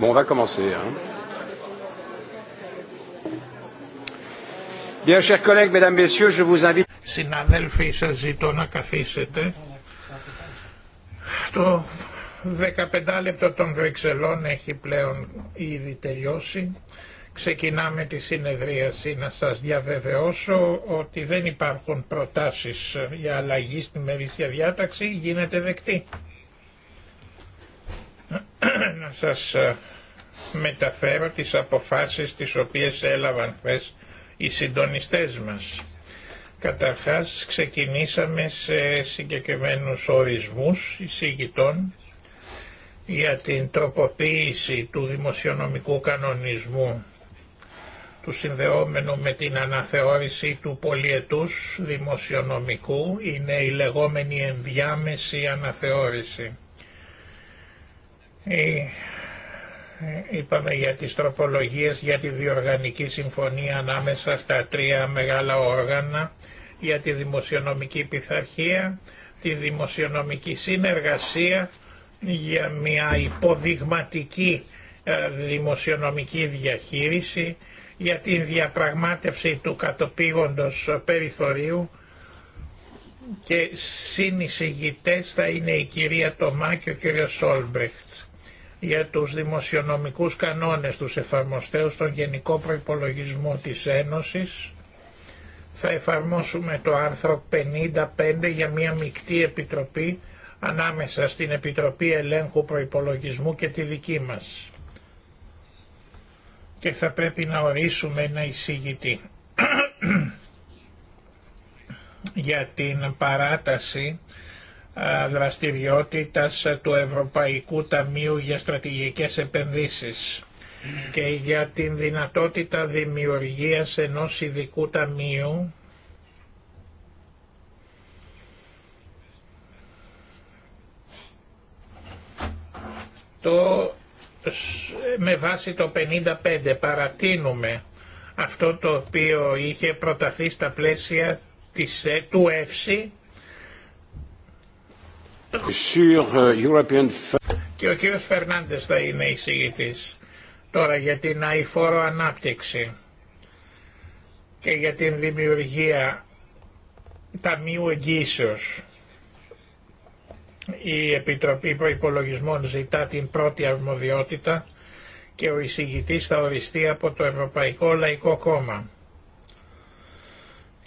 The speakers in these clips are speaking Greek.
Bon, Συναδέλφοι, σα ζητώ να καθίσετε. Το 15 λεπτό των Βρυξελών έχει πλέον ήδη τελειώσει. Ξεκινάμε τη συνεδρίαση να σας διαβεβαιώσω ότι δεν υπάρχουν προτάσεις για αλλαγή στη μερίσια διάταξη, γίνεται δεκτή. να σας ε, μεταφέρω τις αποφάσεις τις οποίες έλαβαν χθε οι συντονιστές μας. Καταρχάς ξεκινήσαμε σε συγκεκριμένους ορισμούς εισηγητών για την τροποποίηση του δημοσιονομικού κανονισμού του συνδεόμενου με την αναθεώρηση του πολιετούς δημοσιονομικού είναι η λεγόμενη ενδιάμεση αναθεώρηση. Ε, ε, είπαμε για τις τροπολογίες για τη διοργανική συμφωνία ανάμεσα στα τρία μεγάλα όργανα, για τη δημοσιονομική πειθαρχία, τη δημοσιονομική συνεργασία, για μια υποδειγματική ε, δημοσιονομική διαχείριση, για την διαπραγμάτευση του κατοπήγοντος περιθωρίου και συνεισηγητές θα είναι η κυρία Τομά και ο κύριος Σόλμπρεχτ για τους δημοσιονομικούς κανόνες τους εφαρμοστέους στον Γενικό Προϋπολογισμό της Ένωσης. Θα εφαρμόσουμε το άρθρο 55 για μια μεικτή επιτροπή ανάμεσα στην Επιτροπή Ελέγχου Προϋπολογισμού και τη δική μας. Και θα πρέπει να ορίσουμε ένα εισηγητή για την παράταση ε, δραστηριότητας του Ευρωπαϊκού Ταμείου για Στρατηγικές Επενδύσεις και για την δυνατότητα δημιουργίας ενός ειδικού ταμείου το με βάση το 55 παρατείνουμε αυτό το οποίο είχε προταθεί στα πλαίσια της, ε, του ΕΦΣΗ Euh, και ο κύριος Φερνάντες θα είναι εισηγητής. Τώρα για την αηφόρο ανάπτυξη και για την δημιουργία ταμείου εγγύσεως. Η Επιτροπή Προϋπολογισμών ζητά την πρώτη αρμοδιότητα και ο εισηγητής θα οριστεί από το Ευρωπαϊκό Λαϊκό Κόμμα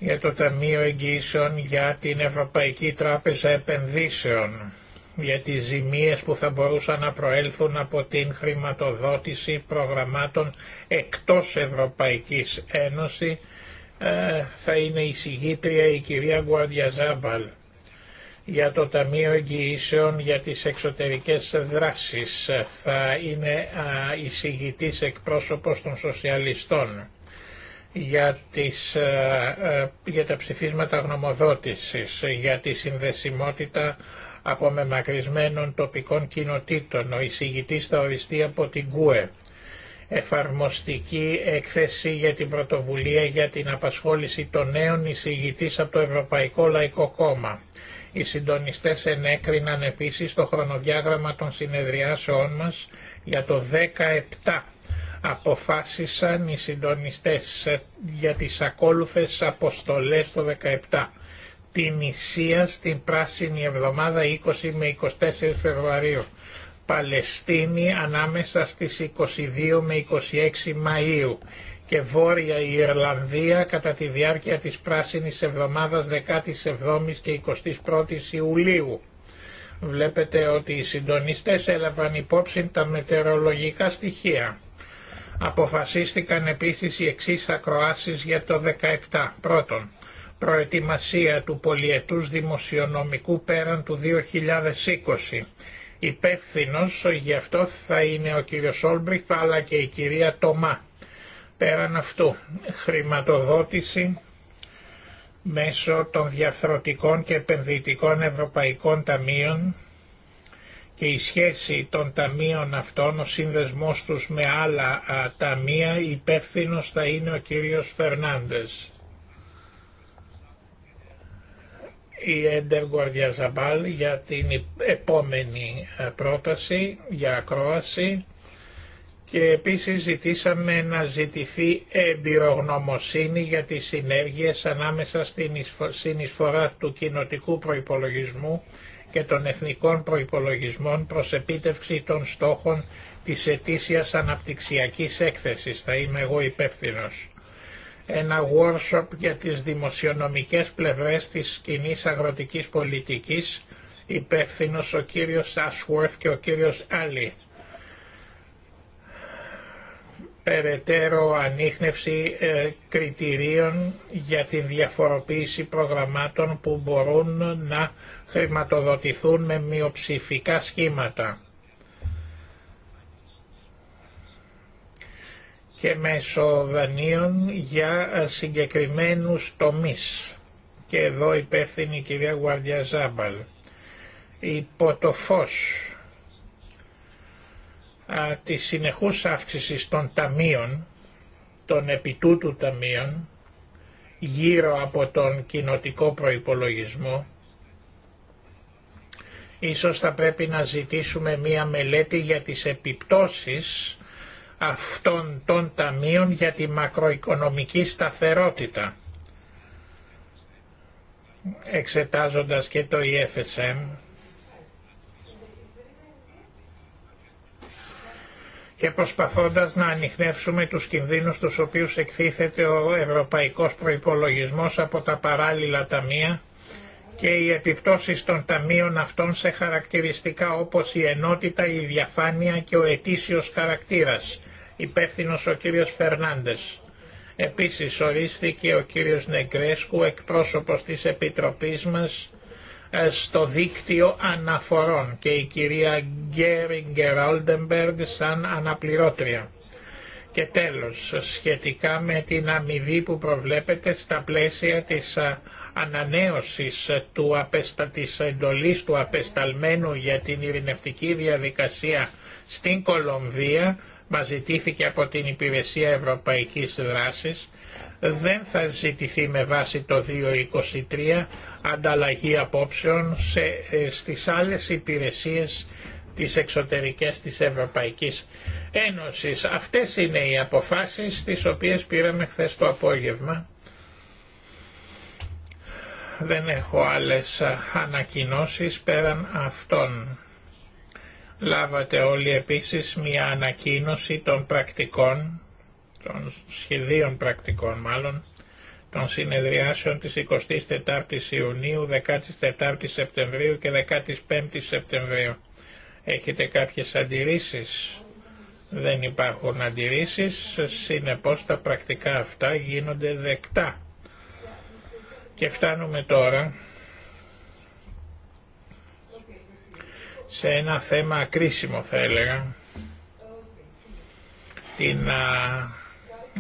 για το Ταμείο Εγγυήσεων για την Ευρωπαϊκή Τράπεζα Επενδύσεων για τις ζημίες που θα μπορούσαν να προέλθουν από την χρηματοδότηση προγραμμάτων εκτός Ευρωπαϊκής Ένωσης ε, θα είναι η συγγήτρια η κυρία Γκουαρδιαζάμπαλ για το Ταμείο Εγγυήσεων για τις εξωτερικές δράσεις θα είναι η συγγητής εκπρόσωπος των σοσιαλιστών για, τις, ε, ε, για τα ψηφίσματα γνωμοδότησης, για τη συνδεσιμότητα από μεμακρυσμένων τοπικών κοινοτήτων. Ο εισηγητής θα οριστεί από την ΚΟΕ. Εφαρμοστική έκθεση για την πρωτοβουλία για την απασχόληση των νέων εισηγητής από το Ευρωπαϊκό Λαϊκό Κόμμα. Οι συντονιστές ενέκριναν επίσης το χρονοδιάγραμμα των συνεδριάσεών μας για το 17 αποφάσισαν οι συντονιστές για τις ακόλουθες αποστολές το 17. Την Ισία στην Πράσινη Εβδομάδα 20 με 24 Φεβρουαρίου. Παλαιστίνη ανάμεσα στις 22 με 26 Μαΐου και Βόρεια Ιρλανδία κατά τη διάρκεια της Πράσινης Εβδομάδας 17ης και 21ης Ιουλίου. Βλέπετε ότι οι συντονιστές έλαβαν υπόψη τα μετεωρολογικά στοιχεία. Αποφασίστηκαν επίσης οι εξής ακροάσεις για το 2017. Πρώτον, προετοιμασία του πολιετούς δημοσιονομικού πέραν του 2020. Υπεύθυνο γι' αυτό θα είναι ο κύριος Όλμπριχτ αλλά και η κυρία Τομά. Πέραν αυτού, χρηματοδότηση μέσω των διαφθρωτικών και επενδυτικών ευρωπαϊκών ταμείων και η σχέση των ταμείων αυτών, ο σύνδεσμός τους με άλλα ταμεία, υπεύθυνος θα είναι ο κύριος Φερνάντες. Η Έντερ Γκουαρδιαζαμπάλ για την επόμενη πρόταση για ακρόαση και επίσης ζητήσαμε να ζητηθεί εμπειρογνωμοσύνη για τις συνέργειες ανάμεσα στην συνεισφορά του κοινοτικού προϋπολογισμού και των εθνικών προϋπολογισμών προς επίτευξη των στόχων της ετήσιας αναπτυξιακής έκθεσης. Θα είμαι εγώ υπεύθυνο. Ένα workshop για τις δημοσιονομικές πλευρές της κοινή αγροτικής πολιτικής υπεύθυνο ο κύριος Ashworth και ο κύριος Άλλη περαιτέρω ανείχνευση ε, κριτηρίων για την διαφοροποίηση προγραμμάτων που μπορούν να χρηματοδοτηθούν με μειοψηφικά σχήματα. και μέσω δανείων για ε, συγκεκριμένους τομείς. Και εδώ υπεύθυνη η κυρία Γουαρδιαζάμπαλ. Υπό το φως τη συνεχούς αύξηση των ταμείων, των επιτούτου ταμείων, γύρω από τον κοινοτικό προϋπολογισμό, ίσως θα πρέπει να ζητήσουμε μία μελέτη για τις επιπτώσεις αυτών των ταμείων για τη μακροοικονομική σταθερότητα. Εξετάζοντας και το EFSM, και προσπαθώντας να ανοιχνεύσουμε τους κινδύνους τους οποίους εκτίθεται ο ευρωπαϊκός προϋπολογισμός από τα παράλληλα ταμεία και οι επιπτώσεις των ταμείων αυτών σε χαρακτηριστικά όπως η ενότητα, η διαφάνεια και ο ετήσιος χαρακτήρας. Υπεύθυνο ο κύριος Φερνάντες. Επίσης ορίστηκε ο κύριος Νεγκρέσκου, εκπρόσωπος της Επιτροπής μας, ε, στο δίκτυο αναφορών και η κυρία Γκέριγκερ Όλτεμπεργκ σαν αναπληρώτρια. Και τέλος, σχετικά με την αμοιβή που προβλέπεται στα πλαίσια της ε, ανανέωσης ε, του απεστα, της του απεσταλμένου για την ειρηνευτική διαδικασία στην Κολομβία, μας από την Υπηρεσία Ευρωπαϊκής Δράσης, δεν θα ζητηθεί με βάση το 2.23 ανταλλαγή απόψεων σε, ε, στις άλλες υπηρεσίες τις εξωτερικές της Ευρωπαϊκής Ένωσης. Αυτές είναι οι αποφάσεις τις οποίες πήραμε χθε το απόγευμα. Δεν έχω άλλες ανακοινώσεις πέραν αυτών. Λάβατε όλοι επίσης μια ανακοίνωση των πρακτικών των σχεδίων πρακτικών μάλλον, των συνεδριάσεων της 24ης Ιουνίου, 14ης Σεπτεμβρίου και 15ης Σεπτεμβρίου. Έχετε κάποιες αντιρρήσεις. Δεν υπάρχουν αντιρρήσεις, συνεπώς τα πρακτικά αυτά γίνονται δεκτά. Και φτάνουμε τώρα σε ένα θέμα κρίσιμο θα έλεγα την α,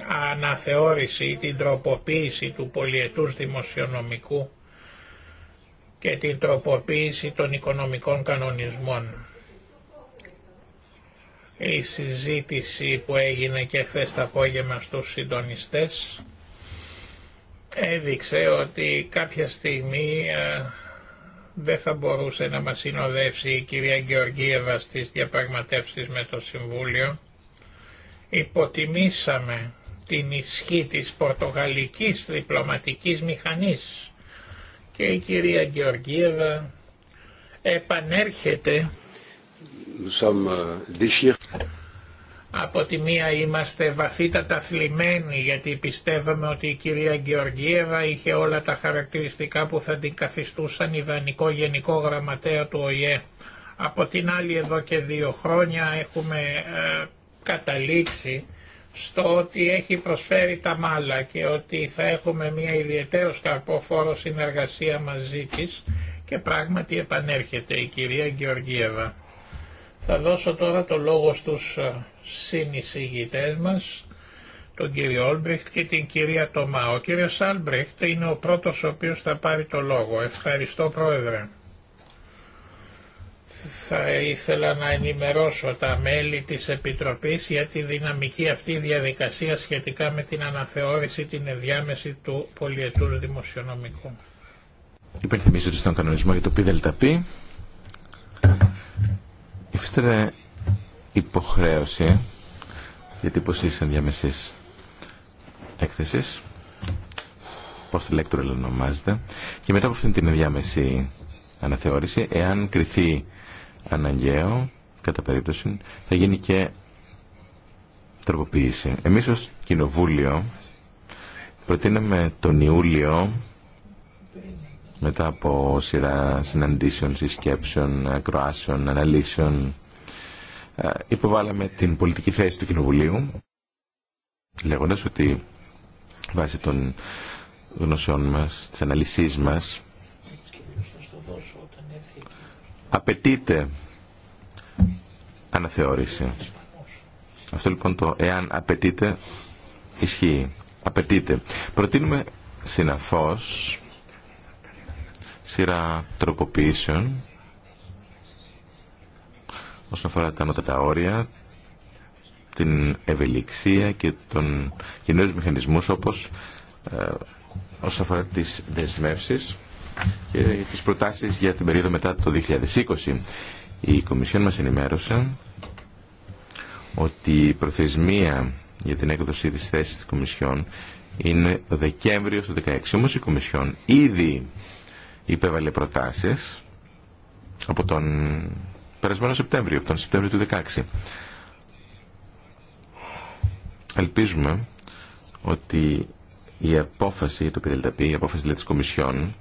αναθεώρηση ή την τροποποίηση του πολιετούς δημοσιονομικού και την τροποποίηση των οικονομικών κανονισμών. Η συζήτηση που έγινε και χθε το απόγευμα στους συντονιστές έδειξε ότι κάποια στιγμή ε, δεν θα μπορούσε να μας συνοδεύσει η κυρία Γεωργίευα στις διαπραγματεύσεις με το Συμβούλιο. Υποτιμήσαμε την ισχύ της πορτογαλικής διπλωματικής μηχανής και η κυρία Γεωργίευα επανέρχεται euh, από τη μία είμαστε βαθύτατα θλιμμένοι γιατί πιστεύαμε ότι η κυρία Γεωργίευα είχε όλα τα χαρακτηριστικά που θα την καθιστούσαν ιδανικό γενικό γραμματέα του ΟΗΕ. Από την άλλη εδώ και δύο χρόνια έχουμε ε, καταλήξει στο ότι έχει προσφέρει τα μάλα και ότι θα έχουμε μια ιδιαίτερο φόρο συνεργασία μαζί της και πράγματι επανέρχεται η κυρία Γεωργίεβα. Θα δώσω τώρα το λόγο στους ε, συνεισηγητές μας, τον κύριο Όλμπριχτ και την κυρία Τομά. Ο κύριος Άλμπριχτ είναι ο πρώτος ο οποίος θα πάρει το λόγο. Ευχαριστώ πρόεδρε θα ήθελα να ενημερώσω τα μέλη της Επιτροπής για τη δυναμική αυτή διαδικασία σχετικά με την αναθεώρηση την ενδιάμεση του πολιετούς δημοσιονομικού. Υπενθυμίζω στον κανονισμό για το ΠΔΠ Υφίστερα υποχρέωση για ποσή ενδιάμεσης έκθεσης τη electoral ονομάζεται και μετά από αυτήν την ενδιάμεση αναθεώρηση εάν κριθεί αναγκαίο, κατά περίπτωση, θα γίνει και τροποποίηση. Εμείς ως Κοινοβούλιο προτείναμε τον Ιούλιο μετά από σειρά συναντήσεων, συσκέψεων, ακροάσεων, αναλύσεων ε, υποβάλαμε την πολιτική θέση του Κοινοβουλίου λέγοντας ότι βάσει των γνωσεών μας, της αναλυσής μας απαιτείται αναθεώρηση. Αυτό λοιπόν το εάν απαιτείται ισχύει. Απαιτείται. Προτείνουμε συναφώς σειρά τροποποιήσεων όσον αφορά τα ανώτατα όρια, την ευελιξία και των κοινωνικούς μηχανισμούς όπως ε, όσον αφορά τις δεσμεύσεις και τις προτάσεις για την περίοδο μετά το 2020. Η Κομισιόν μας ενημέρωσε ότι η προθεσμία για την έκδοση της θέσης της Κομισιόν είναι το Δεκέμβριο του 2016. Όμως η Κομισιόν ήδη υπέβαλε προτάσεις από τον περασμένο Σεπτέμβριο, από τον Σεπτέμβριο του 2016. Ελπίζουμε ότι η απόφαση του ΠΔΠ, η απόφαση δηλαδή, της Κομισιόν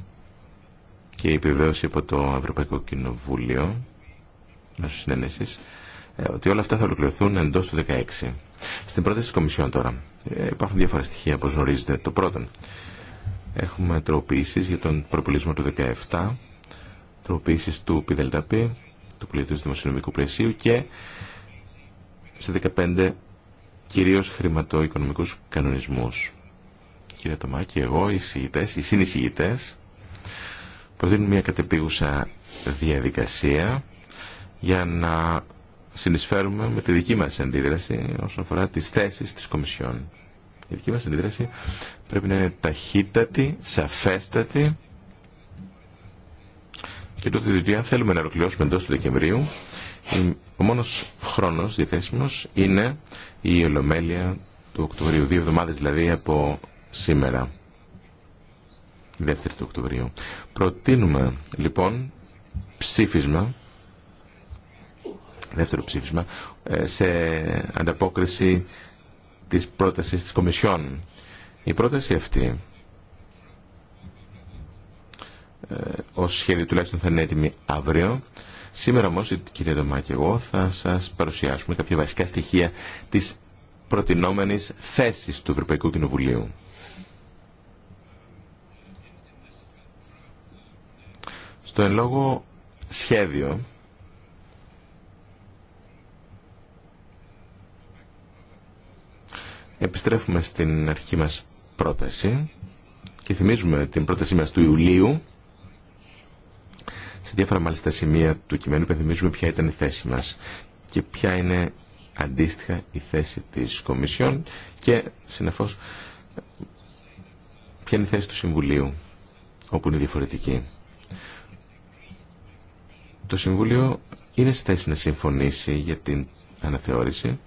και η επιβεβαίωση από το Ευρωπαϊκό Κοινοβούλιο μέσω συνένεση ε, ότι όλα αυτά θα ολοκληρωθούν εντό του 2016. Στην πρόταση τη Κομισιόν τώρα ε, υπάρχουν διάφορα στοιχεία, όπω γνωρίζετε. Το πρώτον, έχουμε τροποποιήσει για τον προπολισμό του 2017, τροποποιήσει του ΠΔΠ, του του δημοσιονομικού πλαισίου και σε 15 κυρίω χρηματοοικονομικού κανονισμού. Κύριε Τωμάκη, εγώ, οι συγητέ, οι Προτείνουμε μια κατεπίγουσα διαδικασία για να συνεισφέρουμε με τη δική μας αντίδραση όσον αφορά τις θέσεις της Κομισιόν. Η δική μας αντίδραση πρέπει να είναι ταχύτατη, σαφέστατη και τότε διότι αν θέλουμε να ολοκληρώσουμε εντός του Δεκεμβρίου ο μόνος χρόνος διαθέσιμος είναι η Ολομέλεια του Οκτωβρίου, δύο εβδομάδες δηλαδή από σήμερα δεύτερη του Οκτωβρίου. Προτείνουμε λοιπόν ψήφισμα, δεύτερο ψήφισμα, ε, σε ανταπόκριση της πρότασης της Κομισιόν. Η πρόταση αυτή ε, ως σχέδιο τουλάχιστον θα είναι έτοιμη αύριο. Σήμερα όμως, κύριε Δωμά και εγώ, θα σα παρουσιάσουμε κάποια βασικά στοιχεία της προτινόμενης θέσης του Ευρωπαϊκού Κοινοβουλίου. Στο εν λόγω σχέδιο επιστρέφουμε στην αρχή μας πρόταση και θυμίζουμε την πρότασή μας του Ιουλίου σε διάφορα μάλιστα σημεία του κειμένου θυμίζουμε ποια ήταν η θέση μας και ποια είναι αντίστοιχα η θέση της Κομισιόν και συνεφώς ποια είναι η θέση του Συμβουλίου όπου είναι διαφορετική. Το Συμβούλιο είναι στη θέση να συμφωνήσει για την αναθεώρηση.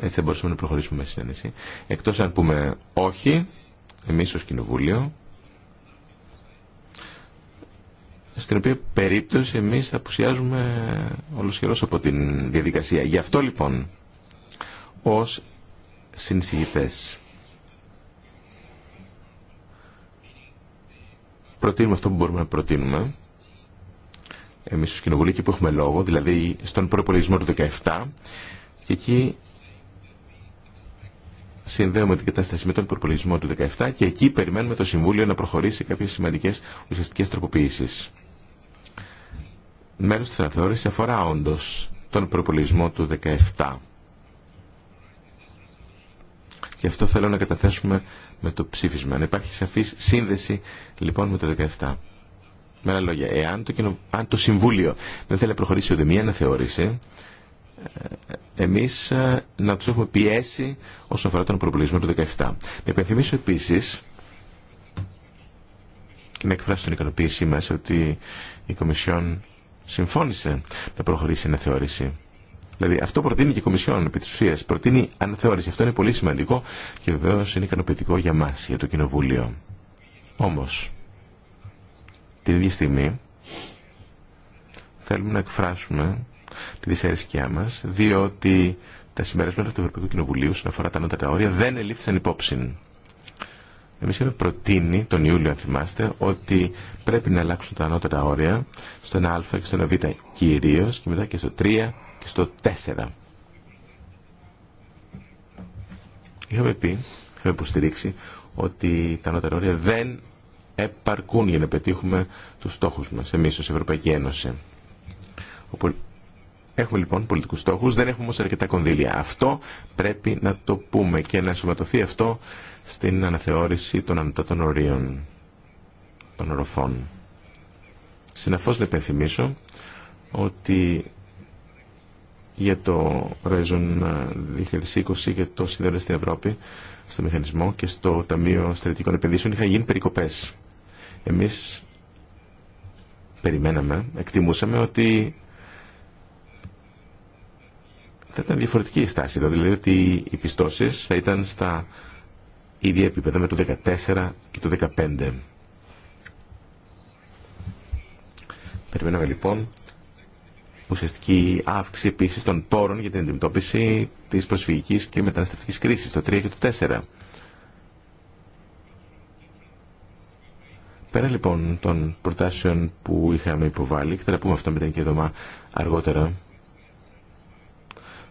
Έτσι θα μπορούσαμε να προχωρήσουμε με συνένεση. Εκτός αν πούμε όχι, εμείς ως Κοινοβούλιο, στην οποία περίπτωση εμείς θα απουσιάζουμε ολοσχερό από την διαδικασία. Γι' αυτό λοιπόν, ως συνεισηγητές, προτείνουμε αυτό που μπορούμε να προτείνουμε, εμείς στο κοινοβουλίο που έχουμε λόγο, δηλαδή στον προπολογισμό του 2017 και εκεί συνδέουμε την κατάσταση με τον προπολογισμό του 17 και εκεί περιμένουμε το Συμβούλιο να προχωρήσει κάποιες σημαντικές ουσιαστικές τροποποιήσεις. Μέρος της αναθεώρησης αφορά όντως τον προπολογισμό του 17. Και αυτό θέλω να καταθέσουμε με το ψήφισμα. Να υπάρχει σαφής σύνδεση λοιπόν με το 17. Με άλλα λόγια, εάν το, κοινο... το Συμβούλιο δεν θέλει να προχωρήσει ούτε μία αναθεώρηση, ε, εμείς ε, να τους έχουμε πιέσει όσον αφορά τον προπολογισμό του 2017. Να υπενθυμίσω επίσης και να εκφράσω την ικανοποίησή μας ότι η Κομισιόν συμφώνησε να προχωρήσει αναθεώρηση. Δηλαδή αυτό προτείνει και η Κομισιόν επί της ουσίας, προτείνει αναθεώρηση. Αυτό είναι πολύ σημαντικό και βεβαίω είναι ικανοποιητικό για μας, για το Κοινοβούλιο. Όμως, την ίδια στιγμή θέλουμε να εκφράσουμε τη δυσαρέσκειά μας διότι τα συμπεράσματα του Ευρωπαϊκού Κοινοβουλίου σχετικά αφορά τα ανώτερα όρια δεν ελήφθησαν υπόψη. Εμεί είχαμε προτείνει τον Ιούλιο, αν θυμάστε, ότι πρέπει να αλλάξουν τα ανώτερα όρια στον Α και στον Β κυρίω και μετά και στο 3 και στο 4. Είχαμε πει, είχαμε υποστηρίξει ότι τα ανώτερα όρια δεν επαρκούν για να πετύχουμε τους στόχους μας εμείς ως Ευρωπαϊκή Ένωση. Έχουμε λοιπόν πολιτικούς στόχους, δεν έχουμε όμως αρκετά κονδύλια. Αυτό πρέπει να το πούμε και να σωματωθεί αυτό στην αναθεώρηση των ανωτάτων ορίων, των οροφών. Συναφώς να υπενθυμίσω ότι για το Horizon 2020 ε, και το Συνδέοντας στην Ευρώπη, στο μηχανισμό και στο Ταμείο Στρατηγικών Επενδύσεων είχαν γίνει περικοπές. Εμείς περιμέναμε, εκτιμούσαμε ότι θα ήταν διαφορετική η στάση δηλαδή ότι οι πιστώσεις θα ήταν στα ίδια επίπεδα με το 14 και το 15. Περιμέναμε λοιπόν ουσιαστική αύξηση επίσης των πόρων για την αντιμετώπιση της προσφυγικής και μεταναστευτικής κρίσης, το 3 και το 4. Πέρα λοιπόν των προτάσεων που είχαμε υποβάλει, και θα τα πούμε αυτά μετά και εδώ αργότερα,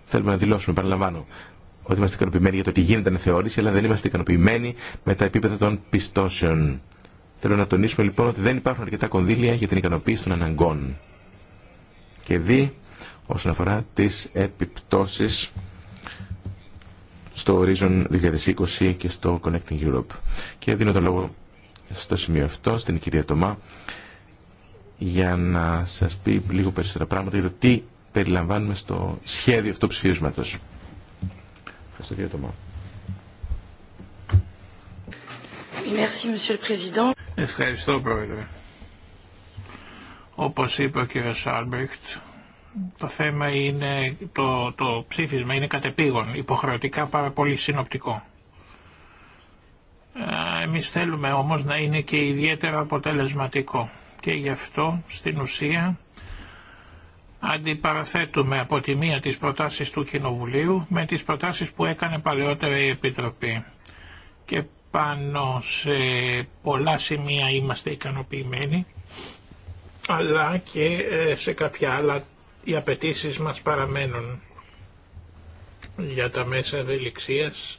θέλουμε να δηλώσουμε, παραλαμβάνω, ότι είμαστε ικανοποιημένοι για το ότι γίνεται θεώρηση, αλλά δεν είμαστε ικανοποιημένοι με τα επίπεδα των πιστώσεων. Θέλω να τονίσουμε λοιπόν ότι δεν υπάρχουν αρκετά κονδύλια για την ικανοποίηση των αναγκών. Και δι, όσον αφορά τι επιπτώσει στο Horizon 2020 και στο Connecting Europe. Και δίνω το λόγο στο σημείο αυτό, στην κυρία Τωμά, για να σα πει λίγο περισσότερα πράγματα για το τι περιλαμβάνουμε στο σχέδιο αυτό ψήφισματο. Ευχαριστώ κύριε Τομά. Ευχαριστώ πρόεδρε. Όπω είπε ο κύριο Άλμπριχτ, το θέμα είναι, το, το ψήφισμα είναι κατεπήγον, υποχρεωτικά πάρα πολύ συνοπτικό. Ε, εμείς θέλουμε όμως να είναι και ιδιαίτερα αποτελεσματικό και γι' αυτό στην ουσία αντιπαραθέτουμε από τη μία τις προτάσεις του Κοινοβουλίου με τις προτάσεις που έκανε παλαιότερα η Επιτροπή. Και πάνω σε πολλά σημεία είμαστε ικανοποιημένοι, αλλά και ε, σε κάποια άλλα οι απαιτήσει μας παραμένουν για τα μέσα ευελιξίας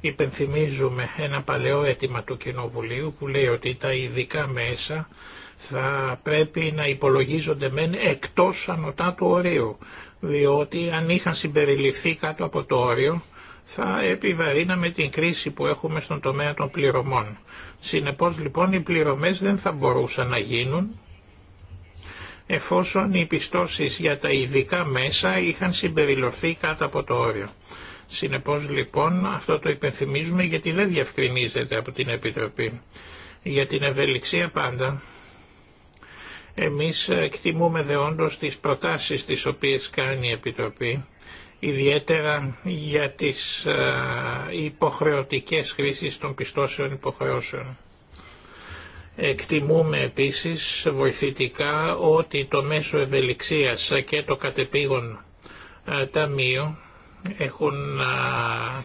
υπενθυμίζουμε ένα παλαιό αίτημα του Κοινοβουλίου που λέει ότι τα ειδικά μέσα θα πρέπει να υπολογίζονται μεν εκτός ανωτά του ορίου, διότι αν είχαν συμπεριληφθεί κάτω από το όριο θα επιβαρύναμε την κρίση που έχουμε στον τομέα των πληρωμών. Συνεπώς λοιπόν οι πληρωμές δεν θα μπορούσαν να γίνουν εφόσον οι πιστώσεις για τα ειδικά μέσα είχαν συμπεριληφθεί κάτω από το όριο. Συνεπώς λοιπόν αυτό το υπενθυμίζουμε γιατί δεν διευκρινίζεται από την Επιτροπή. Για την ευελιξία πάντα εμείς εκτιμούμε δεόντως τις προτάσεις τις οποίες κάνει η Επιτροπή ιδιαίτερα για τις ε, υποχρεωτικές χρήσεις των πιστώσεων υποχρεώσεων. Εκτιμούμε επίσης βοηθητικά ότι το μέσο ευελιξίας και το κατεπήγον ε, ταμείο έχουν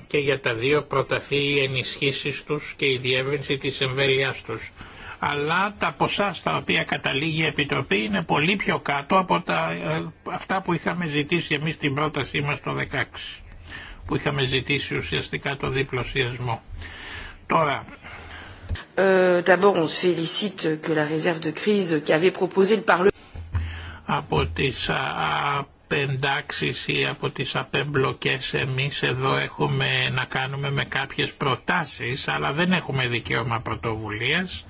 και για τα δύο προταθεί οι ενισχύσεις τους και η διεύρυνση της εμβέλειάς τους. Αλλά τα ποσά στα οποία καταλήγει η Επιτροπή είναι πολύ πιο κάτω από τα, ε, αυτά που είχαμε ζητήσει εμείς την πρότασή μας το 2016. που είχαμε ζητήσει ουσιαστικά το διπλωσιασμό. Τώρα, ε, D'abord, on se félicite que la réserve de crise qu'avait proposé le Parlement από τις απεντάξεις ή από τις απεμπλοκές εμείς εδώ έχουμε να κάνουμε με κάποιες προτάσεις αλλά δεν έχουμε δικαίωμα πρωτοβουλίας.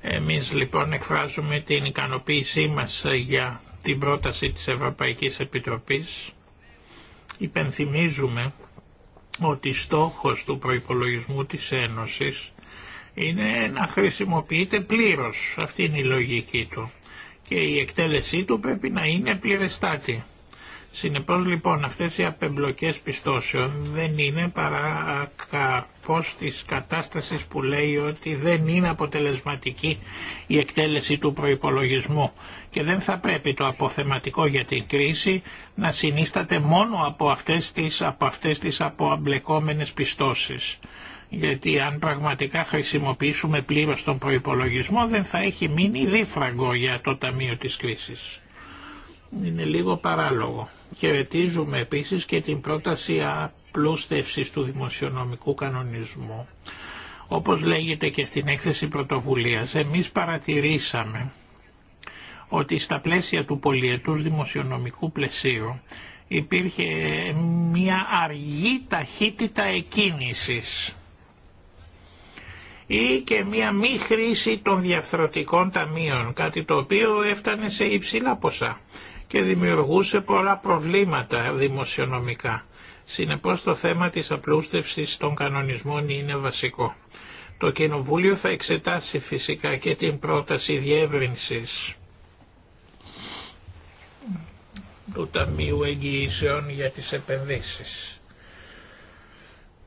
Εμείς λοιπόν εκφράζουμε την ικανοποίησή μας για την πρόταση της Ευρωπαϊκής Επιτροπής. Υπενθυμίζουμε ότι στόχος του προϋπολογισμού της Ένωσης είναι να χρησιμοποιείται πλήρως. Αυτή είναι η λογική του και η εκτέλεσή του πρέπει να είναι πληρεστάτη. Συνεπώς λοιπόν αυτές οι απεμπλοκές πιστώσεων δεν είναι παρά καπός της κατάστασης που λέει ότι δεν είναι αποτελεσματική η εκτέλεση του προϋπολογισμού και δεν θα πρέπει το αποθεματικό για την κρίση να συνίσταται μόνο από αυτές τις, από αυτές τις αποαμπλεκόμενες πιστώσεις γιατί αν πραγματικά χρησιμοποιήσουμε πλήρως τον προϋπολογισμό δεν θα έχει μείνει δίφραγκο για το Ταμείο της Κρίσης. Είναι λίγο παράλογο. Χαιρετίζουμε επίσης και την πρόταση απλούστευσης του δημοσιονομικού κανονισμού. Όπως λέγεται και στην έκθεση πρωτοβουλίας, εμείς παρατηρήσαμε ότι στα πλαίσια του πολιετούς δημοσιονομικού πλαισίου υπήρχε μια αργή ταχύτητα εκκίνησης ή και μία μη χρήση των διαφθρωτικών ταμείων, κάτι το οποίο έφτανε σε υψηλά ποσά και δημιουργούσε πολλά προβλήματα δημοσιονομικά. Συνεπώς το θέμα της απλούστευσης των κανονισμών είναι βασικό. Το Κοινοβούλιο θα εξετάσει φυσικά και την πρόταση διεύρυνσης του Ταμείου Εγγυήσεων για τις επενδύσεις.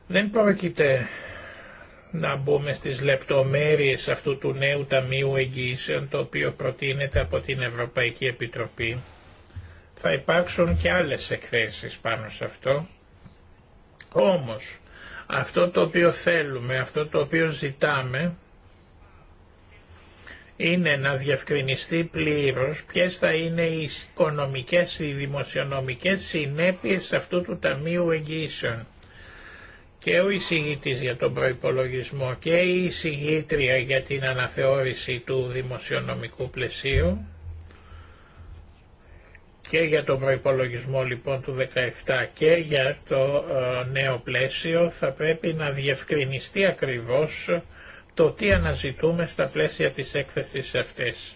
Δεν πρόκειται να μπούμε στις λεπτομέρειες αυτού του νέου Ταμείου Εγγυήσεων το οποίο προτείνεται από την Ευρωπαϊκή Επιτροπή. Θα υπάρξουν και άλλες εκθέσεις πάνω σε αυτό. Όμως, αυτό το οποίο θέλουμε, αυτό το οποίο ζητάμε, είναι να διευκρινιστεί πλήρως ποιες θα είναι οι οικονομικές, οι δημοσιονομικές συνέπειες αυτού του Ταμείου Εγγύησεων και ο εισηγητής για τον προϋπολογισμό και η εισηγήτρια για την αναθεώρηση του δημοσιονομικού πλαισίου και για τον προϋπολογισμό λοιπόν του 17 και για το ε, νέο πλαίσιο θα πρέπει να διευκρινιστεί ακριβώς το τι αναζητούμε στα πλαίσια της έκθεσης αυτής.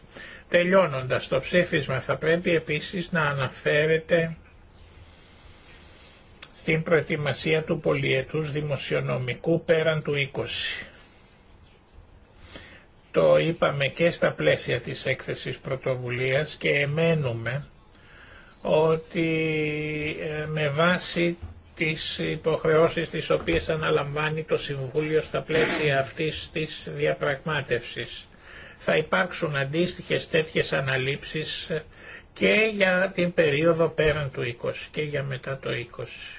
Τελειώνοντας το ψήφισμα θα πρέπει επίσης να αναφέρεται την προετοιμασία του πολιετούς δημοσιονομικού πέραν του 20. Το είπαμε και στα πλαίσια της έκθεσης πρωτοβουλίας και εμένουμε ότι ε, με βάση τις υποχρεώσεις τις οποίες αναλαμβάνει το Συμβούλιο στα πλαίσια αυτής της διαπραγμάτευσης. Θα υπάρξουν αντίστοιχες τέτοιες αναλήψεις και για την περίοδο πέραν του 20 και για μετά το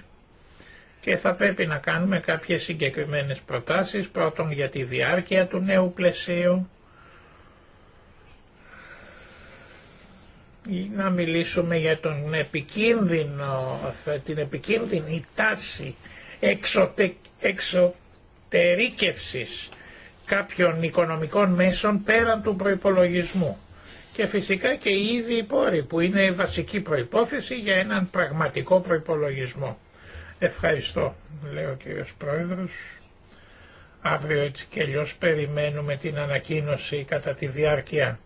20 και θα πρέπει να κάνουμε κάποιες συγκεκριμένες προτάσεις, πρώτον για τη διάρκεια του νέου πλαισίου, να μιλήσουμε για τον επικίνδυνο, την επικίνδυνη τάση εξωτε, εξωτερήκευσης κάποιων οικονομικών μέσων πέραν του προϋπολογισμού. Και φυσικά και οι ίδιοι πόροι που είναι η βασική προϋπόθεση για έναν πραγματικό προϋπολογισμό. Ευχαριστώ, λέει ο κύριος Πρόεδρος. Αύριο έτσι και αλλιώ περιμένουμε την ανακοίνωση κατά τη διάρκεια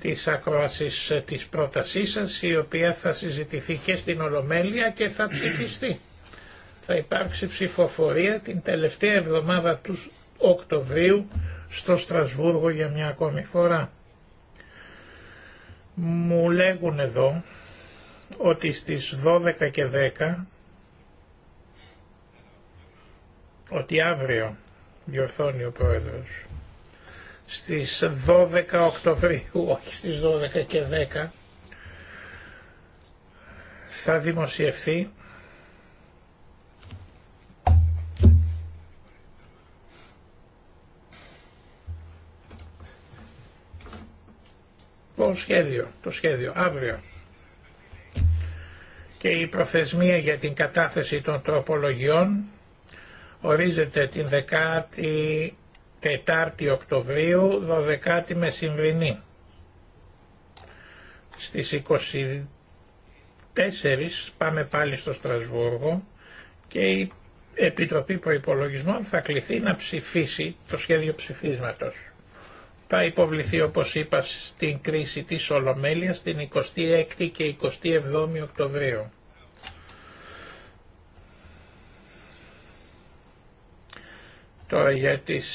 της ακρόασης ε, της πρότασής σας, η οποία θα συζητηθεί και στην Ολομέλεια και θα ψηφιστεί. θα υπάρξει ψηφοφορία την τελευταία εβδομάδα του Οκτωβρίου στο Στρασβούργο για μια ακόμη φορά. Μου λέγουν εδώ ότι στις 12 και 10 ότι αύριο διορθώνει ο Πρόεδρος στις 12 Οκτωβρίου, όχι στις 12 και 10, θα δημοσιευθεί το σχέδιο, το σχέδιο αύριο. Και η προθεσμία για την κατάθεση των τροπολογιών ορίζεται την 14η Οκτωβρίου 12η Μεσημβρινή. Στις 24 πάμε πάλι στο Στρασβούργο και η Επιτροπή Προϋπολογισμών θα κληθεί να ψηφίσει το σχέδιο ψηφίσματος. Θα υποβληθεί όπως είπα στην κρίση της Ολομέλειας την 26η και 27η Οκτωβρίου. Τώρα για τις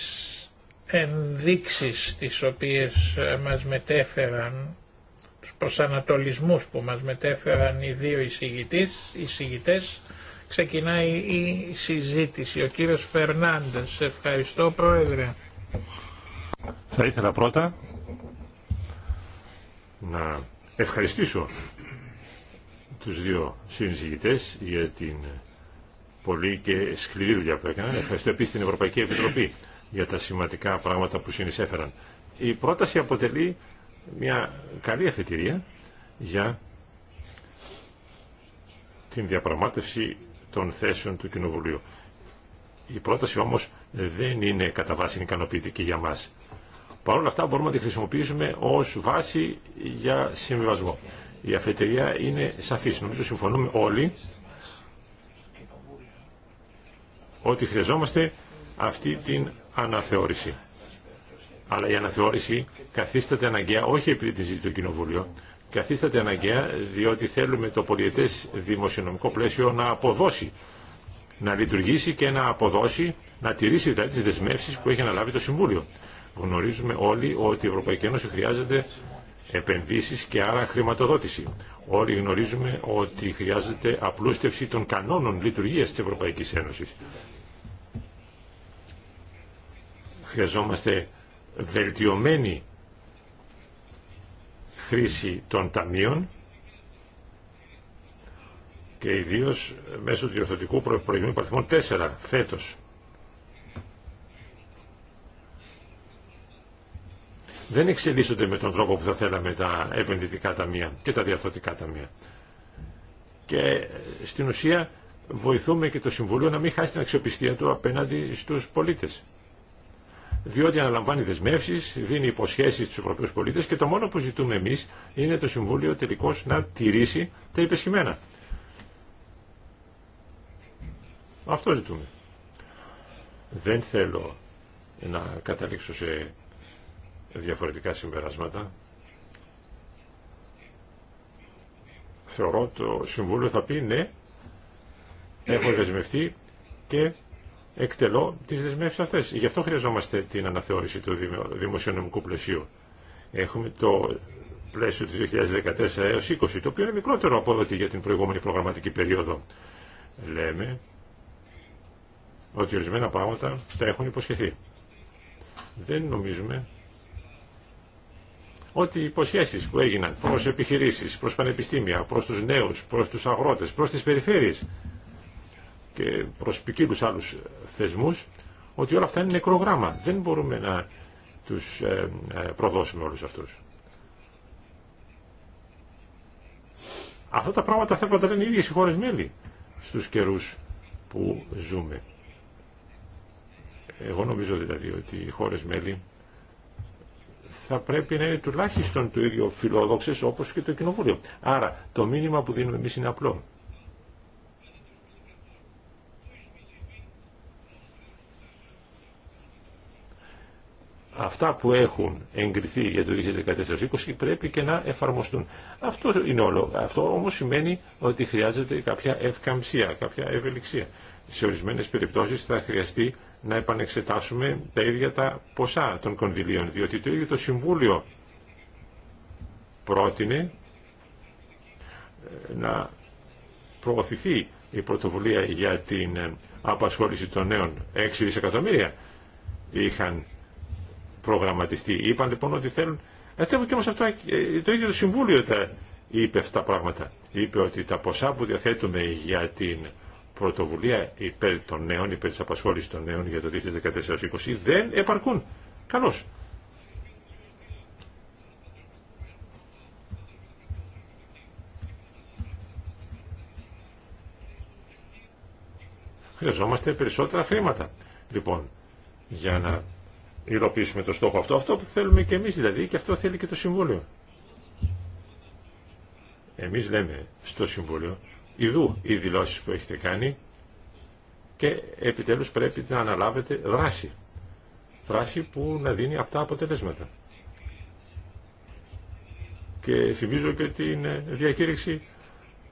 ενδείξεις τις οποίες ε, μας μετέφεραν, τους προσανατολισμούς που μας μετέφεραν οι δύο εισηγητές, ξεκινάει η συζήτηση. Ο κύριος Φερνάντες, ευχαριστώ πρόεδρε. Θα ήθελα πρώτα να ευχαριστήσω τους δύο συνεισηγητές για την πολύ και σκληρή δουλειά που έκαναν. Ευχαριστώ επίση την Ευρωπαϊκή Επιτροπή για τα σημαντικά πράγματα που συνεισέφεραν. Η πρόταση αποτελεί μια καλή αφετηρία για την διαπραγμάτευση των θέσεων του Κοινοβουλίου. Η πρόταση όμως δεν είναι κατά βάση ικανοποιητική για μας. Παρ' όλα αυτά μπορούμε να τη χρησιμοποιήσουμε ως βάση για συμβιβασμό. Η αφετηρία είναι σαφής. Νομίζω συμφωνούμε όλοι ότι χρειαζόμαστε αυτή την αναθεώρηση. Αλλά η αναθεώρηση καθίσταται αναγκαία, όχι επειδή τη ζητεί το Κοινοβούλιο, καθίσταται αναγκαία διότι θέλουμε το πολιετές δημοσιονομικό πλαίσιο να αποδώσει, να λειτουργήσει και να αποδώσει, να τηρήσει δηλαδή τις δεσμεύσεις που έχει αναλάβει το Συμβούλιο. Γνωρίζουμε όλοι ότι η Ευρωπαϊκή Ένωση χρειάζεται επενδύσεις και άρα χρηματοδότηση. Όλοι γνωρίζουμε ότι χρειάζεται απλούστευση των κανόνων λειτουργίας της Ευρωπαϊκής Ένωσης. Χρειαζόμαστε βελτιωμένη χρήση των ταμείων και ιδίως μέσω του διορθωτικού προηγούμενου παριθμών 4 φέτος. δεν εξελίσσονται με τον τρόπο που θα θέλαμε τα επενδυτικά ταμεία και τα διορθωτικά ταμεία. Και στην ουσία βοηθούμε και το Συμβουλίο να μην χάσει την αξιοπιστία του απέναντι στους πολίτες διότι αναλαμβάνει δεσμεύσει, δίνει υποσχέσει στου Ευρωπαίου πολίτε και το μόνο που ζητούμε εμεί είναι το Συμβούλιο τελικώ να τηρήσει τα υπεσχημένα. Αυτό ζητούμε. Δεν θέλω να καταλήξω σε διαφορετικά συμπεράσματα. Θεωρώ το Συμβούλιο θα πει ναι, έχω δεσμευτεί και εκτελώ τις δεσμεύσει αυτέ. Γι' αυτό χρειαζόμαστε την αναθεώρηση του δημοσιονομικού πλαισίου. Έχουμε το πλαίσιο του 2014 έως 20, το οποίο είναι μικρότερο από ό,τι για την προηγούμενη προγραμματική περίοδο. Λέμε ότι ορισμένα πράγματα τα έχουν υποσχεθεί. Δεν νομίζουμε ότι οι υποσχέσεις που έγιναν προς επιχειρήσεις, προς πανεπιστήμια, προς τους νέους, προς τους αγρότες, προς τις περιφέρειες, και προς ποικίλους άλλους θεσμούς ότι όλα αυτά είναι νεκρογράμμα. Δεν μπορούμε να τους ε, ε, προδώσουμε όλους αυτούς. Αυτά τα πράγματα θα έπρεπε να λένε οι ίδιες οι χώρες μέλη στους καιρούς που ζούμε. Εγώ νομίζω δηλαδή ότι οι χώρες μέλη θα πρέπει να είναι τουλάχιστον του ίδιου φιλόδοξες όπως και το Κοινοβούλιο. Άρα το μήνυμα που δίνουμε εμείς είναι απλό. αυτά που έχουν εγκριθεί για το 2014-2020 πρέπει και να εφαρμοστούν. Αυτό είναι όλο. Αυτό όμως σημαίνει ότι χρειάζεται κάποια ευκαμψία, κάποια ευελιξία. Σε ορισμένες περιπτώσεις θα χρειαστεί να επανεξετάσουμε τα ίδια τα ποσά των κονδυλίων, διότι το ίδιο το Συμβούλιο πρότεινε ε, να προωθηθεί η πρωτοβουλία για την ε, απασχόληση των νέων. 6 δισεκατομμύρια είχαν προγραμματιστεί. Είπαν λοιπόν ότι θέλουν... Ε, Θέλω και όμως αυτό, ε, το ίδιο το Συμβούλιο τα είπε αυτά τα πράγματα. Είπε ότι τα ποσά που διαθέτουμε για την πρωτοβουλία υπέρ των νέων, υπέρ της απασχόλησης των νέων για το 2014-2020 δεν επαρκούν. Καλώς. Χρειαζόμαστε περισσότερα χρήματα. Λοιπόν, για να υλοποιήσουμε το στόχο αυτό. Αυτό που θέλουμε και εμείς δηλαδή και αυτό θέλει και το Συμβούλιο. Εμείς λέμε στο Συμβούλιο, ειδού οι δηλώσεις που έχετε κάνει και επιτέλους πρέπει να αναλάβετε δράση. Δράση που να δίνει αυτά αποτελέσματα. Και θυμίζω και την ε, διακήρυξη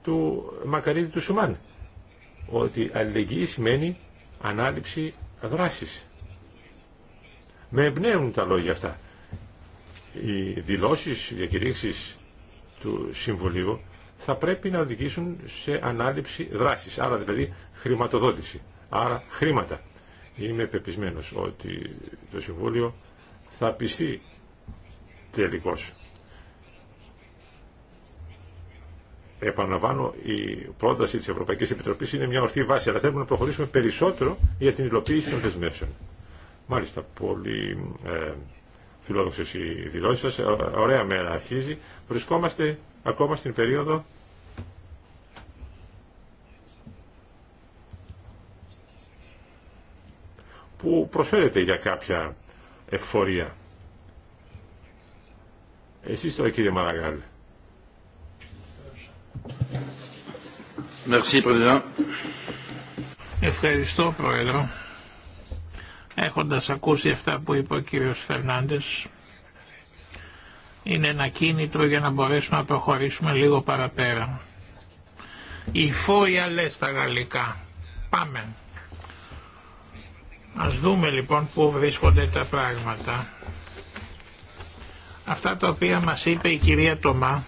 του Μακαρίδη του Σουμάν, ότι αλληλεγγύη σημαίνει ανάληψη δράσης. Με εμπνέουν τα λόγια αυτά. Οι δηλώσεις, οι διακηρύξεις του Συμβουλίου θα πρέπει να οδηγήσουν σε ανάληψη δράσης, άρα δηλαδή χρηματοδότηση, άρα χρήματα. Είμαι πεπισμένος ότι το Συμβούλιο θα πιστεί τελικώς. Επαναλαμβάνω, η πρόταση της Ευρωπαϊκής Επιτροπής είναι μια ορθή βάση, αλλά θέλουμε να προχωρήσουμε περισσότερο για την υλοποίηση των δεσμεύσεων. Μάλιστα, πολύ ε, φιλόδοξες οι δηλώσεις ε, Ωραία μέρα αρχίζει. Βρισκόμαστε ακόμα στην περίοδο που προσφέρεται για κάποια ευφορία. Εσείς τώρα κύριε Μαραγκάλ. Ευχαριστώ Πρόεδρο. Έχοντας ακούσει αυτά που είπε ο κύριος Φερνάντες, είναι ένα κίνητρο για να μπορέσουμε να προχωρήσουμε λίγο παραπέρα. Η φόια λε στα γαλλικά. Πάμε. Ας δούμε λοιπόν πού βρίσκονται τα πράγματα. Αυτά τα οποία μας είπε η κυρία Τομά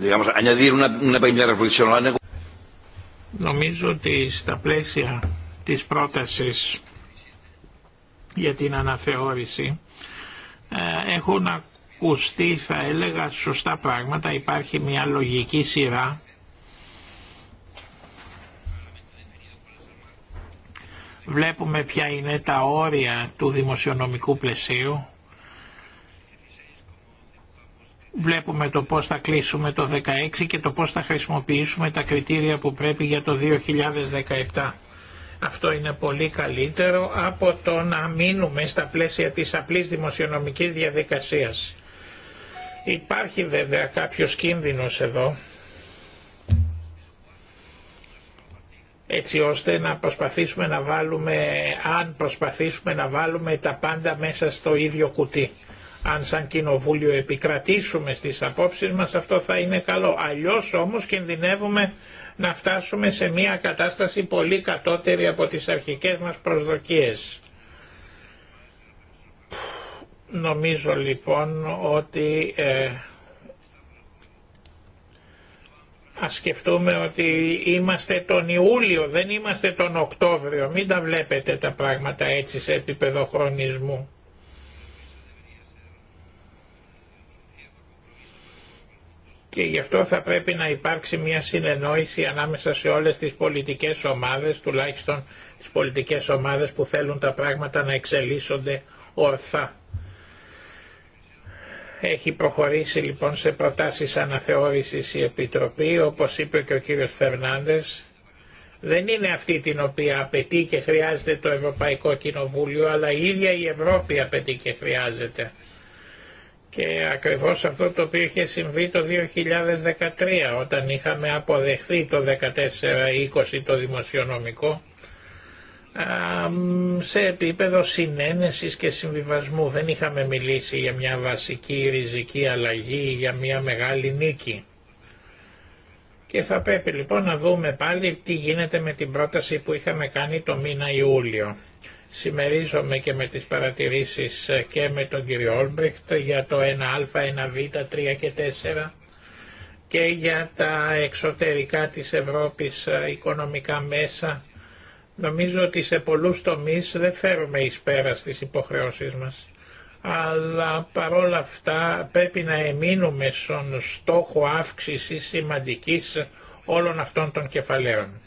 digamos, añadir Νομίζω ότι στα πλαίσια της πρότασης για την αναθεώρηση ε, έχουν ακουστεί θα έλεγα σωστά πράγματα, υπάρχει μια λογική σειρά βλέπουμε ποια είναι τα όρια του δημοσιονομικού πλαισίου Βλέπουμε το πώς θα κλείσουμε το 2016 και το πώς θα χρησιμοποιήσουμε τα κριτήρια που πρέπει για το 2017. Αυτό είναι πολύ καλύτερο από το να μείνουμε στα πλαίσια της απλής δημοσιονομικής διαδικασίας. Υπάρχει βέβαια κάποιος κίνδυνος εδώ, έτσι ώστε να προσπαθήσουμε να βάλουμε, αν προσπαθήσουμε να βάλουμε τα πάντα μέσα στο ίδιο κουτί. Αν σαν κοινοβούλιο επικρατήσουμε στις απόψεις μας αυτό θα είναι καλό. Αλλιώς όμως κινδυνεύουμε να φτάσουμε σε μια κατάσταση πολύ κατώτερη από τις αρχικές μας προσδοκίες. Νομίζω λοιπόν ότι ε, σκεφτούμε ότι είμαστε τον Ιούλιο, δεν είμαστε τον Οκτώβριο. Μην τα βλέπετε τα πράγματα έτσι σε επίπεδο χρονισμού. Και γι' αυτό θα πρέπει να υπάρξει μια συνεννόηση ανάμεσα σε όλες τις πολιτικές ομάδες, τουλάχιστον τις πολιτικές ομάδες που θέλουν τα πράγματα να εξελίσσονται ορθά. Έχει προχωρήσει λοιπόν σε προτάσεις αναθεώρησης η Επιτροπή, όπως είπε και ο κύριος Φερνάνδες, δεν είναι αυτή την οποία απαιτεί και χρειάζεται το Ευρωπαϊκό Κοινοβούλιο, αλλά η ίδια η Ευρώπη απαιτεί και χρειάζεται. Και ακριβώς αυτό το οποίο είχε συμβεί το 2013 όταν είχαμε αποδεχθεί το 14-20 το δημοσιονομικό σε επίπεδο συνένεσης και συμβιβασμού. Δεν είχαμε μιλήσει για μια βασική ριζική αλλαγή, για μια μεγάλη νίκη. Και θα πρέπει λοιπόν να δούμε πάλι τι γίνεται με την πρόταση που είχαμε κάνει το μήνα Ιούλιο. Συμμερίζομαι και με τις παρατηρήσεις ε, και με τον κύριο Όλμπριχτ για το 1α, 1β, 3 και 4 και για τα εξωτερικά της Ευρώπης ε, οικονομικά μέσα. Νομίζω ότι σε πολλούς τομείς δεν φέρουμε εις πέρα στις υποχρεώσεις μας. Αλλά παρόλα αυτά πρέπει να εμείνουμε στον στόχο αύξησης σημαντικής όλων αυτών των κεφαλαίων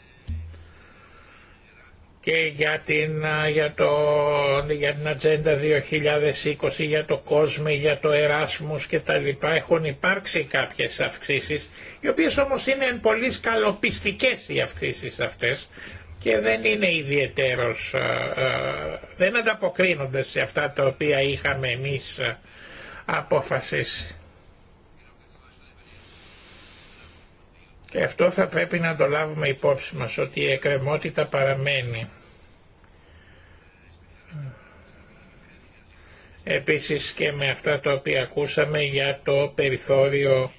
και για την, για, το, για την Ατζέντα 2020, για το κόσμο, για το Εράσμους και τα λοιπά έχουν υπάρξει κάποιες αυξήσεις, οι οποίες όμως είναι πολύ σκαλοπιστικές οι αυξήσεις αυτές και δεν είναι ιδιαιτέρως, δεν ανταποκρίνονται σε αυτά τα οποία είχαμε εμείς αποφασίσει. Και αυτό θα πρέπει να το λάβουμε υπόψη μας, ότι η εκκρεμότητα παραμένει. Επίσης και με αυτά τα οποία ακούσαμε για το περιθώριο,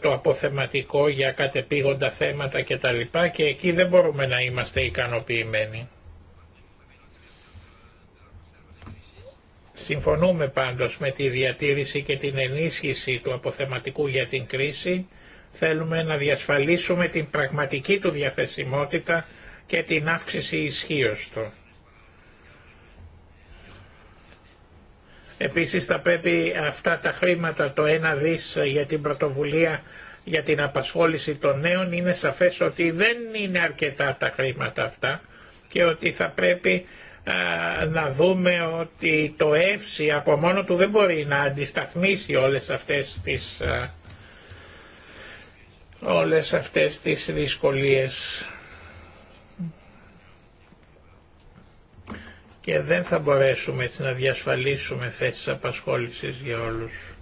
το αποθεματικό για κατεπήγοντα θέματα κτλ. Και εκεί δεν μπορούμε να είμαστε ικανοποιημένοι. Συμφωνούμε πάντως με τη διατήρηση και την ενίσχυση του αποθεματικού για την κρίση Θέλουμε να διασφαλίσουμε την πραγματική του διαθεσιμότητα και την αύξηση ισχύω του. Επίσης θα πρέπει αυτά τα χρήματα, το ένα δις για την πρωτοβουλία για την απασχόληση των νέων, είναι σαφές ότι δεν είναι αρκετά τα χρήματα αυτά και ότι θα πρέπει να δούμε ότι το ΕΦΣΙ από μόνο του δεν μπορεί να αντισταθμίσει όλες αυτές τις όλες αυτές τις δυσκολίες. Και δεν θα μπορέσουμε έτσι να διασφαλίσουμε θέσεις απασχόλησης για όλους.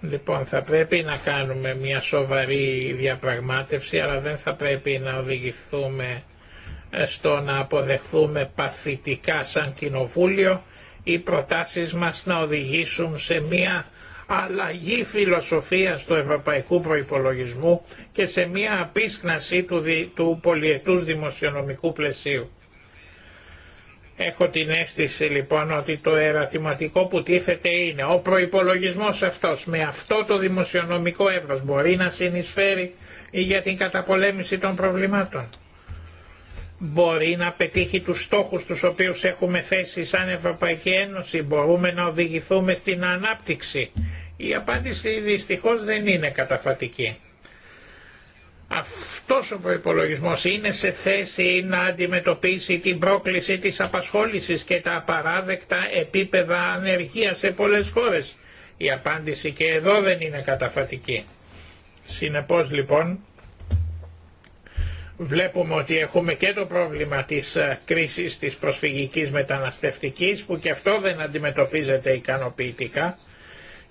Λοιπόν, θα πρέπει να κάνουμε μια σοβαρή διαπραγμάτευση, αλλά δεν θα πρέπει να οδηγηθούμε ε, στο να αποδεχθούμε παθητικά σαν κοινοβούλιο ή προτάσεις μας να οδηγήσουν σε μια αλλαγή φιλοσοφίας του ευρωπαϊκού προϋπολογισμού και σε μια απίσχναση του, του πολιετούς δημοσιονομικού πλαισίου. Έχω την αίσθηση λοιπόν ότι το ερωτηματικό που τίθεται είναι ο προϋπολογισμός αυτός με αυτό το δημοσιονομικό εύρος μπορεί να συνεισφέρει για την καταπολέμηση των προβλημάτων μπορεί να πετύχει τους στόχους τους οποίους έχουμε θέσει σαν Ευρωπαϊκή Ένωση, μπορούμε να οδηγηθούμε στην ανάπτυξη. Η απάντηση δυστυχώς δεν είναι καταφατική. Αυτός ο προϋπολογισμός είναι σε θέση να αντιμετωπίσει την πρόκληση της απασχόλησης και τα απαράδεκτα επίπεδα ανεργίας σε πολλές χώρες. Η απάντηση και εδώ δεν είναι καταφατική. Συνεπώς λοιπόν Βλέπουμε ότι έχουμε και το πρόβλημα της ε, κρίσης της προσφυγικής μεταναστευτικής που και αυτό δεν αντιμετωπίζεται ικανοποιητικά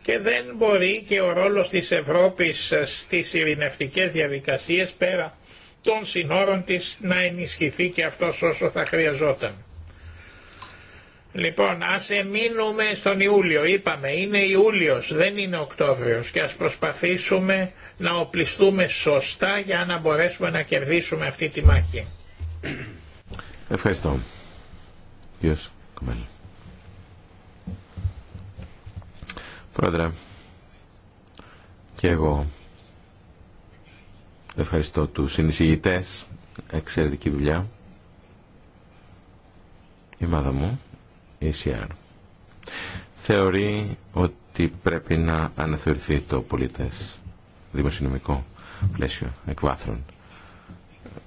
και δεν μπορεί και ο ρόλος της Ευρώπης ε, στις ειρηνευτικές διαδικασίες πέρα των συνόρων της να ενισχυθεί και αυτός όσο θα χρειαζόταν. Λοιπόν, ας εμείνουμε στον Ιούλιο. Είπαμε, είναι Ιούλιος, δεν είναι Οκτώβριος και ας προσπαθήσουμε να οπλιστούμε σωστά για να μπορέσουμε να κερδίσουμε αυτή τη μάχη. Ευχαριστώ. Yes. Πρόεδρε, και εγώ ευχαριστώ τους συνεισηγητές, εξαιρετική δουλειά, η μάδα μου. ECR θεωρεί ότι πρέπει να αναθεωρηθεί το πολίτες δημοσιονομικό πλαίσιο εκβάθρων.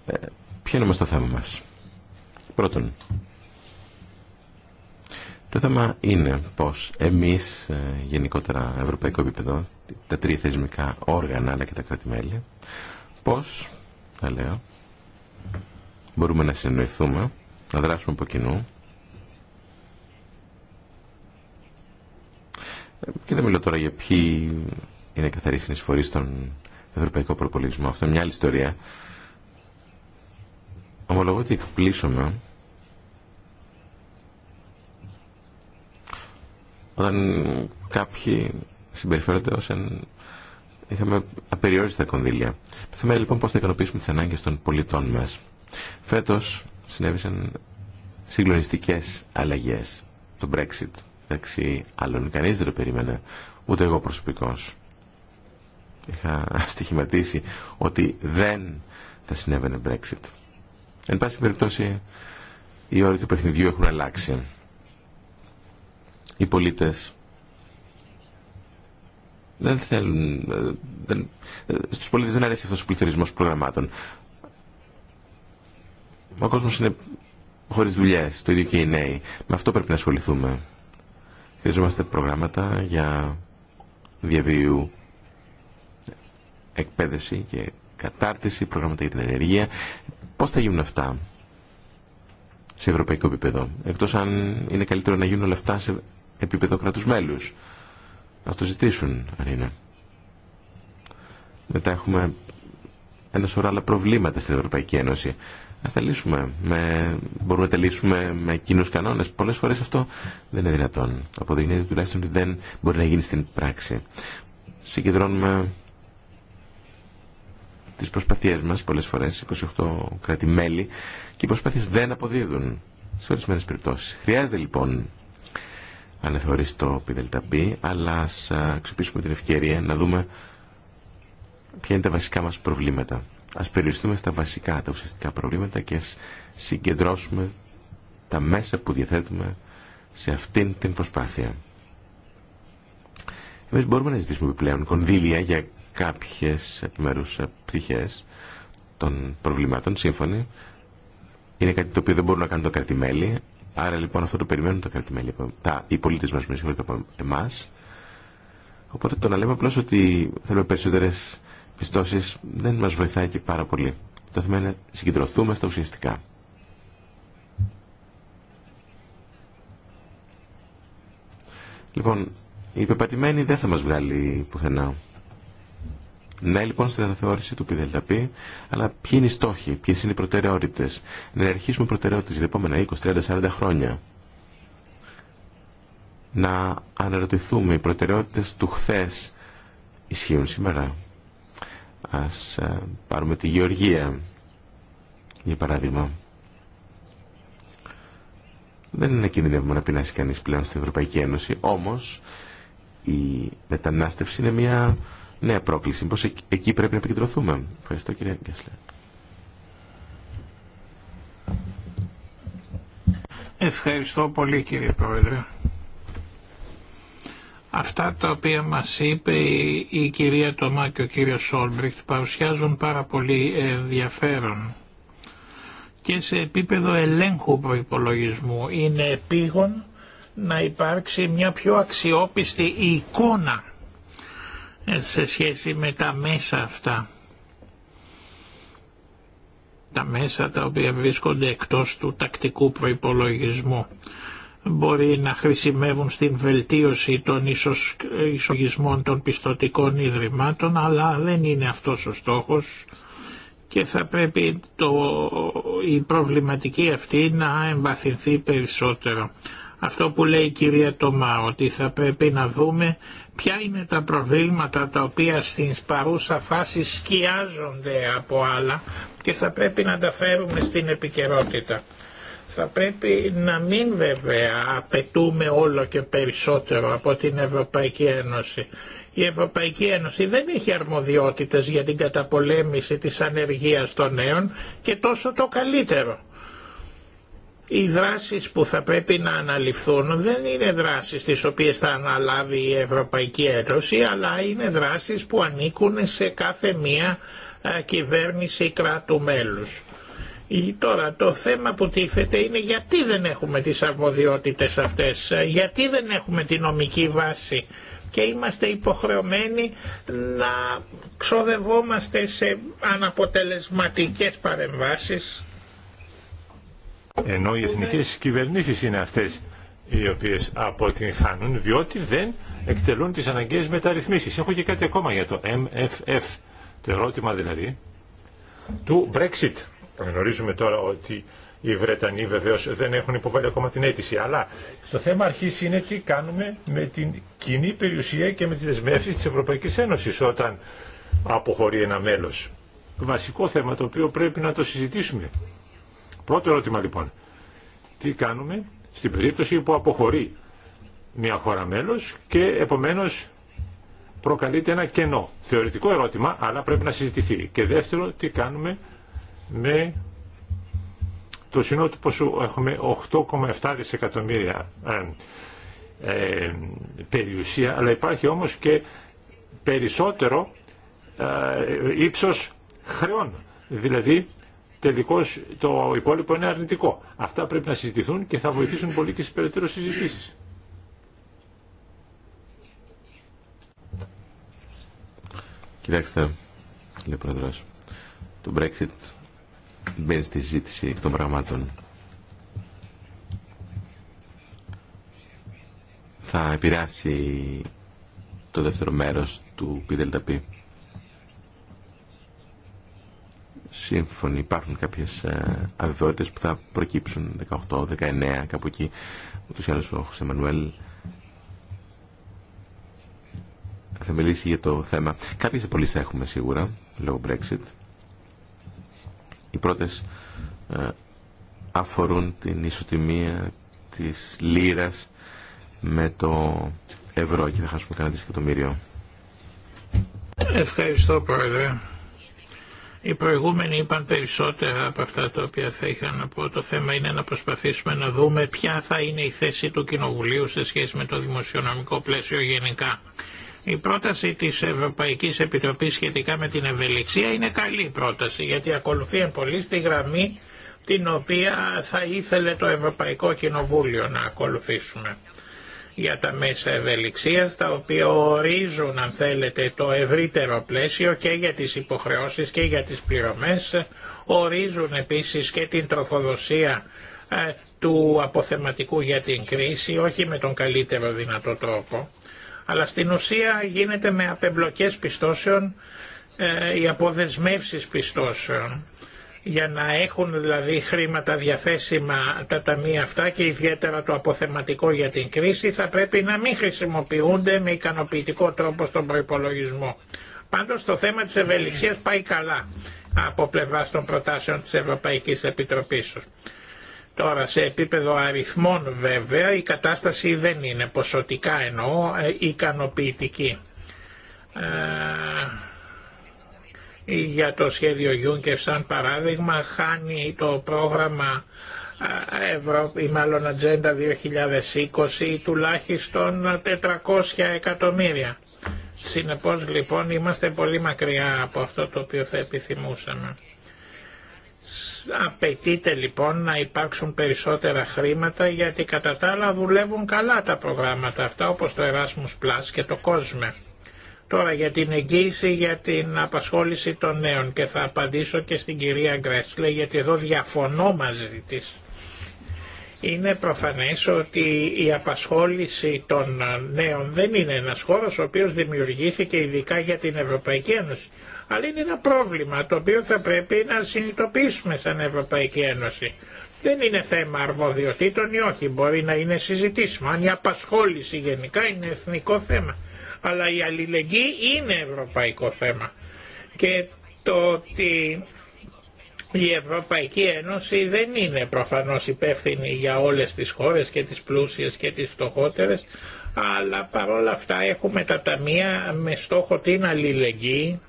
Ε, ποιο είναι όμως το θέμα μας. Πρώτον, το θέμα είναι πως εμείς, ε, γενικότερα ευρωπαϊκό επίπεδο, τα τρία θεσμικά όργανα αλλά και τα κράτη-μέλη, πως, θα λέω, μπορούμε να συνοηθούμε να δράσουμε από κοινού, Και δεν μιλώ τώρα για ποιοι είναι καθαροί συνεισφορεί στον ευρωπαϊκό προπολογισμό. Αυτό είναι μια άλλη ιστορία. Ομολογώ ότι εκπλήσωμε όταν κάποιοι συμπεριφέρονται ως εν... είχαμε απεριόριστα κονδύλια. Το θέμα λοιπόν πώς θα ικανοποιήσουμε τις ανάγκες των πολιτών μας. Φέτος συνέβησαν συγκλονιστικές αλλαγές, το Brexit μεταξύ άλλων. Κανείς δεν το περίμενε, ούτε εγώ προσωπικώς. Είχα στοιχηματίσει ότι δεν θα συνέβαινε Brexit. Εν πάση περιπτώσει, οι όροι του παιχνιδιού έχουν αλλάξει. Οι πολίτες δεν θέλουν... Δεν, στους πολίτες δεν αρέσει αυτός ο πληθωρισμός προγραμμάτων. Ο κόσμος είναι χωρίς δουλειές, το ίδιο και οι νέοι. Με αυτό πρέπει να ασχοληθούμε. Χρειαζόμαστε προγράμματα για διαβίου εκπαίδευση και κατάρτιση, προγράμματα για την ενεργεία. Πώς θα γίνουν αυτά σε ευρωπαϊκό επίπεδο, εκτός αν είναι καλύτερο να γίνουν όλα αυτά σε επίπεδο κράτους μέλους. να το ζητήσουν, αν είναι. Μετά έχουμε ένα σωρά άλλα προβλήματα στην Ευρωπαϊκή Ένωση ας τα λύσουμε. Με, μπορούμε να τα λύσουμε με κοινού κανόνες. Πολλές φορές αυτό δεν είναι δυνατόν. Αποδεικνύεται τουλάχιστον ότι δεν μπορεί να γίνει στην πράξη. Συγκεντρώνουμε τις προσπαθίες μας πολλές φορές, 28 κράτη-μέλη, και οι προσπάθειε δεν αποδίδουν σε ορισμένε περιπτώσεις. Χρειάζεται λοιπόν αναθεωρήσει το ΠΔΠ, αλλά ας αξιοποιήσουμε την ευκαιρία να δούμε ποια είναι τα βασικά μας προβλήματα. Ας περιοριστούμε στα βασικά, τα ουσιαστικά προβλήματα και ας συγκεντρώσουμε τα μέσα που διαθέτουμε σε αυτήν την προσπάθεια. Εμείς μπορούμε να ζητήσουμε επιπλέον κονδύλια για κάποιες επιμέρους πτυχές των προβλημάτων, σύμφωνοι. Είναι κάτι το οποίο δεν μπορούν να κάνουν τα κρατημέλη, άρα λοιπόν αυτό το περιμένουν τα κρατημέλη, τα, οι πολίτες μας, με συγχωρείτε από εμάς. Οπότε το να λέμε απλώς ότι θέλουμε περισσότερες πιστώσει δεν μας βοηθάει και πάρα πολύ. Το θέμα είναι να συγκεντρωθούμε στα ουσιαστικά. Λοιπόν, η πεπατημένη δεν θα μας βγάλει πουθενά. Ναι, λοιπόν, στην αναθεώρηση του ΠΙΔΕΛΤΑΠΗ, αλλά ποιοι είναι οι στόχοι, ποιε είναι οι προτεραιότητε. Να αρχίσουμε προτεραιότητε για τα επόμενα 20, 30, 40 χρόνια. Να αναρωτηθούμε, οι προτεραιότητε του χθε ισχύουν σήμερα. Ας ε, πάρουμε τη Γεωργία, για παράδειγμα. Δεν είναι κινδυνεύμα να πεινάσει κανείς πλέον στην Ευρωπαϊκή Ένωση, όμως η μετανάστευση είναι μια νέα πρόκληση. Πώς εκεί πρέπει να επικεντρωθούμε. Ευχαριστώ κύριε Γκέσλερ. Ευχαριστώ πολύ κύριε Πρόεδρε. Αυτά τα οποία μας είπε η, κυρία Τομά και ο κύριος Σόλμπριχτ παρουσιάζουν πάρα πολύ ενδιαφέρον και σε επίπεδο ελέγχου προϋπολογισμού είναι επίγον να υπάρξει μια πιο αξιόπιστη εικόνα ε, σε σχέση με τα μέσα αυτά. Τα μέσα τα οποία βρίσκονται εκτός του τακτικού προϋπολογισμού μπορεί να χρησιμεύουν στην βελτίωση των ισογισμών των πιστοτικών ιδρυμάτων, αλλά δεν είναι αυτός ο στόχος και θα πρέπει το, η προβληματική αυτή να εμβαθυνθεί περισσότερο. Αυτό που λέει η κυρία Τομά, ότι θα πρέπει να δούμε ποια είναι τα προβλήματα τα οποία στην παρούσα φάση σκιάζονται από άλλα και θα πρέπει να τα φέρουμε στην επικαιρότητα θα πρέπει να μην βέβαια απαιτούμε όλο και περισσότερο από την Ευρωπαϊκή Ένωση. Η Ευρωπαϊκή Ένωση δεν έχει αρμοδιότητες για την καταπολέμηση της ανεργίας των νέων και τόσο το καλύτερο. Οι δράσεις που θα πρέπει να αναλυφθούν δεν είναι δράσεις τις οποίες θα αναλάβει η Ευρωπαϊκή Ένωση αλλά είναι δράσεις που ανήκουν σε κάθε μία ε, κυβέρνηση κράτου μέλους. Τώρα το θέμα που τίθεται είναι γιατί δεν έχουμε τις αρμοδιότητες αυτές, ε, γιατί δεν έχουμε τη νομική βάση και είμαστε υποχρεωμένοι να ξοδευόμαστε σε αναποτελεσματικές παρεμβάσεις. Ενώ οι εθνικές κυβερνήσεις είναι αυτές οι οποίες αποτυγχάνουν διότι δεν εκτελούν τις αναγκαίες μεταρρυθμίσεις. Έχω και κάτι ακόμα για το MFF, το ερώτημα δηλαδή του Brexit. Γνωρίζουμε τώρα ότι οι Βρετανοί βεβαίως δεν έχουν υποβάλει ακόμα την αίτηση, αλλά το θέμα αρχή είναι τι κάνουμε με την κοινή περιουσία και με τις δεσμεύσεις της Ευρωπαϊκής Ένωσης όταν αποχωρεί ένα μέλος. Βασικό θέμα το οποίο πρέπει να το συζητήσουμε. Πρώτο ερώτημα λοιπόν. Τι κάνουμε στην περίπτωση που αποχωρεί μια χώρα μέλος και επομένως προκαλείται ένα κενό. Θεωρητικό ερώτημα, αλλά πρέπει να συζητηθεί. Και δεύτερο, τι κάνουμε με το συνότυπο σου έχουμε 8,7 δισεκατομμύρια ε, ε, περιουσία, αλλά υπάρχει όμως και περισσότερο ε, ύψος χρεών. Δηλαδή τελικώς το υπόλοιπο είναι αρνητικό. Αυτά πρέπει να συζητηθούν και θα βοηθήσουν πολύ και στις περαιτέρω συζητήσεις. Κοιτάξτε, κύριε το Brexit μπαίνει στη ζήτηση των πραγμάτων. Θα επηρεάσει το δεύτερο μέρος του ΠΔΠ. Σύμφωνοι υπάρχουν κάποιες ε, αβεβαιότητες που θα προκύψουν 18, 19, κάπου εκεί. Ούτως ή άλλως ο Χωσέ Μανουέλ θα μιλήσει για το θέμα. Κάποιες απολύσεις θα έχουμε σίγουρα, λόγω Brexit. Οι πρώτες ε, αφορούν την ισοτιμία της λίρας με το ευρώ και θα χάσουμε κανένα δισεκατομμύριο. Ευχαριστώ Πρόεδρε. Οι προηγούμενοι είπαν περισσότερα από αυτά τα οποία θα είχα να πω. Το θέμα είναι να προσπαθήσουμε να δούμε ποια θα είναι η θέση του Κοινοβουλίου σε σχέση με το δημοσιονομικό πλαίσιο γενικά. Η πρόταση της Ευρωπαϊκής Επιτροπής σχετικά με την ευελιξία είναι καλή πρόταση γιατί ακολουθεί πολύ στη γραμμή την οποία θα ήθελε το Ευρωπαϊκό Κοινοβούλιο να ακολουθήσουμε για τα μέσα ευελιξίας τα οποία ορίζουν αν θέλετε το ευρύτερο πλαίσιο και για τις υποχρεώσεις και για τις πληρωμές ορίζουν επίσης και την τροφοδοσία ε, του αποθεματικού για την κρίση όχι με τον καλύτερο δυνατό τρόπο αλλά στην ουσία γίνεται με απεμπλοκές πιστώσεων ε, οι αποδεσμεύσεις πιστώσεων για να έχουν δηλαδή χρήματα διαθέσιμα τα ταμεία αυτά και ιδιαίτερα το αποθεματικό για την κρίση θα πρέπει να μην χρησιμοποιούνται με ικανοποιητικό τρόπο στον προϋπολογισμό. Πάντως το θέμα της ευελιξίας πάει καλά από πλευρά των προτάσεων της Ευρωπαϊκής Επιτροπής. Τώρα σε επίπεδο αριθμών βέβαια η κατάσταση δεν είναι ποσοτικά εννοώ ε, ικανοποιητική. Ε, για το σχέδιο Juncker σαν παράδειγμα χάνει το πρόγραμμα ε, Ευρώπη, μάλλον Ατζέντα 2020 τουλάχιστον 400 εκατομμύρια. Συνεπώς λοιπόν είμαστε πολύ μακριά από αυτό το οποίο θα επιθυμούσαμε. Απαιτείται λοιπόν να υπάρξουν περισσότερα χρήματα γιατί κατά τα άλλα δουλεύουν καλά τα προγράμματα αυτά όπως το Erasmus Plus και το COSME. Τώρα για την εγγύηση για την απασχόληση των νέων και θα απαντήσω και στην κυρία Γκρέσλε γιατί εδώ διαφωνώ μαζί της. Είναι προφανές ότι η απασχόληση των νέων δεν είναι ένας χώρος ο οποίος δημιουργήθηκε ειδικά για την Ευρωπαϊκή Ένωση. Αλλά είναι ένα πρόβλημα το οποίο θα πρέπει να συνειδητοποιήσουμε σαν Ευρωπαϊκή Ένωση. Δεν είναι θέμα αρμοδιοτήτων ή όχι, μπορεί να είναι συζητήσιμο. Αν η απασχόληση γενικά είναι εθνικό θέμα. Αλλά η αλληλεγγύη είναι ευρωπαϊκό θέμα. Και το ότι η Ευρωπαϊκή Ένωση δεν είναι προφανώς υπεύθυνη για όλες τις χώρες και τις πλούσιες και τις φτωχότερες, αλλά παρόλα αυτά έχουμε τα ταμεία με στόχο την αλληλεγγύη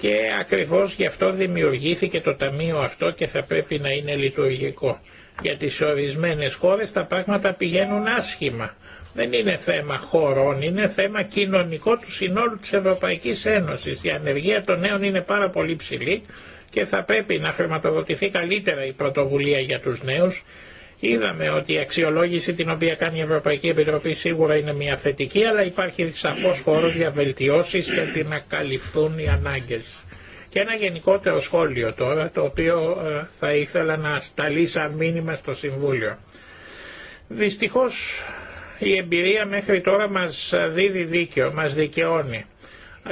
και ακριβώς γι' αυτό δημιουργήθηκε το ταμείο αυτό και θα πρέπει να είναι λειτουργικό. Γιατί σε ορισμένε χώρες τα πράγματα πηγαίνουν άσχημα. Δεν είναι θέμα χωρών, είναι θέμα κοινωνικό του συνόλου της Ευρωπαϊκής Ένωσης. Η ανεργία των νέων είναι πάρα πολύ ψηλή και θα πρέπει να χρηματοδοτηθεί καλύτερα η πρωτοβουλία για τους νέους Είδαμε ότι η αξιολόγηση την οποία κάνει η Ευρωπαϊκή Επιτροπή σίγουρα είναι μια θετική, αλλά υπάρχει σαφώ χώρο για βελτιώσεις γιατί να καλυφθούν οι ανάγκε. Και ένα γενικότερο σχόλιο τώρα, το οποίο ε, θα ήθελα να σταλεί σαν μήνυμα στο Συμβούλιο. Δυστυχώ, η εμπειρία μέχρι τώρα μα δίδει δίκαιο, μα δικαιώνει.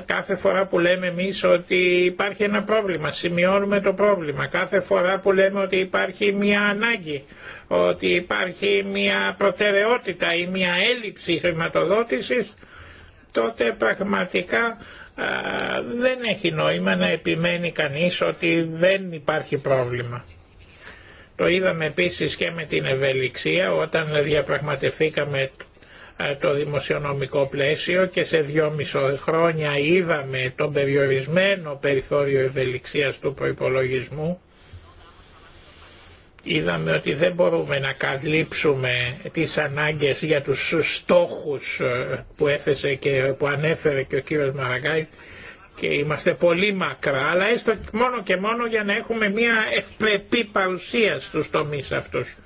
Κάθε φορά που λέμε εμείς ότι υπάρχει ένα πρόβλημα, σημειώνουμε το πρόβλημα. Κάθε φορά που λέμε ότι υπάρχει μια ανάγκη, ότι υπάρχει μια προτεραιότητα ή μια έλλειψη χρηματοδότησης, τότε πραγματικά δεν έχει νόημα να επιμένει κανείς ότι δεν υπάρχει πρόβλημα. Το είδαμε επίσης και με την ευελιξία όταν διαπραγματευθήκαμε το δημοσιονομικό πλαίσιο και σε δυόμισο χρόνια είδαμε τον περιορισμένο περιθώριο ευελιξίας του προϋπολογισμού είδαμε ότι δεν μπορούμε να καλύψουμε τις ανάγκες για τους στόχους ε, που έθεσε και που ανέφερε και ο κύριος Μαραγκάη και είμαστε πολύ μακρά, αλλά έστω μόνο και μόνο για να έχουμε μια ευπρεπή παρουσία στους τομείς αυτούς.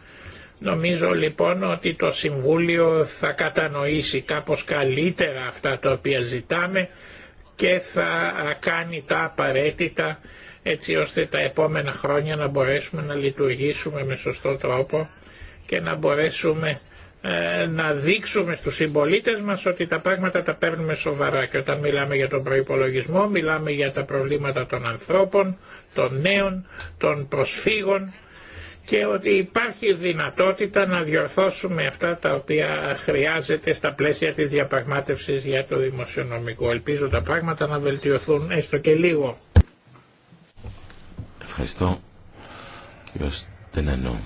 Νομίζω λοιπόν ότι το Συμβούλιο θα κατανοήσει κάπως καλύτερα αυτά τα οποία ζητάμε και θα κάνει τα απαραίτητα έτσι ώστε τα επόμενα χρόνια να μπορέσουμε να λειτουργήσουμε με σωστό τρόπο και να μπορέσουμε ε, να δείξουμε στους συμπολίτε μας ότι τα πράγματα τα παίρνουμε σοβαρά και όταν μιλάμε για τον προϋπολογισμό μιλάμε για τα προβλήματα των ανθρώπων, των νέων, των προσφύγων και ότι υπάρχει δυνατότητα να διορθώσουμε αυτά τα οποία χρειάζεται στα πλαίσια της διαπραγμάτευσης για το δημοσιονομικό. Ελπίζω τα πράγματα να βελτιωθούν έστω και λίγο. Ευχαριστώ. Κύριο Στενένο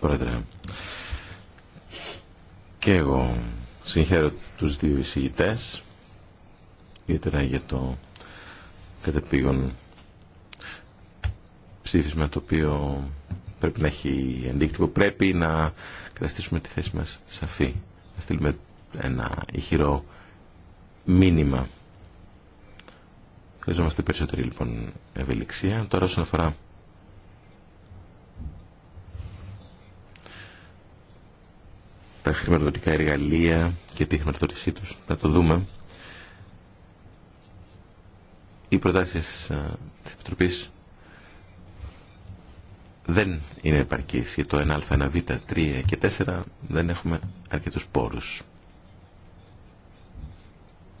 πρόεδρε. Και εγώ συγχαίρω τους δύο εισηγητές, ιδιαίτερα για το κατεπήγον ψήφισμα το οποίο πρέπει να έχει αντίκτυπο. Πρέπει να κρατήσουμε τη θέση μας σαφή. Να στείλουμε ένα ηχηρό μήνυμα Χρειαζόμαστε περισσότερη λοιπόν ευελιξία. Τώρα όσον αφορά τα χρηματοδοτικά εργαλεία και τη χρηματοδότησή τους, να το δούμε. Οι προτάσεις ε, της Επιτροπής δεν είναι επαρκής για το 1α, 1β, 3 και 4 δεν έχουμε αρκετούς πόρους.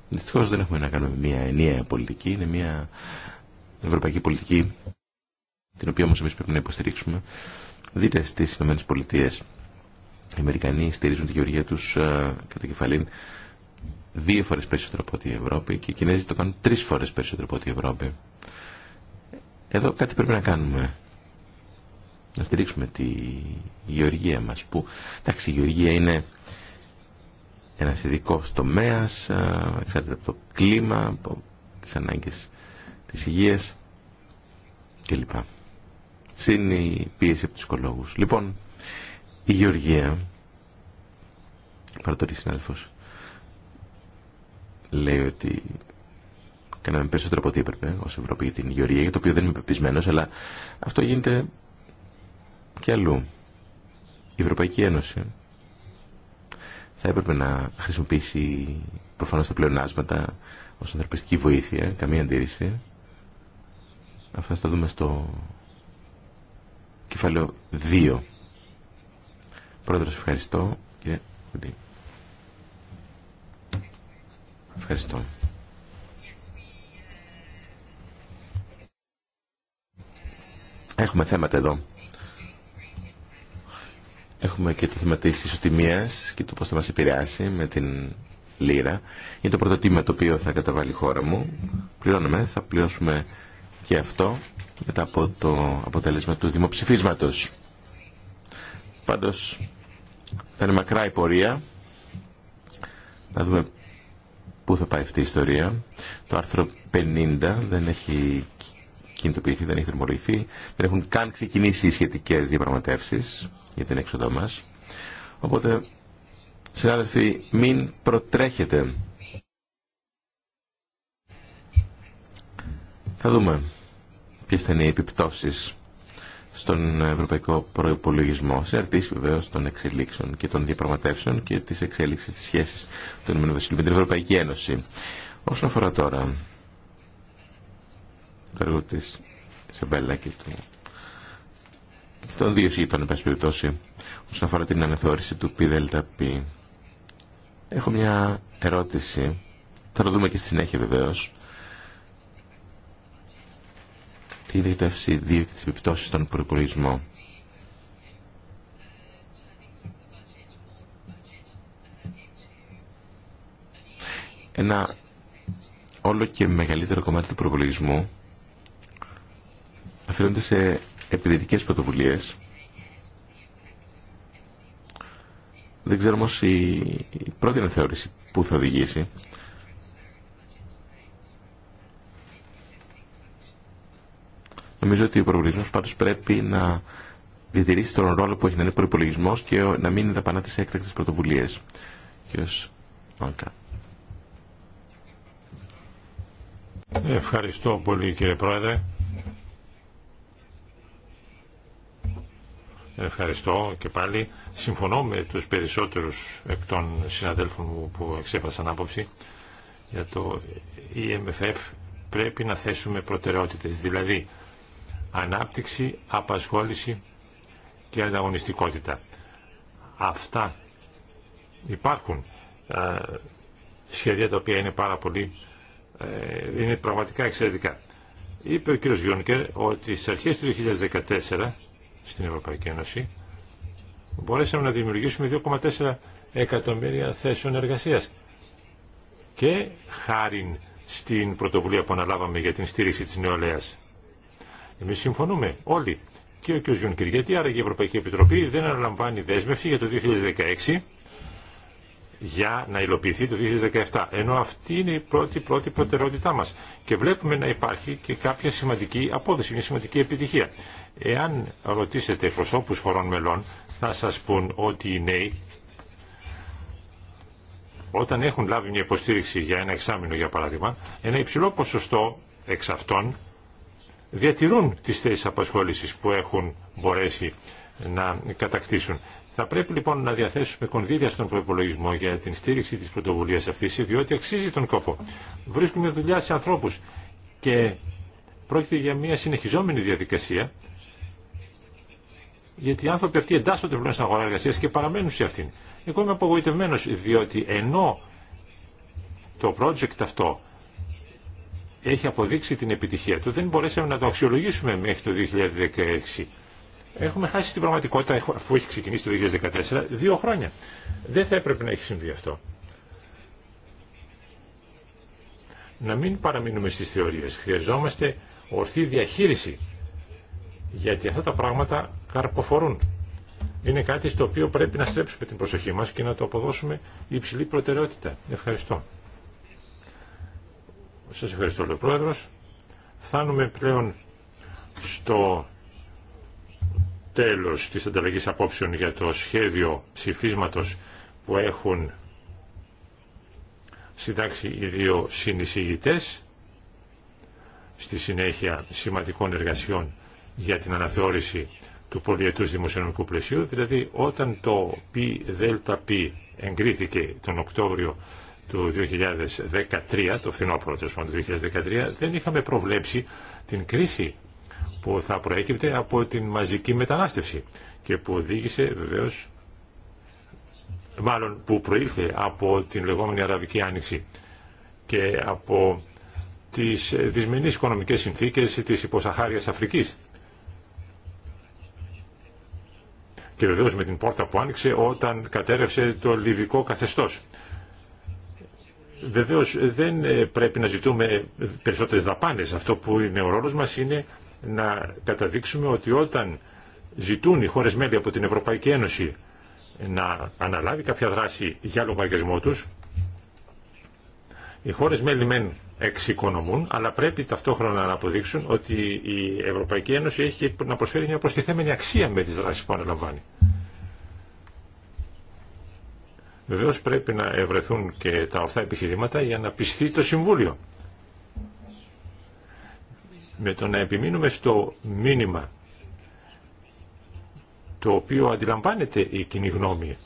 Δυστυχώ δεν έχουμε να κάνουμε μια ενιαία πολιτική, είναι μια ευρωπαϊκή πολιτική, την οποία όμω εμεί πρέπει να υποστηρίξουμε. Δείτε στι ΗΠΑ. Οι Αμερικανοί στηρίζουν τη γεωργία του ε, κατά κεφαλήν δύο φορέ περισσότερο από ό,τι η Ευρώπη και οι Κινέζοι το κάνουν τρει φορέ περισσότερο από ό,τι η Ευρώπη. Εδώ κάτι πρέπει να κάνουμε. Να στηρίξουμε τη γεωργία μα που, εντάξει, η γεωργία είναι ένα ειδικό τομέα, εξαρτάται από το κλίμα, από τις ανάγκες τη υγεία κλπ. Συν η πίεση από του οικολόγου. Λοιπόν, η Γεωργία, παρατορή συνάδελφο, λέει ότι κάναμε περισσότερο από ό,τι έπρεπε ω Ευρώπη για την Γεωργία, για το οποίο δεν είμαι πεπισμένο, αλλά αυτό γίνεται και αλλού. Η Ευρωπαϊκή Ένωση θα έπρεπε να χρησιμοποιήσει προφανώς τα πλεονάσματα ως ανθρωπιστική βοήθεια, καμία αντίρρηση. Αυτά θα τα δούμε στο κεφάλαιο 2. Πρόεδρος, ευχαριστώ. Κύριε Κουντή. Ευχαριστώ. Έχουμε θέματα εδώ Έχουμε και το θέμα της ισοτιμίας και το πώς θα μας επηρεάσει με την λίρα. Είναι το πρώτο το οποίο θα καταβάλει η χώρα μου. Πληρώνουμε, θα πληρώσουμε και αυτό μετά από το αποτέλεσμα του δημοψηφίσματος. Πάντως θα είναι μακρά η πορεία. Να δούμε πού θα πάει αυτή η ιστορία. Το άρθρο 50 δεν έχει κινητοποιηθεί, δεν έχει θερμολογηθεί. Δεν έχουν καν ξεκινήσει οι σχετικές διαπραγματεύσεις για την έξοδό μας. Οπότε, συνάδελφοι, μην προτρέχετε. Θα δούμε ποιες θα είναι οι επιπτώσεις στον ευρωπαϊκό προϋπολογισμό, σε αρτήσει βεβαίω των εξελίξεων και των διαπραγματεύσεων και της εξέλιξης της σχέσης των ΗΠΑ με την Ευρωπαϊκή Ένωση. Όσον αφορά τώρα το έργο της Σεμπέλα και του των δύο συγκεκριτών εν πάση περιπτώσει, όσον αφορά την αναθεώρηση του ΠΔΠ. Έχω μια ερώτηση. Θα το δούμε και στη συνέχεια βεβαίω. Τι είναι η το FC2 και τι επιπτώσει στον προπολογισμό. Ένα όλο και μεγαλύτερο κομμάτι του προπολογισμού αφήνονται σε επιδυτικές πρωτοβουλίες. Δεν ξέρω όμως η πρώτη αναθεώρηση που θα οδηγήσει Νομίζω ότι ο προπολογισμό πάντως πρέπει να διατηρήσει τον ρόλο που έχει να είναι προπολογισμό και να μην είναι πανά σε έκτακτε πρωτοβουλίες. Ευχαριστώ πολύ κύριε Πρόεδρε. Ευχαριστώ και πάλι. Συμφωνώ με τους περισσότερους εκ των συναδέλφων μου που εξέφρασαν άποψη για το EMFF πρέπει να θέσουμε προτεραιότητες, δηλαδή ανάπτυξη, απασχόληση και ανταγωνιστικότητα. Αυτά υπάρχουν ε, σχέδια τα οποία είναι πάρα πολύ, ε, είναι πραγματικά εξαιρετικά. Είπε ο κ. Γιούνκερ ότι στις αρχές του 2014 στην Ευρωπαϊκή Ένωση, μπορέσαμε να δημιουργήσουμε 2,4 εκατομμύρια θέσεων εργασίας. Και χάρη στην πρωτοβουλία που αναλάβαμε για την στήριξη της νεολαίας. Εμείς συμφωνούμε όλοι. Και ο κ. Γιούνκερ, γιατί άρα η Ευρωπαϊκή Επιτροπή δεν αναλαμβάνει δέσμευση για το 2016 για να υλοποιηθεί το 2017. Ενώ αυτή είναι η πρώτη πρώτη προτεραιότητά μας. Και βλέπουμε να υπάρχει και κάποια σημαντική απόδοση, μια σημαντική επιτυχία. Εάν ρωτήσετε εκπροσώπους χωρών μελών, θα σας πούν ότι οι νέοι, όταν έχουν λάβει μια υποστήριξη για ένα εξάμεινο, για παράδειγμα, ένα υψηλό ποσοστό εξ αυτών διατηρούν τις θέσεις απασχόλησης που έχουν μπορέσει να κατακτήσουν. Θα πρέπει λοιπόν να διαθέσουμε κονδύλια στον προπολογισμό για την στήριξη της πρωτοβουλία αυτή, διότι αξίζει τον κόπο. Βρίσκουμε δουλειά σε ανθρώπους και πρόκειται για μια συνεχιζόμενη διαδικασία γιατί οι άνθρωποι αυτοί εντάσσονται πλέον στην αγορά εργασία και παραμένουν σε αυτήν. Εγώ είμαι απογοητευμένο, διότι ενώ το project αυτό έχει αποδείξει την επιτυχία του, δεν μπορέσαμε να το αξιολογήσουμε μέχρι το 2016. Έχουμε χάσει την πραγματικότητα, αφού έχει ξεκινήσει το 2014, δύο χρόνια. Δεν θα έπρεπε να έχει συμβεί αυτό. Να μην παραμείνουμε στις θεωρίες. Χρειαζόμαστε ορθή διαχείριση γιατί αυτά τα πράγματα καρποφορούν. Είναι κάτι στο οποίο πρέπει να στρέψουμε την προσοχή μας και να το αποδώσουμε υψηλή προτεραιότητα. Ευχαριστώ. Σας ευχαριστώ, λέει Πρόεδρος. Φτάνουμε πλέον στο τέλος της ανταλλαγής απόψεων για το σχέδιο ψηφίσματος που έχουν συντάξει οι δύο συνεισηγητές στη συνέχεια σημαντικών εργασιών για την αναθεώρηση του πολυετούς δημοσιονομικού πλαισίου, δηλαδή όταν το ΠΔΠ εγκρίθηκε τον Οκτώβριο του 2013, το φθινόπωρο του 2013, δεν είχαμε προβλέψει την κρίση που θα προέκυπτε από την μαζική μετανάστευση και που οδήγησε βεβαίως, μάλλον που προήλθε από την λεγόμενη Αραβική Άνοιξη και από τις δυσμενείς οικονομικές συνθήκες της υποσαχάριας Αφρικής. και βεβαίω με την πόρτα που άνοιξε όταν κατέρευσε το λιβικό καθεστώς. Βεβαίω δεν ε, πρέπει να ζητούμε περισσότερε δαπάνες. Αυτό που είναι ο ρόλο μα είναι να καταδείξουμε ότι όταν ζητούν οι χώρε μέλη από την Ευρωπαϊκή Ένωση να αναλάβει κάποια δράση για λογαριασμό τους, οι χώρε μέλη μεν εξοικονομούν, αλλά πρέπει ταυτόχρονα να αποδείξουν ότι η Ευρωπαϊκή Ένωση έχει να προσφέρει μια προστιθέμενη αξία με τις δράσεις που αναλαμβάνει. Βεβαίω πρέπει να ευρεθούν και τα ορθά επιχειρήματα για να πιστεί το Συμβούλιο. Με το να επιμείνουμε στο μήνυμα το οποίο αντιλαμβάνεται η κοινή γνώμη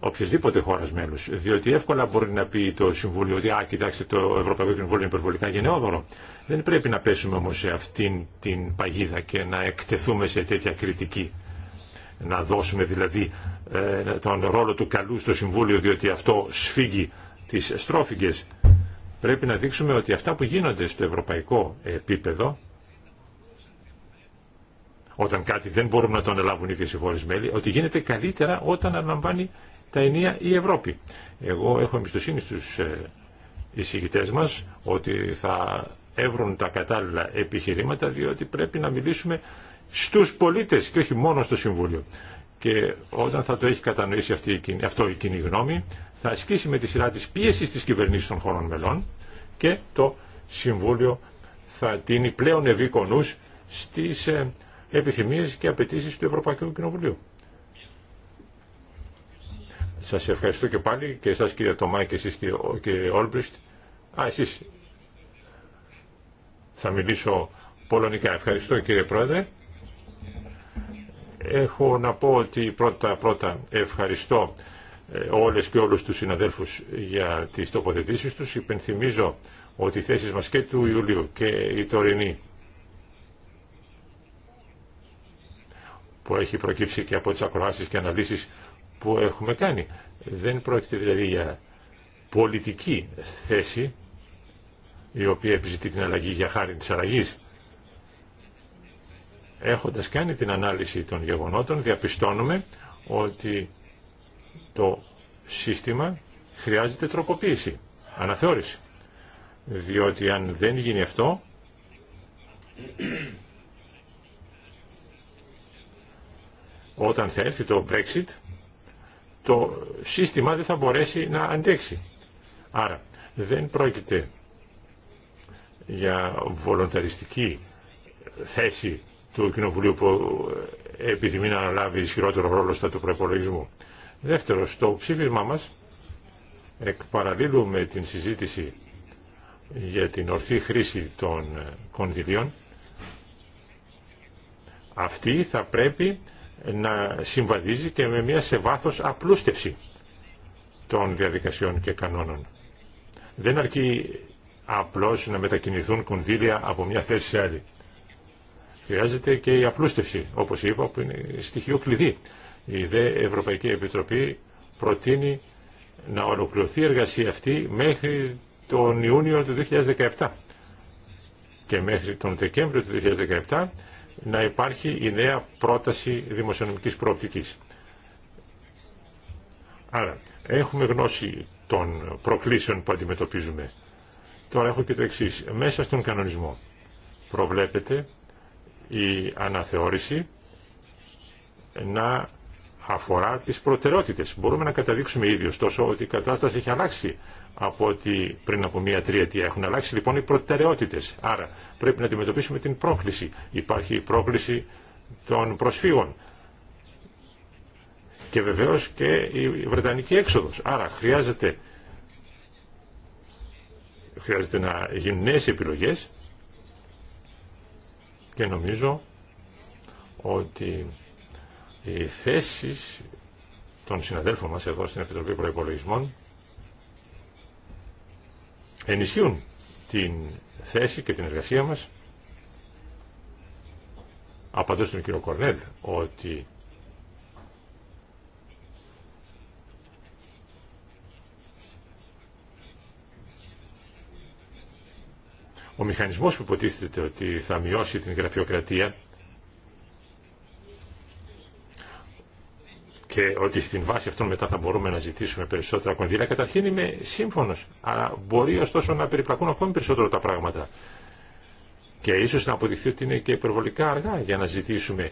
οποιασδήποτε χώρα μέλου. Διότι εύκολα μπορεί να πει το Συμβούλιο ότι, α, κοιτάξτε, το Ευρωπαϊκό Κοινοβούλιο είναι υπερβολικά γενναιόδωρο. Δεν πρέπει να πέσουμε όμω σε αυτήν την παγίδα και να εκτεθούμε σε τέτοια κριτική. Να δώσουμε δηλαδή ε, τον ρόλο του καλού στο Συμβούλιο, διότι αυτό σφίγγει τι στρόφιγγε. Πρέπει να δείξουμε ότι αυτά που γίνονται στο ευρωπαϊκό επίπεδο, όταν κάτι δεν μπορούν να το αναλάβουν οι ίδιε οι χώρε μέλη, ότι γίνεται καλύτερα όταν αναλαμβάνει τα ενία η Ευρώπη. Εγώ έχω εμπιστοσύνη στους ε, εισηγητές μας ότι θα εύρουν τα κατάλληλα επιχειρήματα διότι πρέπει να μιλήσουμε στους πολίτες και όχι μόνο στο Συμβούλιο. Και όταν θα το έχει κατανοήσει αυτή, αυτό η κοινή γνώμη θα ασκήσει με τη σειρά της πιέση της κυβερνήσης των χωρών μελών και το Συμβούλιο θα τίνει πλέον ευήκονους στις ε, επιθυμίες και απαιτήσεις του Ευρωπαϊκού Κοινοβουλίου. Σας ευχαριστώ και πάλι και εσάς κύριε Τωμά και εσείς κύριε Όλμπριστ. Α, εσείς θα μιλήσω πολωνικά. Ευχαριστώ κύριε Πρόεδρε. Έχω να πω ότι πρώτα πρώτα ευχαριστώ ε, όλες και όλους τους συναδέλφους για τις τοποθετήσεις τους. Υπενθυμίζω ότι οι θέσεις μας και του Ιουλίου και η τωρινή που έχει προκύψει και από τις ακροάσεις και αναλύσεις που έχουμε κάνει. Δεν πρόκειται δηλαδή για πολιτική θέση η οποία επιζητεί την αλλαγή για χάρη της αλλαγής. Έχοντας κάνει την ανάλυση των γεγονότων διαπιστώνουμε ότι το σύστημα χρειάζεται τροποποίηση, αναθεώρηση. Διότι αν δεν γίνει αυτό όταν θα έρθει το Brexit το σύστημα δεν θα μπορέσει να αντέξει. Άρα δεν πρόκειται για βολονταριστική θέση του Κοινοβουλίου που επιθυμεί να αναλάβει ισχυρότερο ρόλο στα του προπολογισμού. Δεύτερο, στο ψήφισμά μας με την συζήτηση για την ορθή χρήση των κονδυλίων. Αυτή θα πρέπει να συμβαδίζει και με μια σε βάθος απλούστευση των διαδικασιών και κανόνων. Δεν αρκεί απλώς να μετακινηθούν κονδύλια από μια θέση σε άλλη. Χρειάζεται και η απλούστευση, όπως είπα, που είναι στοιχείο κλειδί. Η ΔΕ Ευρωπαϊκή Επιτροπή προτείνει να ολοκληρωθεί η εργασία αυτή μέχρι τον Ιούνιο του 2017. Και μέχρι τον Δεκέμβριο του 2017 να υπάρχει η νέα πρόταση δημοσιονομικής προοπτικής. Άρα, έχουμε γνώση των προκλήσεων που αντιμετωπίζουμε. Τώρα έχω και το εξή. Μέσα στον κανονισμό προβλέπεται η αναθεώρηση να αφορά τις προτεραιότητες. Μπορούμε να καταδείξουμε ίδιο, τόσο ότι η κατάσταση έχει αλλάξει από ότι πριν από μία τριετία. Έχουν αλλάξει λοιπόν οι προτεραιότητες. Άρα πρέπει να αντιμετωπίσουμε την πρόκληση. Υπάρχει η πρόκληση των προσφύγων και βεβαίως και η Βρετανική έξοδος. Άρα χρειάζεται, χρειάζεται να γίνουν νέες επιλογές και νομίζω ότι οι θέσει των συναδέλφων μας εδώ στην Επιτροπή Προϋπολογισμών ενισχύουν την θέση και την εργασία μας. Απαντώ στον κύριο Κορνέλ ότι ο μηχανισμός που υποτίθεται ότι θα μειώσει την γραφειοκρατία και ότι στην βάση αυτών μετά θα μπορούμε να ζητήσουμε περισσότερα κονδύλια. Καταρχήν είμαι σύμφωνο. αλλά μπορεί ωστόσο να περιπλακούν ακόμη περισσότερο τα πράγματα. Και ίσω να αποδειχθεί ότι είναι και υπερβολικά αργά για να ζητήσουμε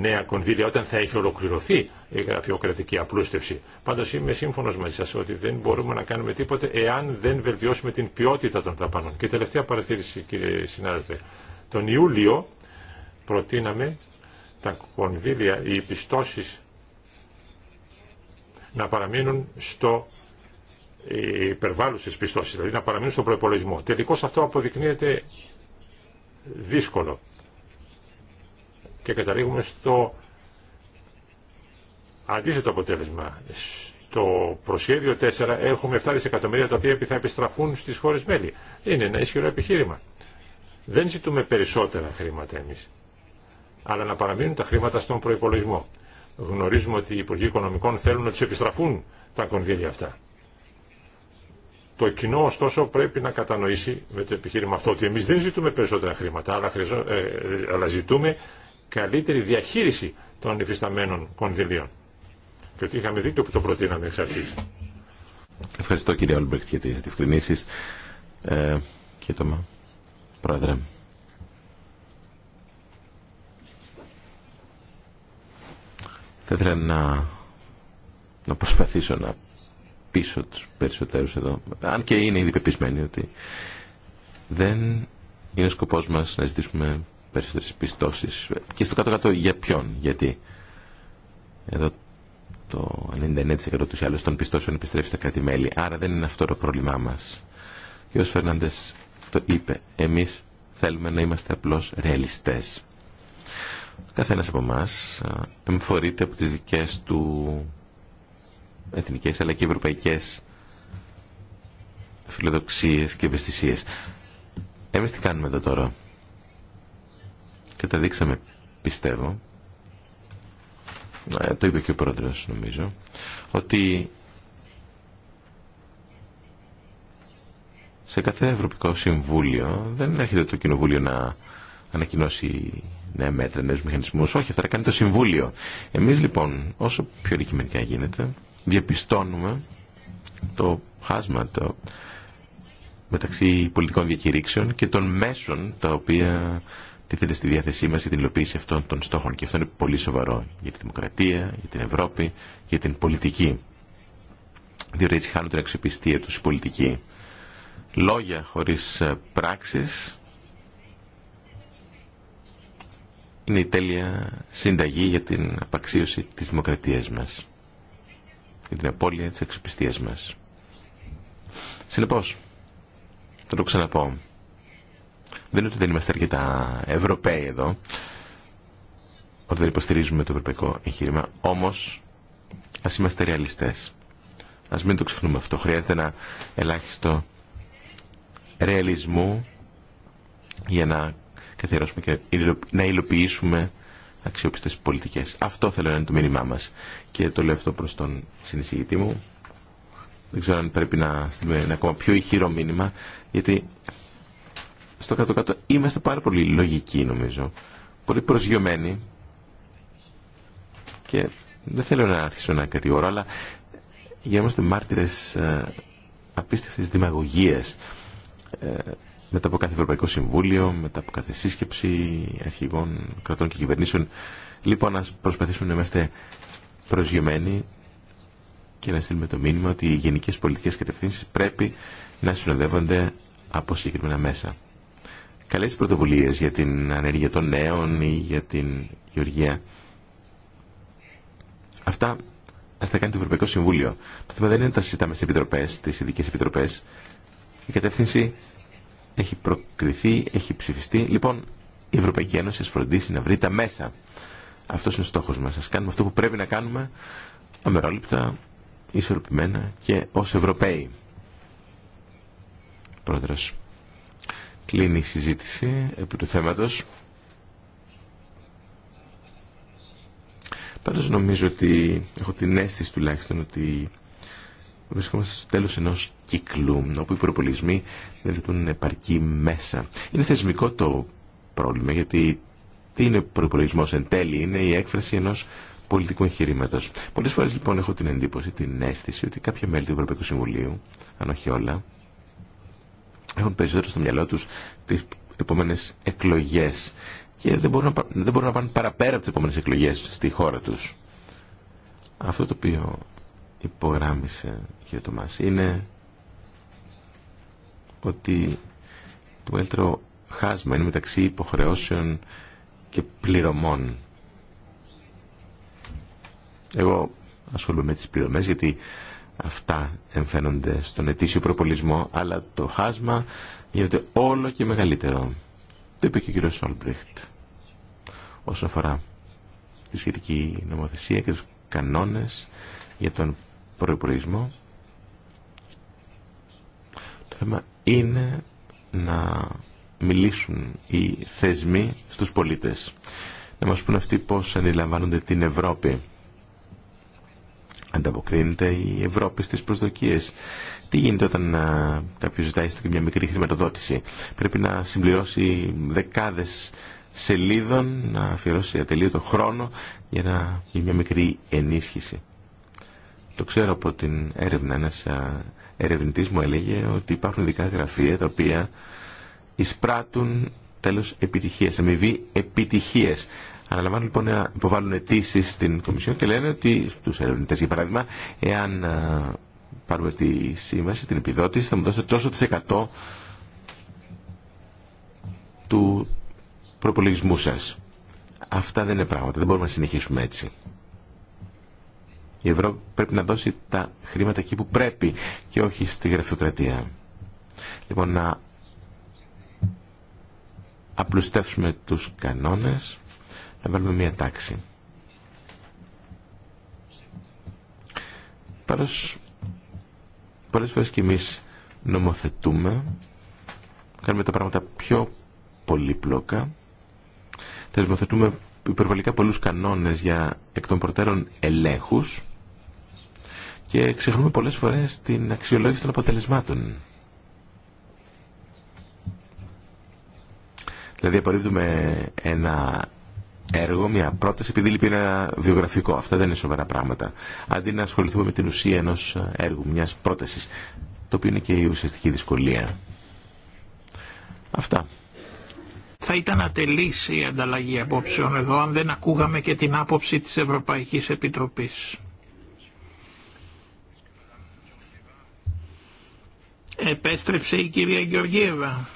νέα κονδύλια όταν θα έχει ολοκληρωθεί η γραφειοκρατική απλούστευση. Πάντως είμαι σύμφωνο μαζί σα ότι δεν μπορούμε να κάνουμε τίποτε εάν δεν βελτιώσουμε την ποιότητα των δαπανών. Και τελευταία παρατήρηση κύριε συνάδελφε. Τον Ιούλιο προτείναμε τα κονδύλια, οι πιστώσει να παραμείνουν στο υπερβάλλουσες πιστώσεις, δηλαδή να παραμείνουν στο προπολογισμό. Τελικώ αυτό αποδεικνύεται δύσκολο και καταλήγουμε στο αντίθετο αποτέλεσμα. Στο προσχέδιο 4 έχουμε 7 δισεκατομμύρια τα οποία θα επιστραφούν στις χώρες μέλη. Είναι ένα ισχυρό επιχείρημα. Δεν ζητούμε περισσότερα χρήματα εμείς, αλλά να παραμείνουν τα χρήματα στον προπολογισμό. Γνωρίζουμε ότι οι Υπουργοί Οικονομικών θέλουν να του επιστραφούν τα κονδύλια αυτά. Το κοινό ωστόσο πρέπει να κατανοήσει με το επιχείρημα αυτό ότι εμεί δεν ζητούμε περισσότερα χρήματα αλλά, ε, ζητούμε καλύτερη διαχείριση των υφισταμένων κονδυλίων. Και ότι είχαμε δίκιο που το προτείναμε εξ αρχή. Ευχαριστώ κύριε Όλμπρεκτ για τι ευκρινήσει. Ε, κύριε Πρόεδρε. Θα ήθελα να, να προσπαθήσω να πείσω τους περισσότερους εδώ, αν και είναι ήδη πεπισμένοι ότι δεν είναι σκοπός μας να ζητήσουμε περισσότερες πιστώσεις. Και στο κάτω-κάτω για ποιον, γιατί εδώ το 99% τους άλλους των πιστώσεων επιστρέφει στα κράτη-μέλη. Άρα δεν είναι αυτό το πρόβλημά μας. Και ο Φερνάντες το είπε, εμείς θέλουμε να είμαστε απλώς ρεαλιστές καθένας από εμά ε, εμφορείται από τις δικές του εθνικές αλλά και ευρωπαϊκές φιλοδοξίες και ευαισθησίες. Εμείς τι κάνουμε εδώ τώρα. Καταδείξαμε, πιστεύω, ε, το είπε και ο πρόεδρος νομίζω, ότι σε κάθε Ευρωπαϊκό Συμβούλιο δεν έρχεται το Κοινοβούλιο να ανακοινώσει ναι μέτρα, νέου μηχανισμού. Όχι, αυτά τα κάνει το Συμβούλιο. Εμεί λοιπόν, όσο πιο ρηκημερικά γίνεται, διαπιστώνουμε το χάσμα το μεταξύ πολιτικών διακηρύξεων και των μέσων τα οποία τίθεται στη διάθεσή μα για την υλοποίηση αυτών των στόχων. Και αυτό είναι πολύ σοβαρό για τη δημοκρατία, για την Ευρώπη, για την πολιτική. Διότι έτσι την αξιοπιστία του οι πολιτικοί. Λόγια χωρί ε, πράξει είναι η τέλεια συνταγή για την απαξίωση της δημοκρατίας μας, για την απώλεια της εξοπιστίας μας. Συνεπώς, θα το ξαναπώ, δεν είναι ότι δεν είμαστε αρκετά Ευρωπαίοι εδώ, ότι δεν υποστηρίζουμε το ευρωπαϊκό εγχείρημα, όμως ας είμαστε ρεαλιστές. Ας μην το ξεχνούμε αυτό. Χρειάζεται ένα ελάχιστο ρεαλισμού για να καθιερώσουμε και να υλοποιήσουμε αξιόπιστες πολιτικές. Αυτό θέλω να είναι το μήνυμά μας. Και το λέω αυτό προς τον συνεισηγητή μου. Δεν ξέρω αν πρέπει να στείλουμε ένα ακόμα πιο ηχηρό μήνυμα, γιατί στο κάτω-κάτω είμαστε πάρα πολύ λογικοί νομίζω. Πολύ προσγειωμένοι και δεν θέλω να αρχίσω να κατηγορώ, αλλά για είμαστε μάρτυρες ε, απίστευτης μετά από κάθε Ευρωπαϊκό Συμβούλιο, μετά από κάθε σύσκεψη αρχηγών κρατών και κυβερνήσεων. Λοιπόν, να προσπαθήσουμε να είμαστε προσγειωμένοι και να στείλουμε το μήνυμα ότι οι γενικές πολιτικές κατευθύνσεις πρέπει να συνοδεύονται από συγκεκριμένα μέσα. Καλές πρωτοβουλίες για την ανέργεια των νέων ή για την γεωργία. Αυτά α τα κάνει το Ευρωπαϊκό Συμβούλιο. Το θέμα δεν είναι να τα συζητάμε στι επιτροπέ, στι ειδικέ επιτροπέ. Η κατεύθυνση έχει προκριθεί, έχει ψηφιστεί. Λοιπόν, η Ευρωπαϊκή Ένωση σας φροντίσει να βρει τα μέσα. Αυτός είναι ο στόχος μας. Σας κάνουμε αυτό που πρέπει να κάνουμε αμερόληπτα, ισορροπημένα και ως Ευρωπαίοι. Πρόεδρος, κλείνει η συζήτηση επί του θέματος. Πάντως νομίζω ότι έχω την αίσθηση τουλάχιστον ότι βρισκόμαστε στο τέλος ενός κύκλου όπου οι προπολισμοί δεν λειτουργούν επαρκή μέσα. Είναι θεσμικό το πρόβλημα γιατί τι είναι προπολισμό εν τέλει, είναι η έκφραση ενό πολιτικού εγχειρήματο. Πολλέ φορέ λοιπόν έχω την εντύπωση, την αίσθηση ότι κάποια μέλη του Ευρωπαϊκού Συμβουλίου, αν όχι όλα, έχουν περισσότερο στο μυαλό του τι επόμενε εκλογέ και δεν μπορούν, να, δεν μπορούν να πάνε παραπέρα από τι επόμενε εκλογέ στη χώρα του. Αυτό το οποίο υπογράμμισε, το Τωμάς, είναι ότι το μεγαλύτερο χάσμα είναι μεταξύ υποχρεώσεων και πληρωμών. Εγώ ασχολούμαι με τις πληρωμές γιατί αυτά εμφαίνονται στον ετήσιο προπολισμό, αλλά το χάσμα γίνεται όλο και μεγαλύτερο. Το είπε και ο κύριος Σόλμπριχτ όσον αφορά τη σχετική νομοθεσία και τους κανόνες για τον προϋπολογισμό θέμα είναι να μιλήσουν οι θεσμοί στους πολίτες. Να μας πούν αυτοί πώς αντιλαμβάνονται την Ευρώπη. Ανταποκρίνεται η Ευρώπη στις προσδοκίες. Τι γίνεται όταν κάποιος ζητάει και μια μικρή χρηματοδότηση. Πρέπει να συμπληρώσει δεκάδες σελίδων, να αφιερώσει ατελείωτο χρόνο για να γίνει μια μικρή ενίσχυση. Το ξέρω από την έρευνα ένας ερευνητής μου έλεγε ότι υπάρχουν ειδικά γραφεία τα οποία εισπράττουν τέλος επιτυχίες, αμοιβή επιτυχίες. Αναλαμβάνουν λοιπόν να υποβάλουν αιτήσει στην Κομισιόν και λένε ότι τους ερευνητές για παράδειγμα, εάν πάρουμε τη σύμβαση, την επιδότηση, θα μου δώσετε τόσο της εκατό του προπολογισμού σας. Αυτά δεν είναι πράγματα, δεν μπορούμε να συνεχίσουμε έτσι. Η Ευρώπη πρέπει να δώσει τα χρήματα εκεί που πρέπει και όχι στη γραφειοκρατία. Λοιπόν, να απλουστεύσουμε τους κανόνες, να βάλουμε μία τάξη. Παρός, πολλές φορές και εμείς νομοθετούμε, κάνουμε τα πράγματα πιο πολύπλοκα, θεσμοθετούμε υπερβολικά πολλούς κανόνες για εκ των προτέρων ελέγχους, και ξεχνούμε πολλές φορές την αξιολόγηση των αποτελεσμάτων. Δηλαδή απορρίπτουμε ένα έργο, μια πρόταση, επειδή λείπει ένα βιογραφικό. Αυτά δεν είναι σοβαρά πράγματα. Αντί να ασχοληθούμε με την ουσία ενός έργου, μιας πρότασης, το οποίο είναι και η ουσιαστική δυσκολία. Αυτά. Θα ήταν ατελής η ανταλλαγή απόψεων εδώ αν δεν ακούγαμε και την άποψη της Ευρωπαϊκής Επιτροπής. Επέστρεψε η κυρία Γεωργίευα.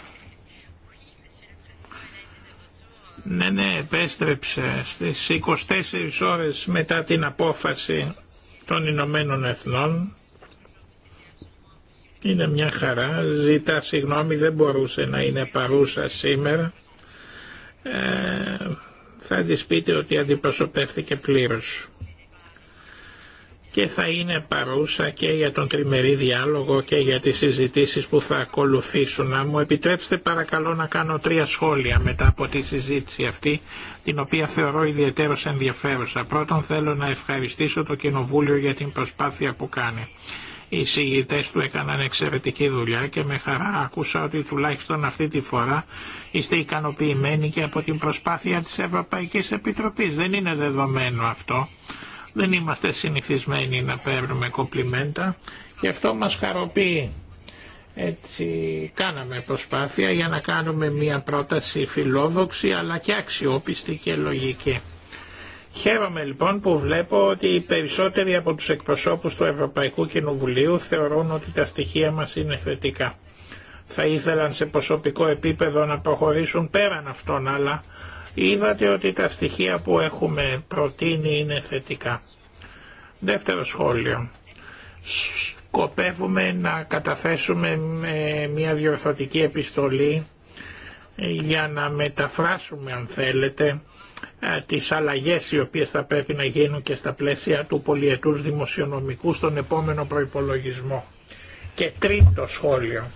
Ναι, ναι, επέστρεψε στις 24 ώρες μετά την απόφαση των Ηνωμένων Εθνών. Είναι μια χαρά, ζητά συγγνώμη, δεν μπορούσε να είναι παρούσα σήμερα. Ε, θα της πείτε ότι αντιπροσωπεύθηκε πλήρως και θα είναι παρούσα και για τον τριμερή διάλογο και για τις συζητήσεις που θα ακολουθήσουν. Να μου επιτρέψετε παρακαλώ να κάνω τρία σχόλια μετά από τη συζήτηση αυτή, την οποία θεωρώ ιδιαίτερως ενδιαφέρουσα. Πρώτον θέλω να ευχαριστήσω το Κοινοβούλιο για την προσπάθεια που κάνει. Οι συγητές του έκαναν εξαιρετική δουλειά και με χαρά άκουσα ότι τουλάχιστον αυτή τη φορά είστε ικανοποιημένοι και από την προσπάθεια της Ευρωπαϊκής Επιτροπής. Δεν είναι δεδομένο αυτό. Δεν είμαστε συνηθισμένοι να παίρνουμε κομπλιμέντα γι' αυτό μας χαροποιεί. Έτσι κάναμε προσπάθεια για να κάνουμε μια πρόταση φιλόδοξη αλλά και αξιόπιστη και λογική. Χαίρομαι λοιπόν που βλέπω ότι οι περισσότεροι από τους εκπροσώπους του Ευρωπαϊκού Κοινοβουλίου θεωρούν ότι τα στοιχεία μας είναι θετικά. Θα ήθελαν σε προσωπικό επίπεδο να προχωρήσουν πέραν αυτών αλλά Είδατε ότι τα στοιχεία που έχουμε προτείνει είναι θετικά. Δεύτερο σχόλιο. Σκοπεύουμε να καταθέσουμε μια διορθωτική επιστολή ε, για να μεταφράσουμε αν θέλετε ε, τις αλλαγές οι οποίες θα πρέπει να γίνουν και στα πλαίσια του πολιετούς δημοσιονομικού στον επόμενο προϋπολογισμό. Και τρίτο σχόλιο.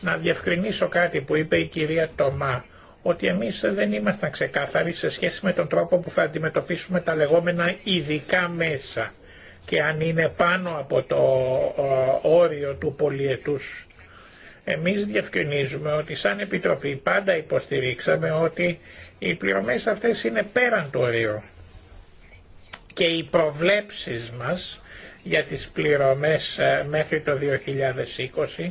Να διευκρινίσω κάτι που είπε η κυρία Τομά ότι εμείς δεν ήμασταν ξεκάθαροι σε σχέση με τον τρόπο που θα αντιμετωπίσουμε τα λεγόμενα ειδικά μέσα και αν είναι πάνω από το ε, όριο του πολιετούς. Εμείς διευκρινίζουμε ότι σαν Επιτροπή πάντα υποστηρίξαμε ότι οι πληρωμές αυτές είναι πέραν του ορίου και οι προβλέψεις μας για τις πληρωμές ε, μέχρι το 2020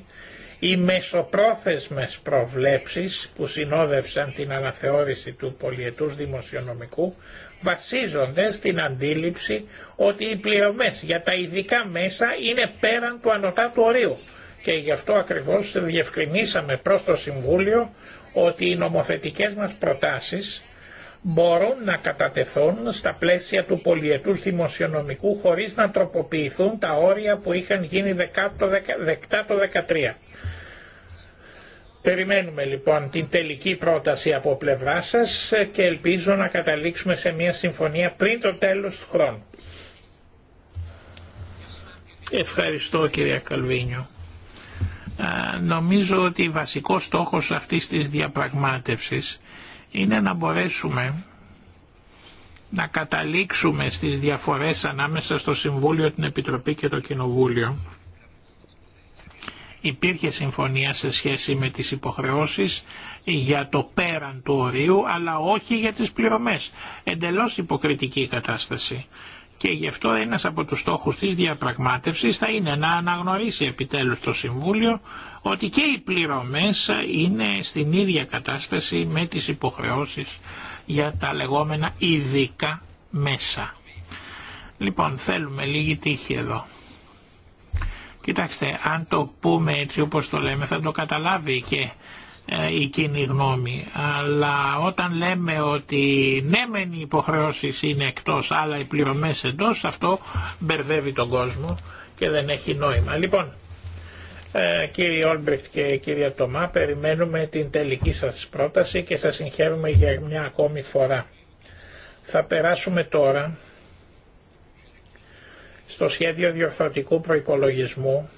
οι μεσοπρόθεσμες προβλέψεις που συνόδευσαν την αναθεώρηση του πολιετούς δημοσιονομικού βασίζονται στην αντίληψη ότι οι πληρωμές για τα ειδικά μέσα είναι πέραν του του ορίου και γι' αυτό ακριβώς διευκρινίσαμε προς το Συμβούλιο ότι οι νομοθετικές μας προτάσεις μπορούν να κατατεθούν στα πλαίσια του πολιετούς δημοσιονομικού χωρίς να τροποποιηθούν τα όρια που είχαν γίνει δεκτά το 2013. Περιμένουμε λοιπόν την τελική πρόταση από πλευρά σας και ελπίζω να καταλήξουμε σε μια συμφωνία πριν το τέλος του χρόνου. Ευχαριστώ κυρία Καλβίνιο. Νομίζω ότι βασικός στόχος αυτής της διαπραγμάτευσης είναι να μπορέσουμε να καταλήξουμε στις διαφορές ανάμεσα στο Συμβούλιο, την Επιτροπή και το Κοινοβούλιο. Υπήρχε συμφωνία σε σχέση με τις υποχρεώσεις για το πέραν του ορίου, αλλά όχι για τις πληρωμές. Εντελώς υποκριτική η κατάσταση και γι' αυτό ένας από τους στόχους της διαπραγμάτευσης θα είναι να αναγνωρίσει επιτέλους το Συμβούλιο ότι και οι πληρωμές είναι στην ίδια κατάσταση με τις υποχρεώσεις για τα λεγόμενα ειδικά μέσα. Λοιπόν, θέλουμε λίγη τύχη εδώ. Κοιτάξτε, αν το πούμε έτσι όπως το λέμε θα το καταλάβει και ε, η κοινή γνώμη. Αλλά όταν λέμε ότι ναι μεν οι υποχρεώσεις είναι εκτός αλλά οι πληρωμές εντός αυτό μπερδεύει τον κόσμο και δεν έχει νόημα. Λοιπόν, ε, κύριε Όλμπρεχτ και κυρία Τομά περιμένουμε την τελική σας πρόταση και σας συγχαίρουμε για μια ακόμη φορά. Θα περάσουμε τώρα στο σχέδιο διορθωτικού προϋπολογισμού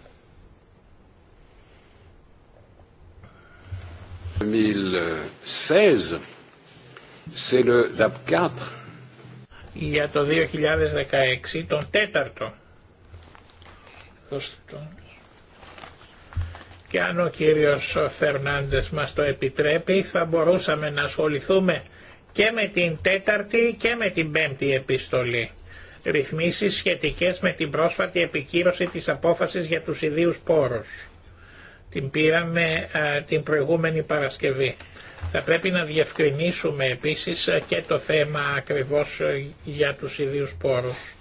Για το 2016, τον τέταρτο. Και αν ο κύριος Φερνάντες μας το επιτρέπει, θα μπορούσαμε να ασχοληθούμε και με την τέταρτη και με την πέμπτη επιστολή. Ρυθμίσεις σχετικές με την πρόσφατη επικύρωση της απόφασης για τους ιδίους πόρους. Την πήραμε την προηγούμενη Παρασκευή. Θα πρέπει να διευκρινίσουμε επίσης και το θέμα ακριβώς για τους ιδίους πόρους.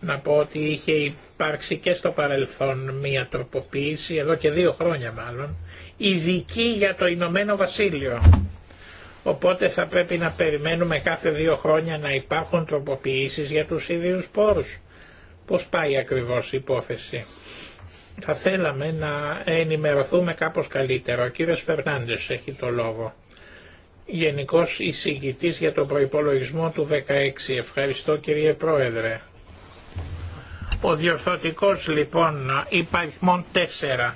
Να πω ότι είχε υπάρξει και στο παρελθόν μία τροποποίηση, εδώ και δύο χρόνια μάλλον, ειδική για το Ηνωμένο Βασίλειο. Οπότε θα πρέπει να περιμένουμε κάθε δύο χρόνια να υπάρχουν τροποποιήσεις για τους ίδιους πόρους. Πώς πάει ακριβώς η υπόθεση. Θα θέλαμε να ενημερωθούμε κάπως καλύτερα. Ο κύριος Φερνάντες έχει το λόγο. Γενικός εισηγητής για τον προϋπολογισμό του 16. Ευχαριστώ κύριε Πρόεδρε. Ο διορθωτικός λοιπόν υπαριθμών 4.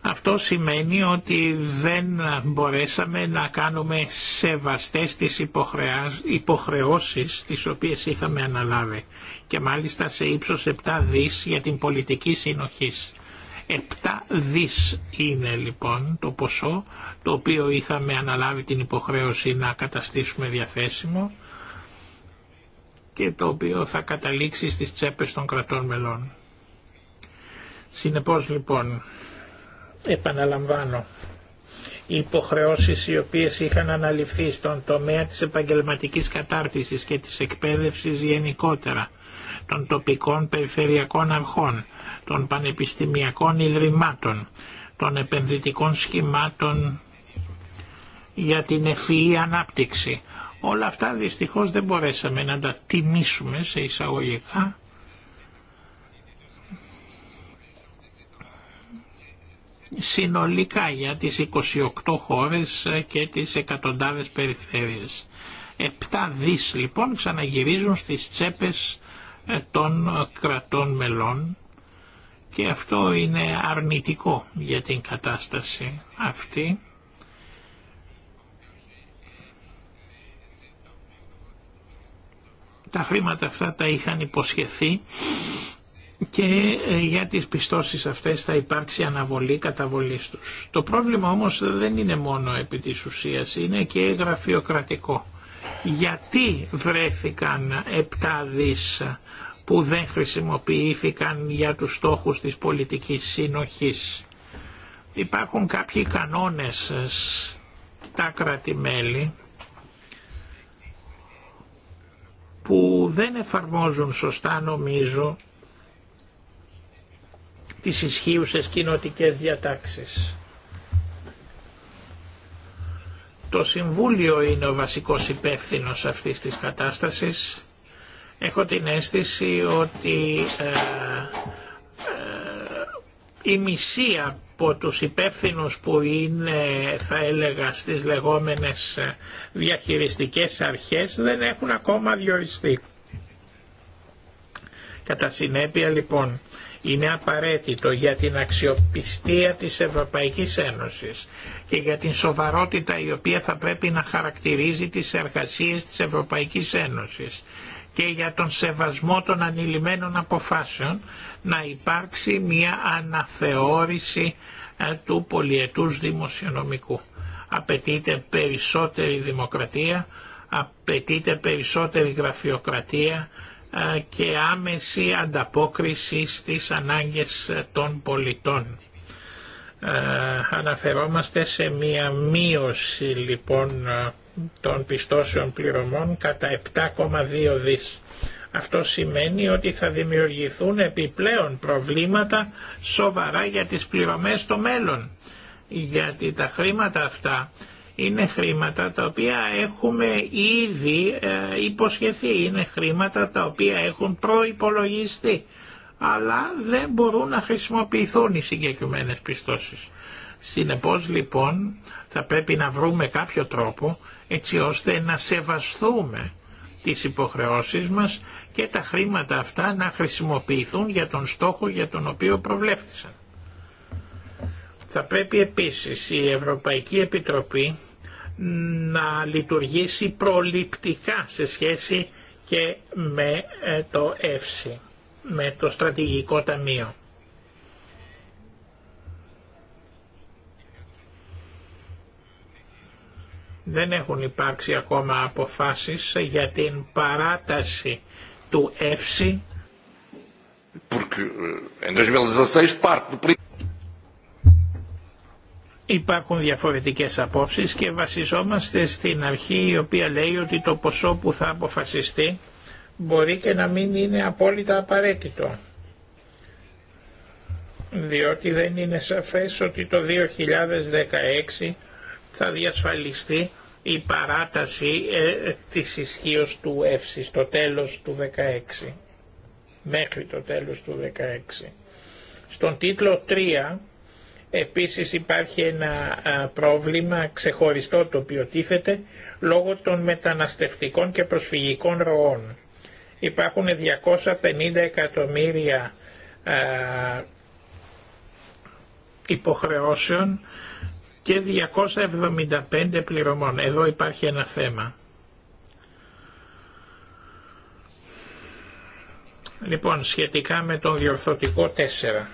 Αυτό σημαίνει ότι δεν μπορέσαμε να κάνουμε σεβαστές τις υποχρεώσεις τις οποίες είχαμε αναλάβει και μάλιστα σε ύψος 7 δις για την πολιτική συνοχής. 7 δις είναι λοιπόν το ποσό το οποίο είχαμε αναλάβει την υποχρέωση να καταστήσουμε διαθέσιμο και το οποίο θα καταλήξει στις τσέπες των κρατών μελών. Συνεπώς λοιπόν, επαναλαμβάνω, οι υποχρεώσεις οι οποίες είχαν αναλυφθεί στον τομέα της επαγγελματικής κατάρτισης και της εκπαίδευσης γενικότερα των τοπικών περιφερειακών αρχών, των πανεπιστημιακών ιδρυμάτων, των επενδυτικών σχημάτων για την ευφυή ανάπτυξη. Όλα αυτά δυστυχώς δεν μπορέσαμε να τα τιμήσουμε σε εισαγωγικά. συνολικά για τις 28 χώρες και τις εκατοντάδες περιφέρειες. Επτά δις λοιπόν ξαναγυρίζουν στις τσέπες των κρατών μελών και αυτό είναι αρνητικό για την κατάσταση αυτή. Τα χρήματα αυτά τα είχαν υποσχεθεί και ε, για τις πιστώσεις αυτές θα υπάρξει αναβολή καταβολής τους. Το πρόβλημα όμως δεν είναι μόνο επί της ουσίας, είναι και γραφειοκρατικό γιατί βρέθηκαν επτά δις που δεν χρησιμοποιήθηκαν για τους στόχους της πολιτικής συνοχής. Υπάρχουν κάποιοι κανόνες στα κράτη-μέλη που δεν εφαρμόζουν σωστά νομίζω τις ισχύουσες κοινοτικές διατάξεις. Το Συμβούλιο είναι ο βασικός υπεύθυνος αυτής της κατάστασης. Έχω την αίσθηση ότι ε, ε, η μισή από τους υπεύθυνους που είναι, θα έλεγα, στις λεγόμενες διαχειριστικές αρχές δεν έχουν ακόμα διοριστεί. Κατά συνέπεια, λοιπόν, είναι απαραίτητο για την αξιοπιστία της Ευρωπαϊκής Ένωσης και για την σοβαρότητα η οποία θα πρέπει να χαρακτηρίζει τις εργασίες της Ευρωπαϊκής Ένωσης και για τον σεβασμό των ανηλυμένων αποφάσεων να υπάρξει μια αναθεώρηση ε, του πολιετούς δημοσιονομικού. Απαιτείται περισσότερη δημοκρατία, απαιτείται περισσότερη γραφειοκρατία ε, και άμεση ανταπόκριση στις ανάγκες των πολιτών. Ε, αναφερόμαστε σε μία μείωση λοιπόν των πιστώσεων πληρωμών κατά 7,2 δις. Αυτό σημαίνει ότι θα δημιουργηθούν επιπλέον προβλήματα σοβαρά για τις πληρωμές στο μέλλον. Γιατί τα χρήματα αυτά είναι χρήματα τα οποία έχουμε ήδη ε, υποσχεθεί, είναι χρήματα τα οποία έχουν προϋπολογιστεί αλλά δεν μπορούν να χρησιμοποιηθούν οι συγκεκριμένες πιστώσεις. Συνεπώς λοιπόν θα πρέπει να βρούμε κάποιο τρόπο έτσι ώστε να σεβαστούμε τις υποχρεώσεις μας και τα χρήματα αυτά να χρησιμοποιηθούν για τον στόχο για τον οποίο προβλέφθησαν. Θα πρέπει επίσης η Ευρωπαϊκή Επιτροπή να λειτουργήσει προληπτικά σε σχέση και με ε, το ΕΦΣΥ με το στρατηγικό ταμείο. Δεν έχουν υπάρξει ακόμα αποφάσεις για την παράταση του ΕΦΣΥ eh, e Υπάρχουν διαφορετικές απόψεις και βασιζόμαστε στην αρχή η οποία λέει ότι το ποσό που θα αποφασιστεί μπορεί και να μην είναι απόλυτα απαραίτητο διότι δεν είναι σαφές ότι το 2016 θα διασφαλιστεί η παράταση ε, της ισχύω του ΕΦΣΙ στο τέλος του 16 μέχρι το τέλος του 16. Στον τίτλο 3 επίσης υπάρχει ένα πρόβλημα ξεχωριστό το οποίο τίθεται λόγω των μεταναστευτικών και προσφυγικών ροών υπάρχουν 250 εκατομμύρια ε, υποχρεώσεων και 275 πληρωμών. Εδώ υπάρχει ένα θέμα. Λοιπόν, σχετικά με τον διορθωτικό 4.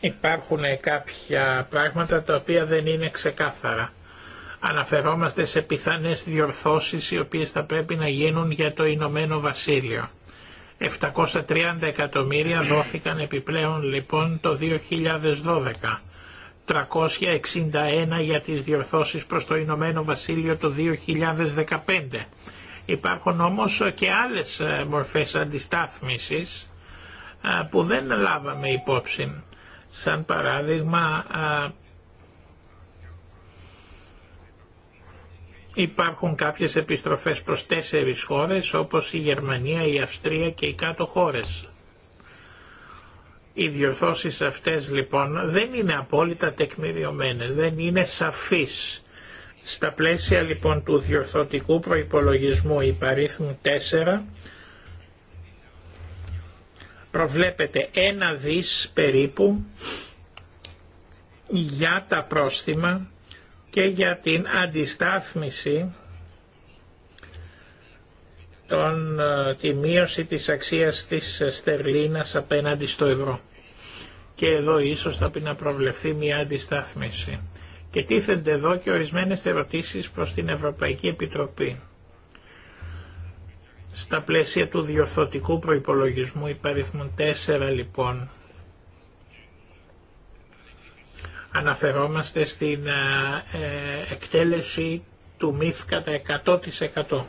Υπάρχουν κάποια πράγματα τα οποία δεν είναι ξεκάθαρα. Αναφερόμαστε σε πιθανές διορθώσεις οι οποίες θα πρέπει να γίνουν για το Ηνωμένο Βασίλειο. 730 εκατομμύρια δόθηκαν επιπλέον λοιπόν το 2012. 361 για τις διορθώσεις προς το Ηνωμένο Βασίλειο το 2015. Υπάρχουν όμως και άλλες ε, μορφές αντιστάθμισης ε, που δεν λάβαμε υπόψη. Σαν παράδειγμα ε, Υπάρχουν κάποιες επιστροφές προς τέσσερις χώρες όπως η Γερμανία, η Αυστρία και οι κάτω χώρες. Οι διορθώσεις αυτές λοιπόν δεν είναι απόλυτα τεκμηριωμένες, δεν είναι σαφείς. Στα πλαίσια λοιπόν του διορθωτικού προϋπολογισμού υπαρίθμου 4 προβλέπεται ένα δις περίπου για τα πρόστιμα και για την αντιστάθμιση των ε, τη μείωση της αξίας της στερλίνας απέναντι στο ευρώ. Και εδώ ίσως θα πει να προβλεφθεί μια αντιστάθμιση. Και τίθενται εδώ και ορισμένες ερωτήσεις προς την Ευρωπαϊκή Επιτροπή. Στα πλαίσια του διορθωτικού προϋπολογισμού υπαριθμούν τέσσερα λοιπόν αναφερόμαστε στην ε, ε, εκτέλεση του μύθ κατά 100%.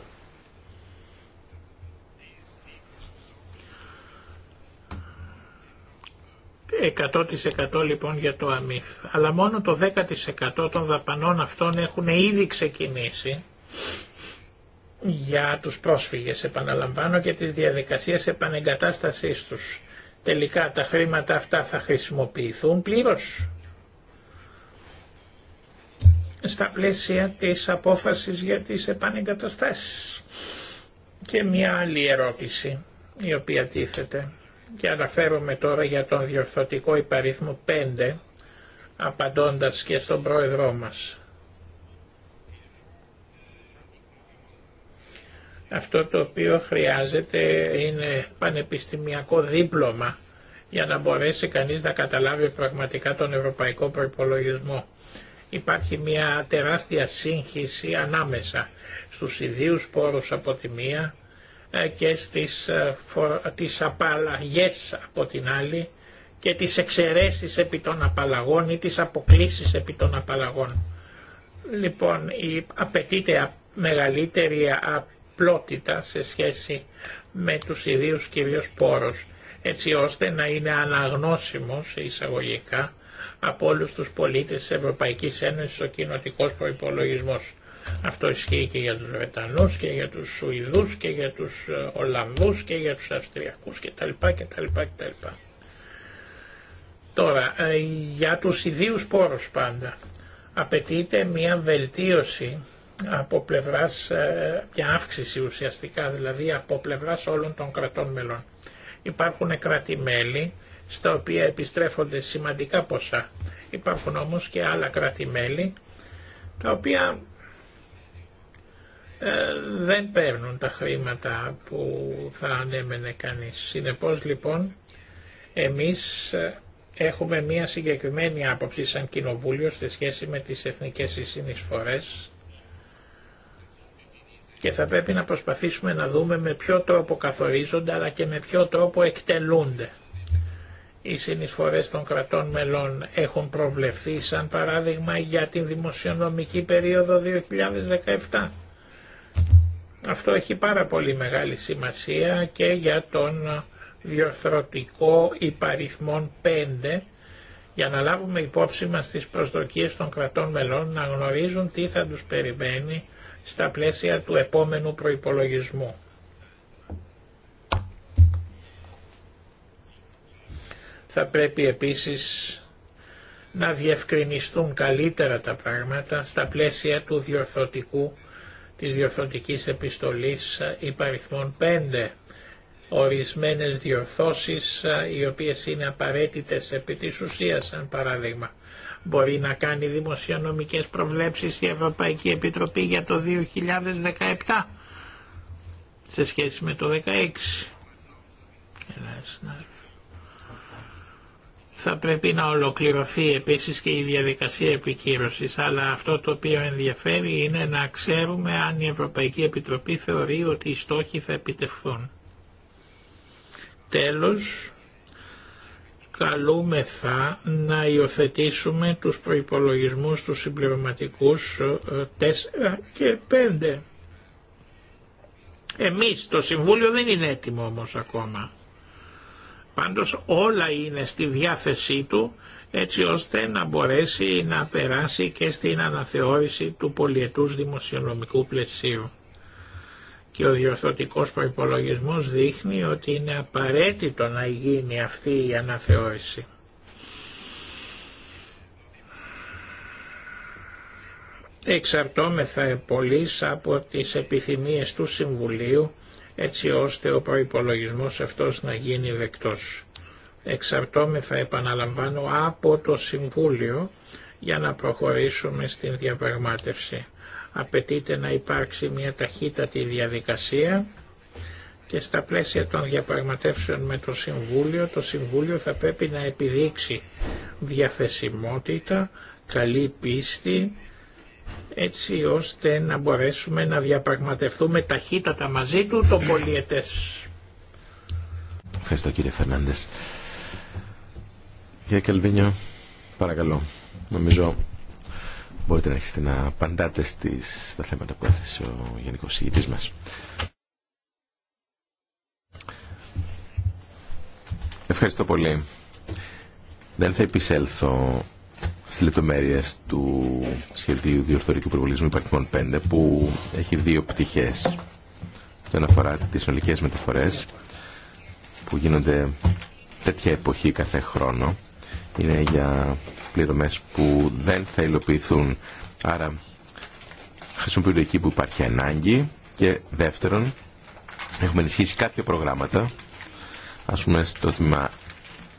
...100% λοιπόν για το αμύφ. Αλλά μόνο το 10% των δαπανών αυτών έχουν ήδη ξεκινήσει για τους πρόσφυγες, επαναλαμβάνω, και τις διαδικασίες επανεγκατάστασής τους. Τελικά τα χρήματα αυτά θα χρησιμοποιηθούν πλήρως στα πλαίσια της απόφασης για τις επανεγκαταστάσεις. Και μια άλλη ερώτηση η οποία τίθεται και αναφέρομαι τώρα για τον διορθωτικό υπαρίθμο 5 απαντώντας και στον πρόεδρό μας. Αυτό το οποίο χρειάζεται είναι πανεπιστημιακό δίπλωμα για να μπορέσει κανείς να καταλάβει πραγματικά τον ευρωπαϊκό προϋπολογισμό υπάρχει μια τεράστια σύγχυση ανάμεσα στους ιδίους πόρους από τη μία ε, και στις ε, τις απαλλαγές από την άλλη και τις εξαιρέσεις επί των απαλλαγών ή τις αποκλήσεις επί των απαλλαγών. Λοιπόν, απαιτείται μεγαλύτερη απλότητα σε σχέση με τους ιδίους κυρίως πόρους έτσι ώστε να είναι αναγνώσιμος εισαγωγικά από όλου τους πολίτες τη Ευρωπαϊκή Ένωσης ο κοινότικό προϋπολογισμός. Αυτό ισχύει και για τους Βρετανού και για τους Σουηδού και για τους ε, Ολλανδούς και για τους Αυστριακού κτλ. κτλ, κτλ. Τώρα, ε, για τους ιδίους πόρους πάντα απαιτείται μια βελτίωση από πλευράς, ε, μια αύξηση ουσιαστικά δηλαδή από πλευράς όλων των κρατών μελών. Υπάρχουν κράτη-μέλη στα οποία επιστρέφονται σημαντικά ποσά. Υπάρχουν όμως και άλλα κράτη-μέλη τα οποία ε, δεν παίρνουν τα χρήματα που θα ανέμενε κανείς. Συνεπώς λοιπόν εμείς ε, έχουμε μία συγκεκριμένη άποψη σαν κοινοβούλιο σε σχέση με τις εθνικές συνεισφορές και θα πρέπει να προσπαθήσουμε να δούμε με ποιο τρόπο καθορίζονται αλλά και με ποιο τρόπο εκτελούνται οι συνεισφορές των κρατών μελών έχουν προβλεφθεί σαν παράδειγμα για την δημοσιονομική περίοδο 2017. Αυτό έχει πάρα πολύ μεγάλη σημασία και για τον διορθωτικό υπαριθμόν 5 για να λάβουμε υπόψη μας τις προσδοκίες των κρατών μελών να γνωρίζουν τι θα τους περιμένει στα πλαίσια του επόμενου προϋπολογισμού. Θα πρέπει επίσης να διευκρινιστούν καλύτερα τα πράγματα στα πλαίσια του διορθωτικού, της διορθωτικής επιστολής υπαριθμών 5. Ορισμένες διορθώσεις οι οποίες είναι απαραίτητες επί της ουσίας, σαν παράδειγμα. Μπορεί να κάνει δημοσιονομικές προβλέψεις η Ευρωπαϊκή Επιτροπή για το 2017 σε σχέση με το 2016. Θα πρέπει να ολοκληρωθεί επίσης και η διαδικασία επικύρωσης, αλλά αυτό το οποίο ενδιαφέρει είναι να ξέρουμε αν η Ευρωπαϊκή Επιτροπή θεωρεί ότι οι στόχοι θα επιτευχθούν. Τέλος, καλούμεθα να υιοθετήσουμε τους προϋπολογισμούς του συμπληρωματικούς 4 ε, και 5. Εμείς, το Συμβούλιο δεν είναι έτοιμο όμως ακόμα. Πάντως όλα είναι στη διάθεσή του έτσι ώστε να μπορέσει να περάσει και στην αναθεώρηση του πολιετούς δημοσιονομικού πλαισίου. Και ο διορθωτικός προϋπολογισμός δείχνει ότι είναι απαραίτητο να γίνει αυτή η αναθεώρηση. Εξαρτώμεθα πολύ από τις επιθυμίες του Συμβουλίου έτσι ώστε ο προϋπολογισμός αυτός να γίνει δεκτός. Εξαρτώμεθα επαναλαμβάνω από το Συμβούλιο για να προχωρήσουμε στην διαπραγμάτευση. Απαιτείται να υπάρξει μια ταχύτατη διαδικασία και στα πλαίσια των διαπραγματεύσεων με το Συμβούλιο, το Συμβούλιο θα πρέπει να επιδείξει διαθεσιμότητα, καλή πίστη, έτσι ώστε να μπορέσουμε να διαπραγματευτούμε ταχύτατα μαζί του τον πολιετές. Ευχαριστώ κύριε Φερνάντες. Κύριε Καλβίνιο, παρακαλώ. Νομίζω μπορείτε να έχετε να απαντάτε στις, στα θέματα που έθεσε ο Γενικός Συγητής μας. Ευχαριστώ πολύ. Δεν θα επισέλθω Στι λεπτομέρειε του σχεδίου διορθωτικού προβολισμού υπαριθμών 5 που έχει δύο πτυχε Το ένα αφορά τι συνολικέ μεταφορέ που γίνονται τέτοια εποχή κάθε χρόνο. Είναι για πληρωμέ που δεν θα υλοποιηθούν. Άρα χρησιμοποιούνται εκεί που υπάρχει ανάγκη και δεύτερον έχουμε ενισχύσει κάποια προγράμματα α πούμε στο τμήμα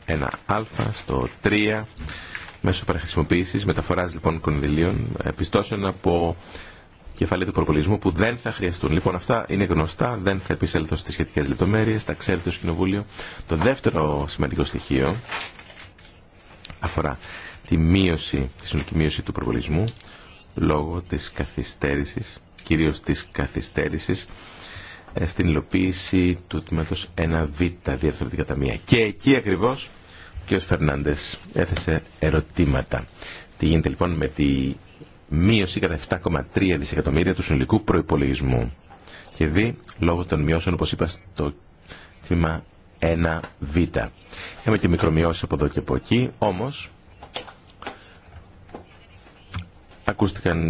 1α, στο 3 μέσω παραχρησιμοποίηση, μεταφορά λοιπόν κονδυλίων, ε, πιστώσεων από κεφάλαια του προπολισμού που δεν θα χρειαστούν. Λοιπόν, αυτά είναι γνωστά, δεν θα επισέλθω στι σχετικέ λεπτομέρειε, τα ξέρετε το Κοινοβούλιο. Το δεύτερο σημαντικό στοιχείο αφορά τη μείωση, τη συνολική μείωση του προπολισμού λόγω τη καθυστέρηση, κυρίω τη καθυστέρηση ε, στην υλοποίηση του τμήματος 1β διαρθρωτικά ταμεία. Και εκεί ακριβώς κ. Φερνάντε έθεσε ερωτήματα. Τι γίνεται λοιπόν με τη μείωση κατά 7,3 δισεκατομμύρια του συνολικού προπολογισμού. Και δι, λόγω των μειώσεων, όπω είπα, στο τμήμα 1β. Έχουμε και μικρομειώσει από εδώ και από εκεί, όμω ακούστηκαν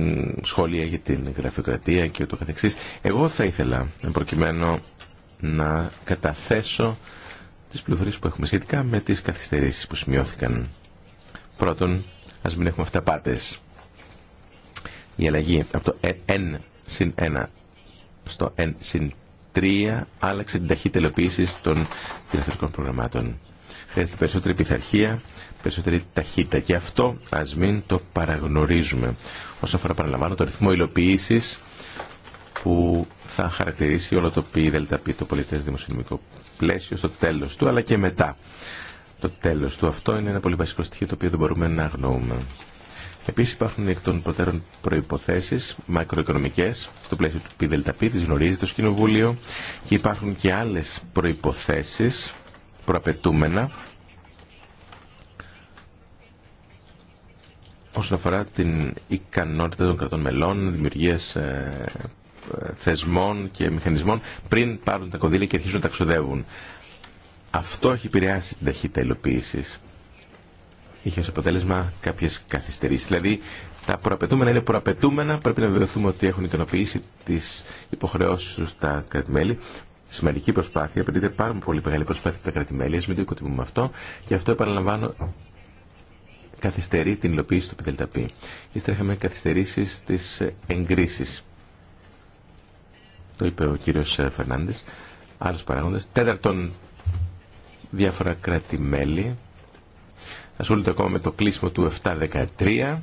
σχόλια για την γραφειοκρατία και ούτω καθεξής. Εγώ θα ήθελα, προκειμένου να καταθέσω τις πληροφορίες που έχουμε σχετικά με τις καθυστερήσεις που σημειώθηκαν. Πρώτον, ας μην έχουμε αυταπάτες. Η αλλαγή από το N 1 στο N 3 άλλαξε την ταχύτητα υλοποίησης των διαθερικών προγραμμάτων. Χρειάζεται περισσότερη πειθαρχία, περισσότερη ταχύτητα και αυτό ας μην το παραγνωρίζουμε. Όσον αφορά παραλαμβάνω το ρυθμό υλοποίησης που θα χαρακτηρίσει όλο το πι δελταπί το πολιτές δημοσιονομικό πλαίσιο στο τέλος του αλλά και μετά το τέλος του. Αυτό είναι ένα πολύ βασικό στοιχείο το οποίο δεν μπορούμε να αγνοούμε. Επίσης υπάρχουν εκ των προτέρων προϋποθέσεις μακροοικονομικές στο πλαίσιο του π.Δ.Π. δελταπί, τις γνωρίζει το Σκηνοβούλιο και υπάρχουν και άλλες προϋποθέσεις προαπαιτούμενα όσον αφορά την ικανότητα των κρατών μελών δημιουργίας ε, θεσμών και μηχανισμών πριν πάρουν τα κονδύλια και αρχίζουν να τα Αυτό έχει επηρεάσει την ταχύτητα υλοποίηση. Είχε ω αποτέλεσμα κάποιε καθυστερήσει. Δηλαδή, τα προαπαιτούμενα είναι προαπαιτούμενα. Πρέπει να βεβαιωθούμε ότι έχουν ικανοποιήσει τι υποχρεώσει του τα κρατημέλη. Σημαντική προσπάθεια, απαιτείται πάρα πολύ μεγάλη προσπάθεια από τα κρατημέλη. μην το υποτιμούμε αυτό. Και αυτό, επαναλαμβάνω, καθυστερεί την υλοποίηση του ΠΔΕΛΤΑΠΗ. Ύστερα είχαμε καθυστερήσει στι εγκρίσει το είπε ο κύριος ε, Φερνάνδης, άλλους παράγοντες. Τέταρτον, διάφορα κράτη-μέλη. Ασχολούνται ακόμα με το κλείσιμο του 7-13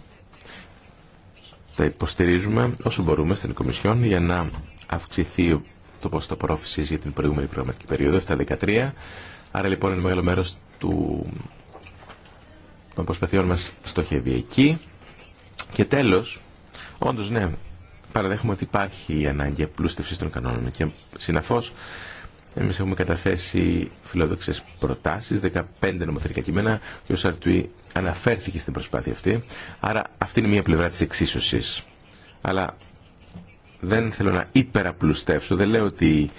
Τα υποστηρίζουμε όσο μπορούμε στην Κομισιόν για να αυξηθεί το ποσοστό πρόφησης για την προηγούμενη προγραμματική περίοδο, 7-13. Άρα λοιπόν είναι μεγάλο μέρος του... των προσπαθειών μας στοχεύει εκεί. Και τέλος, όντως ναι, παραδέχουμε ότι υπάρχει η ανάγκη απλούστευσης των κανόνων και συναφώς εμείς έχουμε καταθέσει φιλόδοξες προτάσεις, 15 νομοθετικά κείμενα και ο Σαρτουή αναφέρθηκε στην προσπάθεια αυτή. Άρα αυτή είναι μία πλευρά της εξίσωσης. Αλλά δεν θέλω να υπεραπλουστεύσω, δεν λέω ότι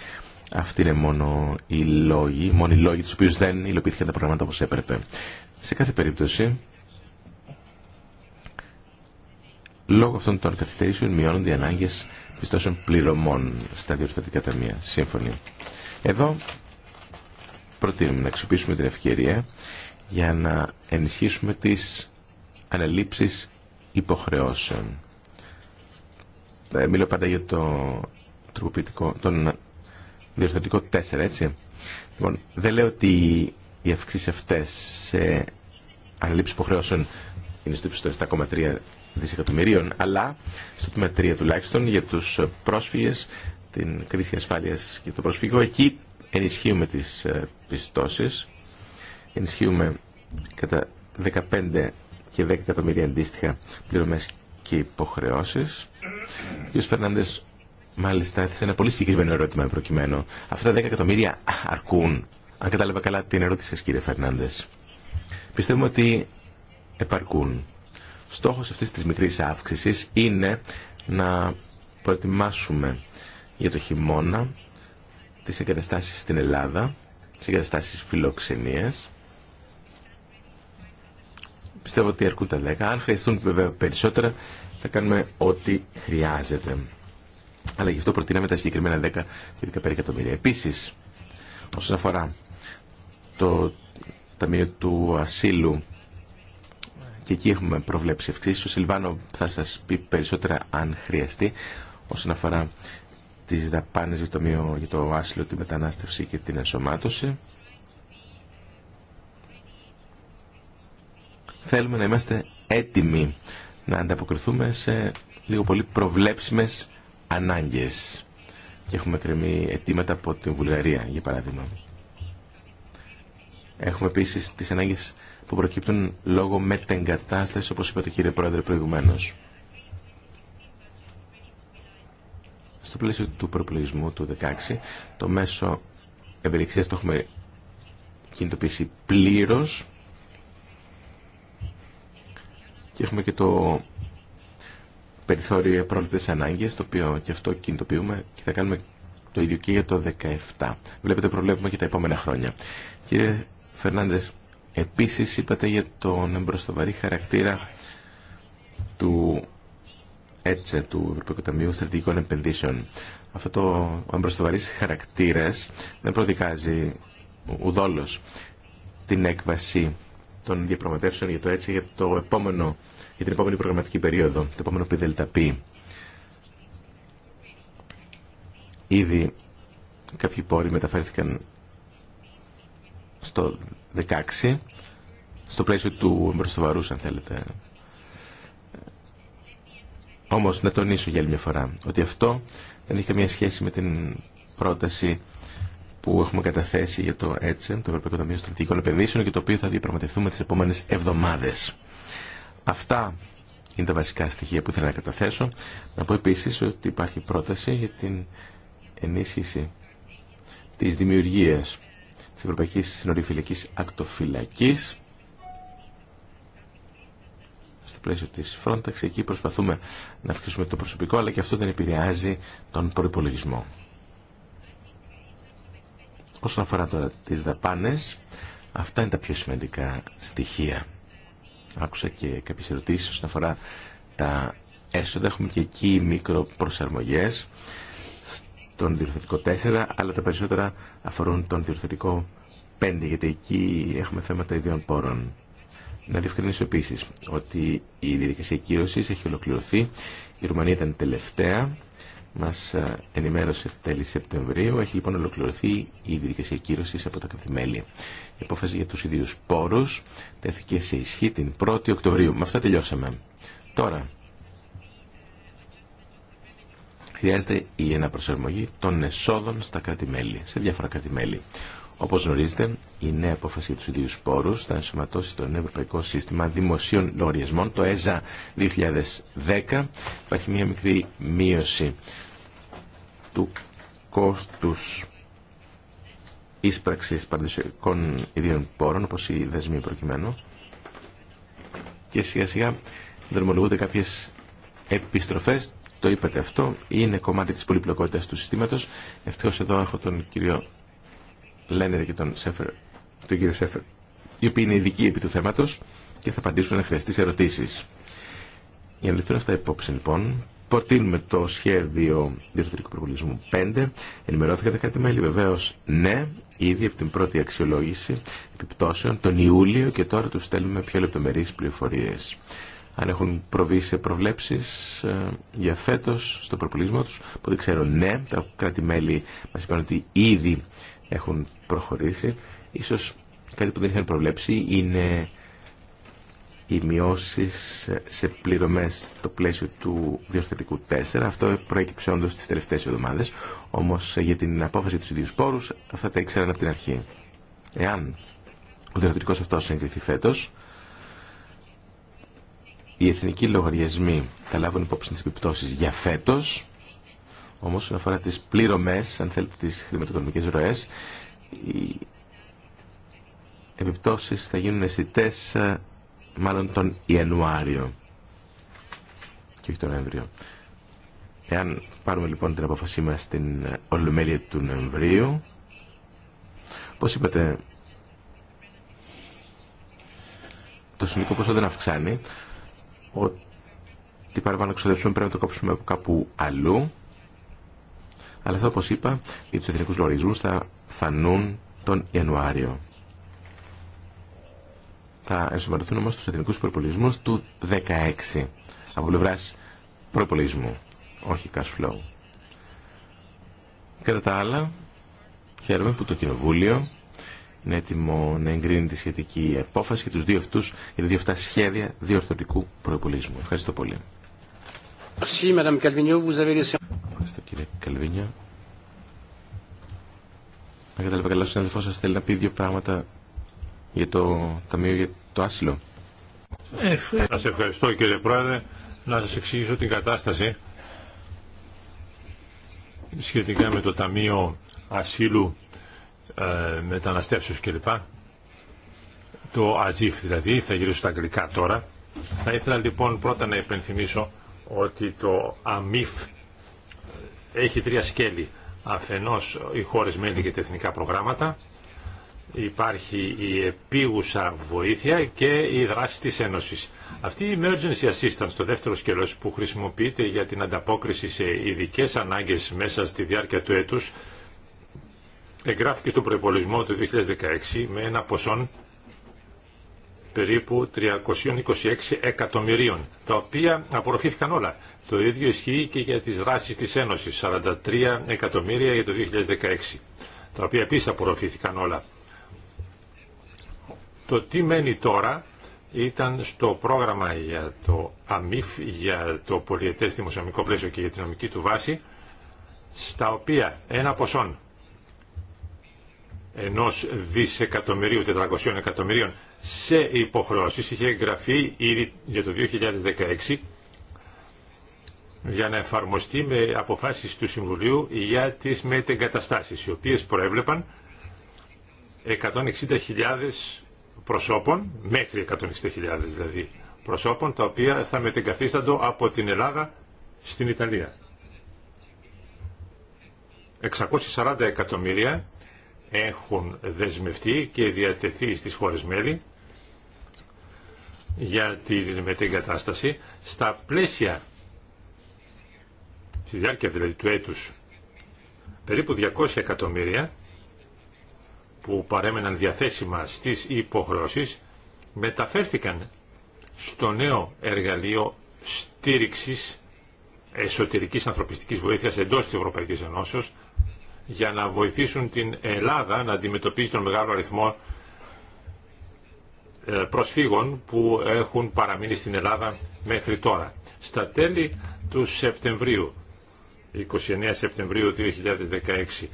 αυτή είναι μόνο οι λόγοι, μόνο οι λόγοι τους οποίους δεν υλοποιήθηκαν τα προγράμματα όπως έπρεπε. Σε κάθε περίπτωση Λόγω αυτών των καθυστερήσεων μειώνονται οι ανάγκε πιστώσεων πληρωμών στα διορθωτικά ταμεία. Σύμφωνοι. Εδώ προτείνουμε να αξιοποιήσουμε την ευκαιρία για να ενισχύσουμε τις ανελήψεις υποχρεώσεων. Ε, μιλώ πάντα για το τροποποιητικό, τον διορθωτικό 4, έτσι. Λοιπόν, δεν λέω ότι οι αυξήσει αυτέ σε αναλήψει υποχρεώσεων είναι στο 7,3 δισεκατομμυρίων, αλλά στο τμήμα 3 τουλάχιστον για τους πρόσφυγες, την κρίση ασφάλειας και το προσφυγικό εκεί ενισχύουμε τις ε, πιστώσεις, ενισχύουμε κατά 15 και 10 εκατομμύρια αντίστοιχα πληρωμές και υποχρεώσεις. Ο κ. Φερνάνδες μάλιστα έθεσε ένα πολύ συγκεκριμένο ερώτημα προκειμένου. Αυτά τα 10 εκατομμύρια αρκούν. Αν κατάλαβα καλά την ερώτηση σας κύριε Φερνάνδες. Πιστεύουμε ότι επαρκούν. Στόχος αυτής της μικρής αύξησης είναι να προετοιμάσουμε για το χειμώνα τις εγκαταστάσεις στην Ελλάδα, τις εγκαταστάσεις φιλοξενίας. Πιστεύω ότι αρκούν τα 10. Αν χρειαστούν βέβαια περισσότερα θα κάνουμε ό,τι χρειάζεται. Αλλά γι' αυτό προτείναμε τα συγκεκριμένα 10 και 15 εκατομμύρια. Επίση, όσον αφορά το Ταμείο του Ασύλου, και εκεί έχουμε προβλέψει αυξήσει. Ο Σιλβάνο θα σας πει περισσότερα αν χρειαστεί όσον αφορά τις δαπάνες για το, μείο, για το άσυλο, τη μετανάστευση και την ενσωμάτωση. Θέλουμε να είμαστε έτοιμοι να ανταποκριθούμε σε λίγο πολύ προβλέψιμες ανάγκες. Και έχουμε κρεμεί αιτήματα από την Βουλγαρία, για παράδειγμα. Έχουμε επίσης τις ανάγκες που προκύπτουν λόγω μετεγκατάστασης, όπως είπατε κύριε Πρόεδρε προηγουμένω. Στο πλαίσιο του προπλογισμού του 2016, το μέσο ευελιξίας το έχουμε κινητοποιήσει πλήρω. και έχουμε και το περιθώριο πρόληπτες ανάγκες, το οποίο και αυτό κινητοποιούμε και θα κάνουμε το ίδιο και για το 2017. Βλέπετε προβλέπουμε και τα επόμενα χρόνια. Κύριε Φερνάντες, Επίσης είπατε για τον εμπροστοβαρή χαρακτήρα του ΕΤΣΕ, του Ευρωπαϊκού Ταμείου Στρατηγικών Επενδύσεων. Αυτό το ο χαρακτήρα χαρακτήρας δεν προδικάζει ουδόλω την έκβαση των διαπραγματεύσεων για το έτσι για, το επόμενο, για την επόμενη προγραμματική περίοδο, το επόμενο πδπ Ήδη κάποιοι πόροι μεταφέρθηκαν στο 16 στο πλαίσιο του εμπροστοβαρούς αν θέλετε. Όμως να τονίσω για άλλη μια φορά ότι αυτό δεν έχει καμία σχέση με την πρόταση που έχουμε καταθέσει για το ΕΤΣΕΝ, το Ευρωπαϊκό Ταμείο Στρατηγικών Επενδύσεων και το οποίο θα διαπραγματευτούμε τις επόμενες εβδομάδες. Αυτά είναι τα βασικά στοιχεία που ήθελα να καταθέσω. Να πω επίσης ότι υπάρχει πρόταση για την ενίσχυση της δημιουργίας της Ευρωπαϊκής Συνοριοφυλακής Ακτοφυλακής στο πλαίσιο της Frontex. Εκεί προσπαθούμε να αυξήσουμε το προσωπικό, αλλά και αυτό δεν επηρεάζει τον προϋπολογισμό. Όσον αφορά τώρα τις δαπάνες, αυτά είναι τα πιο σημαντικά στοιχεία. Άκουσα και κάποιες ερωτήσεις όσον αφορά τα έσοδα. Έχουμε και εκεί μικροπροσαρμογές τον διορθωτικό 4, αλλά τα περισσότερα αφορούν τον διορθωτικό 5, γιατί εκεί έχουμε θέματα ιδιών πόρων. Να διευκρινίσω επίση ότι η διαδικασία κύρωση έχει ολοκληρωθεί. Η Ρουμανία ήταν τελευταία. Μα ε, ενημέρωσε τέλη Σεπτεμβρίου. Έχει λοιπόν ολοκληρωθεί η διαδικασία κύρωση από τα κρατημέλη. Η απόφαση για του ιδίου πόρου τέθηκε σε ισχύ την 1η Οκτωβρίου. Με αυτά τελειώσαμε. Τώρα, χρειάζεται η αναπροσαρμογή των εσόδων στα κράτη-μέλη, σε διάφορα κράτη-μέλη. Όπω γνωρίζετε, η νέα απόφαση για του ιδίου πόρου θα ενσωματώσει το νέο Ευρωπαϊκό Σύστημα Δημοσίων Λογαριασμών, το ΕΖΑ 2010. Υπάρχει μια μικρή μείωση του κόστου ίσπραξη παραδοσιακών ιδίων πόρων, όπω η δεσμοί προκειμένου. Και σιγά σιγά δρομολογούνται κάποιε επιστροφέ το είπατε αυτό, είναι κομμάτι της πολυπλοκότητας του συστήματος. Ευτυχώς εδώ έχω τον κύριο Λένερ και τον, Σέφερ, τον κύριο Σέφερ, οι οποίοι είναι ειδικοί επί του θέματος και θα απαντήσουν να χρειαστεί ερωτήσεις. Για να ληφθούν αυτά υπόψη λοιπόν, προτείνουμε το σχέδιο διευθυντικού προβολισμού 5. Ενημερώθηκατε τα μελη βεβαίω ναι, ήδη από την πρώτη αξιολόγηση επιπτώσεων τον Ιούλιο και τώρα του στέλνουμε πιο λεπτομερεί πληροφορίε αν έχουν προβεί σε προβλέψεις ε, για φέτος στο προπολισμό τους. δεν ξέρω ναι, τα κράτη-μέλη μας είπαν ότι ήδη έχουν προχωρήσει. Ίσως κάτι που δεν είχαν προβλέψει είναι οι μειώσει σε πληρωμές στο πλαίσιο του διορθωτικού 4. Αυτό προέκυψε όντω τις τελευταίες εβδομάδες. Όμως ε, για την απόφαση του ίδιου πόρου αυτά τα ήξεραν από την αρχή. Εάν ο διορθωτικός αυτός εγκριθεί φέτος, οι εθνικοί λογαριασμοί θα λάβουν υπόψη τις επιπτώσεις για φέτος, όμως όσον αφορά τις πληρωμές, αν θέλετε τις χρηματοδομικές ροές, οι επιπτώσεις θα γίνουν αισθητέ ε, μάλλον τον Ιανουάριο και όχι τον Νοέμβριο. Εάν πάρουμε λοιπόν την απόφασή μας στην ε, Ολομέλεια του Νοεμβρίου, όπως είπατε, το συνολικό ποσό δεν αυξάνει, ότι παραπάνω εξοδεύσουμε πρέπει να το κόψουμε από κάπου αλλού. Αλλά αυτό, όπως είπα, για του εθνικούς λογαριασμούς θα φανούν τον Ιανουάριο. Θα ενσωματωθούν όμως στους εθνικούς προπολογισμού του 16 από πλευρά προπολογισμού, όχι cash flow. Κατά τα άλλα, χαίρομαι που το Κοινοβούλιο είναι έτοιμο να εγκρίνει τη σχετική απόφαση και τους δύο αυτούς για τα δύο αυτά σχέδια διορθωτικού προϋπολογισμού. Ευχαριστώ πολύ. Ευχαριστώ κύριε Καλβίνιο. Αν κατάλαβα καλά, ο συνάδελφό σα θέλει να πει δύο πράγματα για το Ταμείο για το Άσυλο. Ευχαριστώ. Σα ευχαριστώ κύριε Πρόεδρε. Να σας εξηγήσω την κατάσταση σχετικά με το Ταμείο Ασύλου ε, μεταναστεύσεως κλπ. Το ΑΖΙΦ δηλαδή, θα γυρίσω στα αγγλικά τώρα. Θα ήθελα λοιπόν πρώτα να υπενθυμίσω ότι το ΑΜΙΦ έχει τρία σκέλη. Αφενός οι χώρες μέλη και τα εθνικά προγράμματα, υπάρχει η επίγουσα βοήθεια και η δράση της Ένωσης. Αυτή η Emergency Assistance, το δεύτερο σκελός που χρησιμοποιείται για την ανταπόκριση σε ειδικές ανάγκες μέσα στη διάρκεια του έτους, εγγράφηκε στον προπολογισμό του 2016 με ένα ποσό περίπου 326 εκατομμυρίων, τα οποία απορροφήθηκαν όλα. Το ίδιο ισχύει και για τις δράσεις της Ένωσης, 43 εκατομμύρια για το 2016, τα οποία επίσης απορροφήθηκαν όλα. Το τι μένει τώρα ήταν στο πρόγραμμα για το ΑΜΙΦ, για το πολιετές δημοσιονομικό πλαίσιο και για την νομική του βάση, στα οποία ένα ποσό ενός δισεκατομμυρίου, 400 εκατομμυρίων σε υποχρεώσεις είχε εγγραφεί ήδη για το 2016 για να εφαρμοστεί με αποφάσεις του Συμβουλίου για τις μετεγκαταστάσεις, οι οποίες προέβλεπαν 160.000 προσώπων, μέχρι 160.000 δηλαδή προσώπων, τα οποία θα μετεγκαθίσταντο από την Ελλάδα στην Ιταλία. 640 εκατομμύρια έχουν δεσμευτεί και διατεθεί στις χώρες μέλη για την μετεγκατάσταση στα πλαίσια στη διάρκεια δηλαδή του έτους περίπου 200 εκατομμύρια που παρέμεναν διαθέσιμα στις υποχρεώσεις μεταφέρθηκαν στο νέο εργαλείο στήριξης εσωτερικής ανθρωπιστικής βοήθειας εντός της Ευρωπαϊκής Ενώσεως για να βοηθήσουν την Ελλάδα να αντιμετωπίσει τον μεγάλο αριθμό ε, προσφύγων που έχουν παραμείνει στην Ελλάδα μέχρι τώρα. Στα τέλη του Σεπτεμβρίου, 29 Σεπτεμβρίου 2016,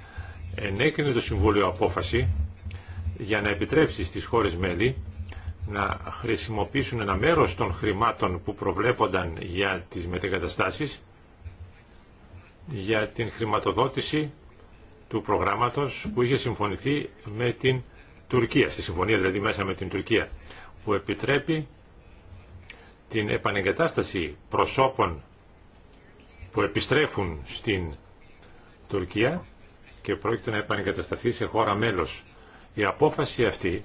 ενέκρινε το Συμβούλιο απόφαση για να επιτρέψει στις χώρες μέλη να χρησιμοποιήσουν ένα μέρος των χρημάτων που προβλέπονταν για τις μετεγκαταστάσεις για την χρηματοδότηση του προγράμματος που είχε συμφωνηθεί με την Τουρκία, στη συμφωνία δηλαδή μέσα με την Τουρκία, που επιτρέπει την επανεγκατάσταση προσώπων που επιστρέφουν στην Τουρκία και πρόκειται να επανεγκατασταθεί σε χώρα μέλος. Η απόφαση αυτή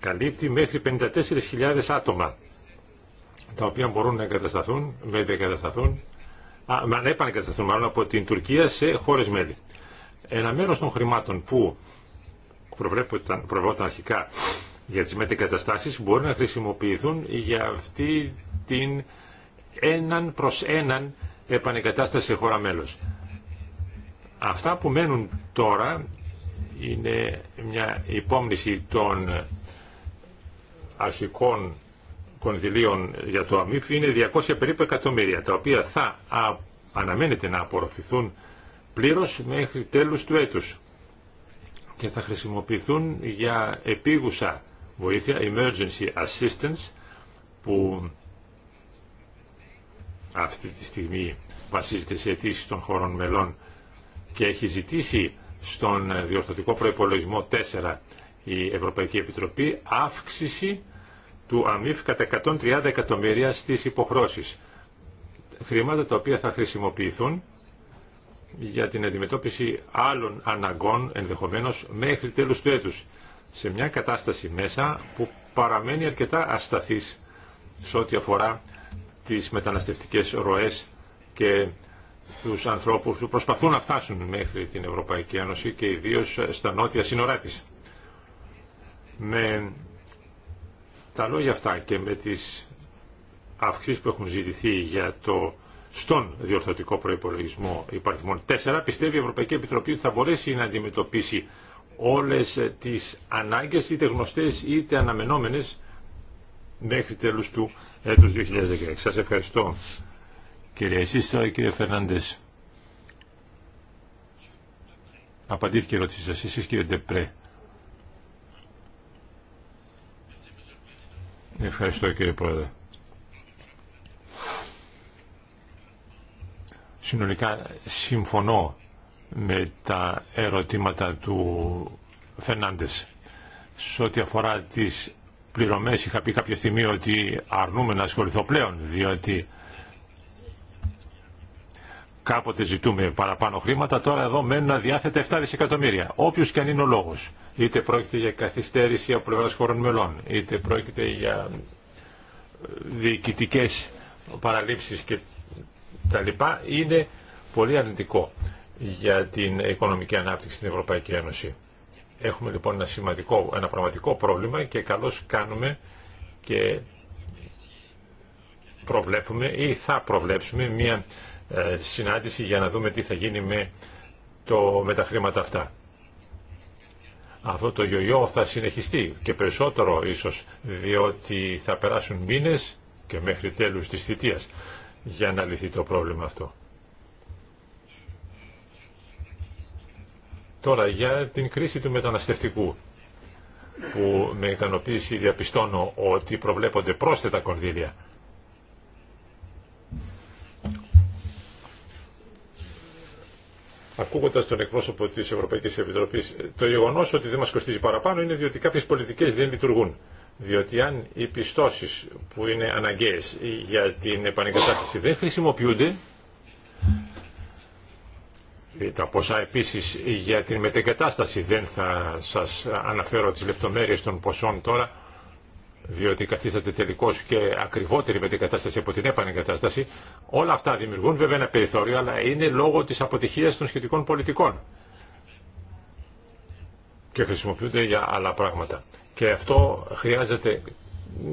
καλύπτει μέχρι 54.000 άτομα τα οποία μπορούν να εγκατασταθούν, με εγκατασταθούν να μάλλον από την Τουρκία σε χώρες μέλη. Ένα μέρος των χρημάτων που προβλέπονταν αρχικά για τις μετεγκαταστάσεις μπορεί να χρησιμοποιηθούν για αυτή την έναν προς έναν επανεγκατάσταση σε χώρα μέλος. Αυτά που μένουν τώρα είναι μια υπόμνηση των αρχικών κονδυλίων για το ΑΜΥΦ είναι 200 περίπου εκατομμύρια, τα οποία θα αναμένεται να απορροφηθούν πλήρως μέχρι τέλους του έτους και θα χρησιμοποιηθούν για επίγουσα βοήθεια, emergency assistance, που αυτή τη στιγμή βασίζεται σε αιτήσει των χωρών μελών και έχει ζητήσει στον διορθωτικό προϋπολογισμό 4 η Ευρωπαϊκή Επιτροπή αύξηση του ΑΜΙΦ κατά 130 εκατομμύρια στις υποχρώσεις. Χρήματα τα οποία θα χρησιμοποιηθούν για την αντιμετώπιση άλλων αναγκών ενδεχομένως μέχρι τέλους του έτους. Σε μια κατάσταση μέσα που παραμένει αρκετά ασταθής σε ό,τι αφορά τις μεταναστευτικές ροές και τους ανθρώπους που προσπαθούν να φτάσουν μέχρι την Ευρωπαϊκή Ένωση και ιδίως στα νότια σύνορά της. Με τα λόγια αυτά και με τις αυξήσεις που έχουν ζητηθεί για το στον διορθωτικό προϋπολογισμό υπαριθμών 4, πιστεύει η Ευρωπαϊκή Επιτροπή ότι θα μπορέσει να αντιμετωπίσει όλες τις ανάγκες είτε γνωστές είτε αναμενόμενες μέχρι τέλους του έτους 2016. Σας ευχαριστώ κύριε εσείς κύριε Φερνάντες. Απαντήθηκε η ερώτηση σας εσείς κύριε Ντεπρέ. Ευχαριστώ κύριε Πρόεδρε. Συνολικά συμφωνώ με τα ερωτήματα του Φερνάντες. Σε ό,τι αφορά τις πληρωμές είχα πει κάποια στιγμή ότι αρνούμε να ασχοληθώ πλέον διότι Κάποτε ζητούμε παραπάνω χρήματα, τώρα εδώ μένουν αδιάθετα 7 δισεκατομμύρια. Όποιο και αν είναι ο λόγο. Είτε πρόκειται για καθυστέρηση από πλευρά χωρών μελών, είτε πρόκειται για ε, διοικητικέ παραλήψει και τα λοιπά, είναι πολύ αρνητικό για την οικονομική ανάπτυξη στην Ευρωπαϊκή Ένωση. Έχουμε λοιπόν ένα σημαντικό, ένα πραγματικό πρόβλημα και καλώς κάνουμε και προβλέπουμε ή θα προβλέψουμε μια ε, συνάντηση για να δούμε τι θα γίνει με, το, με τα χρήματα αυτά. Αυτό το γιογιό θα συνεχιστεί και περισσότερο ίσως διότι θα περάσουν μήνες και μέχρι τέλους της θητείας για να λυθεί το πρόβλημα αυτό. Τώρα για την κρίση του μεταναστευτικού που με ικανοποίηση διαπιστώνω ότι προβλέπονται πρόσθετα κονδύλια ακούγοντα τον εκπρόσωπο τη Ευρωπαϊκή Επιτροπή, το γεγονό ότι δεν μα κοστίζει παραπάνω είναι διότι κάποιε πολιτικέ δεν λειτουργούν. Διότι αν οι πιστώσει που είναι αναγκαίε για την επανεγκατάσταση δεν χρησιμοποιούνται, τα ποσά επίση για την μετεγκατάσταση δεν θα σα αναφέρω τι λεπτομέρειε των ποσών τώρα, διότι καθίσατε τελικώ και ακριβότερη κατάσταση από την επανεγκατάσταση. Όλα αυτά δημιουργούν βέβαια ένα περιθώριο, αλλά είναι λόγω τη αποτυχία των σχετικών πολιτικών. Και χρησιμοποιούνται για άλλα πράγματα. Και αυτό χρειάζεται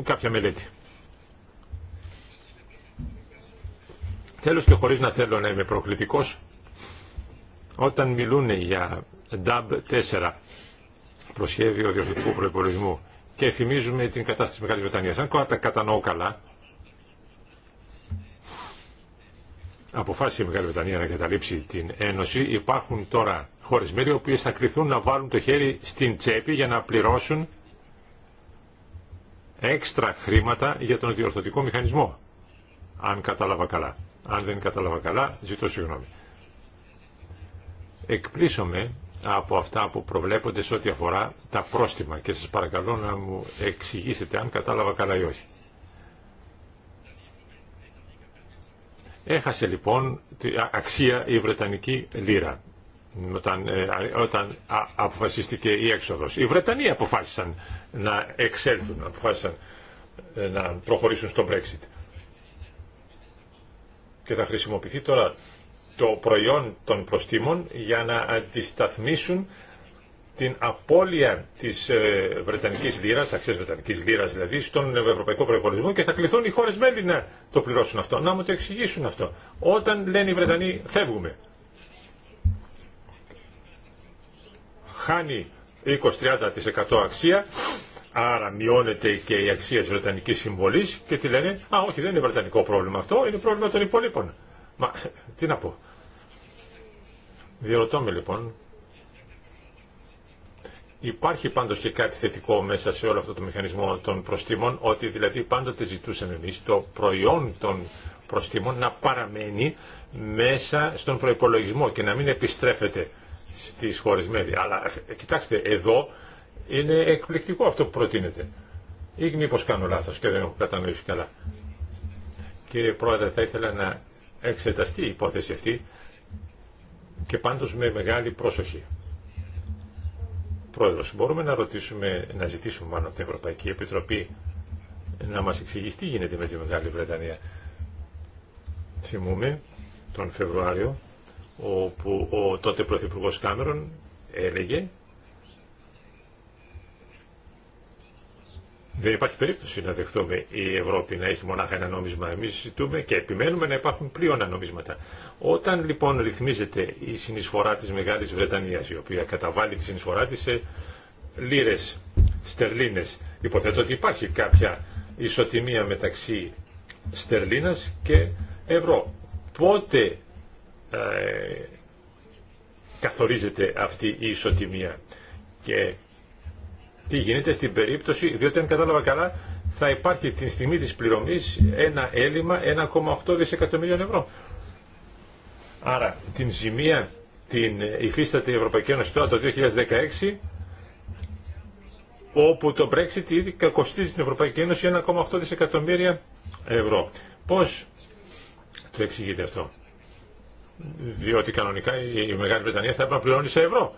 κάποια μελέτη. Τέλος και χωρίς να θέλω να είμαι προκλητικός, όταν μιλούν για DAB 4, προσχέδιο διορθωτικού προϋπολογισμού, και θυμίζουμε την κατάσταση της Μεγάλης Βρετανίας. Αν τα κατανοώ καλά, αποφάσισε η Μεγάλη Βρετανία να καταλήψει την Ένωση, υπάρχουν τώρα χώρες μέλη, οι οποίες θα κληθούν να βάλουν το χέρι στην τσέπη για να πληρώσουν έξτρα χρήματα για τον διορθωτικό μηχανισμό. Αν κατάλαβα καλά. Αν δεν κατάλαβα καλά, ζητώ συγγνώμη. Εκπλήσωμε από αυτά που προβλέπονται σε ό,τι αφορά τα πρόστιμα και σας παρακαλώ να μου εξηγήσετε αν κατάλαβα καλά ή όχι. Έχασε λοιπόν αξία η Βρετανική λίρα όταν, ε, όταν αποφασίστηκε η έξοδος. Οι Βρετανοί αποφάσισαν να εξέλθουν, αποφάσισαν ε, να προχωρήσουν στο Brexit. Και θα χρησιμοποιηθεί τώρα το προϊόν των προστήμων για να αντισταθμίσουν την απώλεια της ε, Βρετανικής λίρας, αξίας Βρετανικής Λύρας δηλαδή, στον ευρωπαϊκό προϋπολογισμό και θα κληθούν οι χώρες μέλη να το πληρώσουν αυτό, να μου το εξηγήσουν αυτό. Όταν λένε οι Βρετανοί φεύγουμε, χάνει 20-30% αξία, άρα μειώνεται και η αξία της Βρετανικής συμβολής και τι λένε, α όχι δεν είναι Βρετανικό πρόβλημα αυτό, είναι πρόβλημα των υπολείπων. Μα, τι να πω. Διερωτώ με λοιπόν. Υπάρχει πάντως και κάτι θετικό μέσα σε όλο αυτό το μηχανισμό των προστήμων, ότι δηλαδή πάντοτε ζητούσαμε εμείς το προϊόν των προστήμων να παραμένει μέσα στον προϋπολογισμό και να μην επιστρέφεται στις χώρες μέλη. Αλλά ε, κοιτάξτε, εδώ είναι εκπληκτικό αυτό που προτείνεται. Ή μήπω κάνω λάθος και δεν έχω κατανοήσει καλά. Κύριε Πρόεδρε, θα ήθελα να εξεταστεί η υπόθεση αυτή και πάντως με μεγάλη πρόσοχη. Πρόεδρος, μπορούμε να ρωτήσουμε, να ζητήσουμε μάλλον από την Ευρωπαϊκή Επιτροπή να μας εξηγήσει τι γίνεται με τη Μεγάλη Βρετανία. Θυμούμε τον Φεβρουάριο όπου ο τότε Πρωθυπουργός Κάμερον έλεγε Δεν υπάρχει περίπτωση να δεχτούμε η Ευρώπη να έχει μονάχα ένα νόμισμα. Εμεί ζητούμε και επιμένουμε να υπάρχουν πλέον νομίσματα. Όταν λοιπόν ρυθμίζεται η συνεισφορά τη Μεγάλη Βρετανία, η οποία καταβάλει τη συνεισφορά τη σε λίρε, στερλίνε, υποθέτω ότι υπάρχει κάποια ισοτιμία μεταξύ στερλίνα και ευρώ. Πότε ε, καθορίζεται αυτή η ισοτιμία και τι γίνεται στην περίπτωση, διότι αν κατάλαβα καλά, θα υπάρχει την στιγμή της πληρωμής ένα έλλειμμα 1,8 δισεκατομμύριων ευρώ. Άρα την ζημία την υφίσταται η Ευρωπαϊκή Ένωση τώρα το 2016 όπου το Brexit ήδη κακοστίζει στην Ευρωπαϊκή Ένωση 1,8 δισεκατομμύρια ευρώ. Πώς το εξηγείτε αυτό. Διότι κανονικά η Μεγάλη Βρετανία θα έπρεπε να πληρώνει σε ευρώ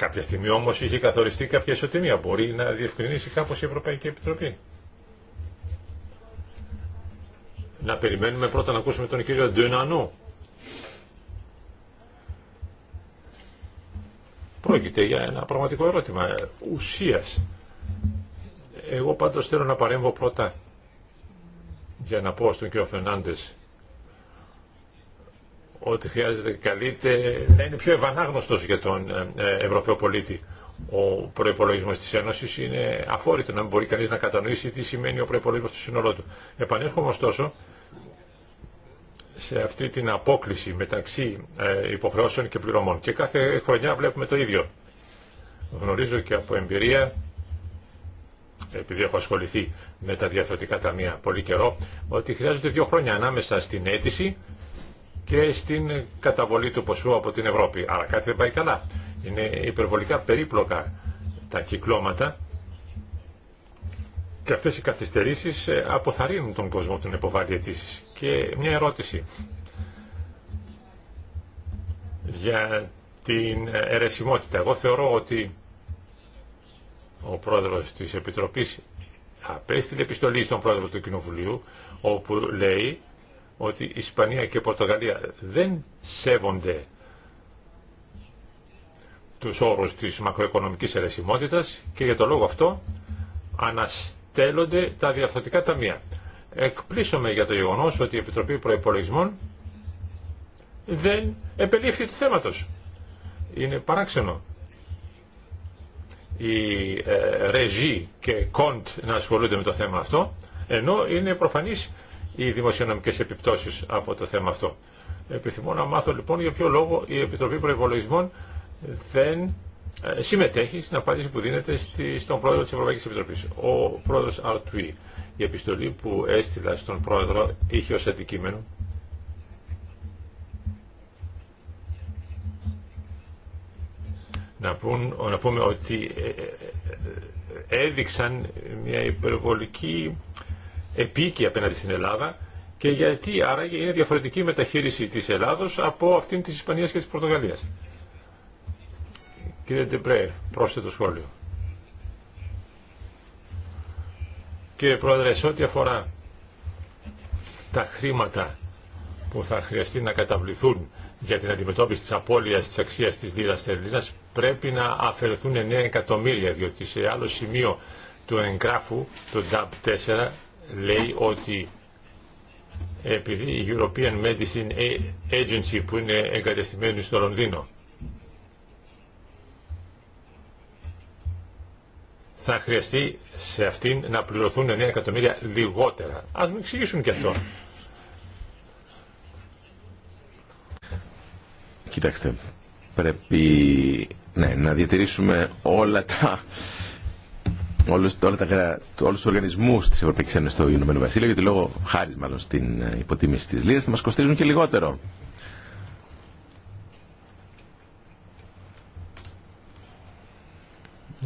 Κάποια στιγμή όμως είχε καθοριστεί κάποια ισοτιμία. Μπορεί να διευκρινίσει κάπως η Ευρωπαϊκή Επιτροπή. Να περιμένουμε πρώτα να ακούσουμε τον κύριο Ντουνανού. Πρόκειται για ένα πραγματικό ερώτημα ουσίας. Εγώ πάντως θέλω να παρέμβω πρώτα για να πω στον κύριο Φερνάντες ότι χρειάζεται καλείται να είναι πιο ευανάγνωστο για τον ε, ε, Ευρωπαίο πολίτη. Ο προπολογισμό τη Ένωση είναι αφόρητο να μην μπορεί κανεί να κατανοήσει τι σημαίνει ο προπολογισμό του σύνολό του. Επανέρχομαι ωστόσο σε αυτή την απόκληση μεταξύ ε, υποχρεώσεων και πληρωμών. Και κάθε χρονιά βλέπουμε το ίδιο. Γνωρίζω και από εμπειρία, επειδή έχω ασχοληθεί με τα διαφορετικά ταμεία πολύ καιρό, ότι χρειάζονται δύο χρόνια ανάμεσα στην αίτηση και στην καταβολή του ποσού από την Ευρώπη. Άρα κάτι δεν πάει καλά. Είναι υπερβολικά περίπλοκα τα κυκλώματα και αυτές οι καθυστερήσεις ε, αποθαρρύνουν τον κόσμο που τον Και μια ερώτηση για την αιρεσιμότητα. Εγώ θεωρώ ότι ο πρόεδρος της Επιτροπής απέστειλε επιστολή στον πρόεδρο του Κοινοβουλίου όπου λέει ότι η Ισπανία και Πορτογαλία δεν σέβονται τους όρους της μακροοικονομικής ερεσιμότητας και για το λόγο αυτό αναστέλλονται τα διαφθορτικά ταμεία. Εκπλήσωμαι για το γεγονός ότι η Επιτροπή Προϋπολογισμών δεν επελήφθη του θέματος. Είναι παράξενο. οι ε, Ρεζή και Κοντ να ασχολούνται με το θέμα αυτό, ενώ είναι προφανής ή δημοσιονομικές επιπτώσεις από το θέμα αυτό. Επιθυμώ να μάθω λοιπόν για ποιο λόγο η Επιτροπή Προϋπολογισμών δεν συμμετέχει στην απάντηση που δίνεται στον πρόεδρο της Ευρωπαϊκής Επιτροπής, ο πρόεδρος Αρτουή. Η επιστολή που έστειλα στον πρόεδρο είχε ως αντικείμενο να, να πούμε ότι έδειξαν μια υπερβολική επίκη απέναντι στην Ελλάδα και γιατί άραγε είναι διαφορετική μεταχείριση της Ελλάδος από αυτήν της Ισπανίας και της Πορτογαλίας. Κύριε Ντεπρέ, πρόσθετο σχόλιο. Κύριε Πρόεδρε, σε ό,τι αφορά τα χρήματα που θα χρειαστεί να καταβληθούν για την αντιμετώπιση της απώλειας της αξίας της λίρας τερλίνας πρέπει να αφαιρεθούν 9 εκατομμύρια διότι σε άλλο σημείο του εγγράφου, το DAB 4 λέει ότι επειδή η European Medicine Agency που είναι εγκατεστημένη στο Λονδίνο θα χρειαστεί σε αυτήν να πληρωθούν 9 εκατομμύρια λιγότερα. Ας μου εξηγήσουν και αυτό. Κοιτάξτε, πρέπει ναι, να διατηρήσουμε όλα τα όλους, όλα τα, όλους τους οργανισμούς της Ευρωπαϊκής Ένωσης στο Ηνωμένο Βασίλειο γιατί λόγω χάρη μάλλον στην ε, υποτίμηση της Λίδας, θα μας κοστίζουν και λιγότερο.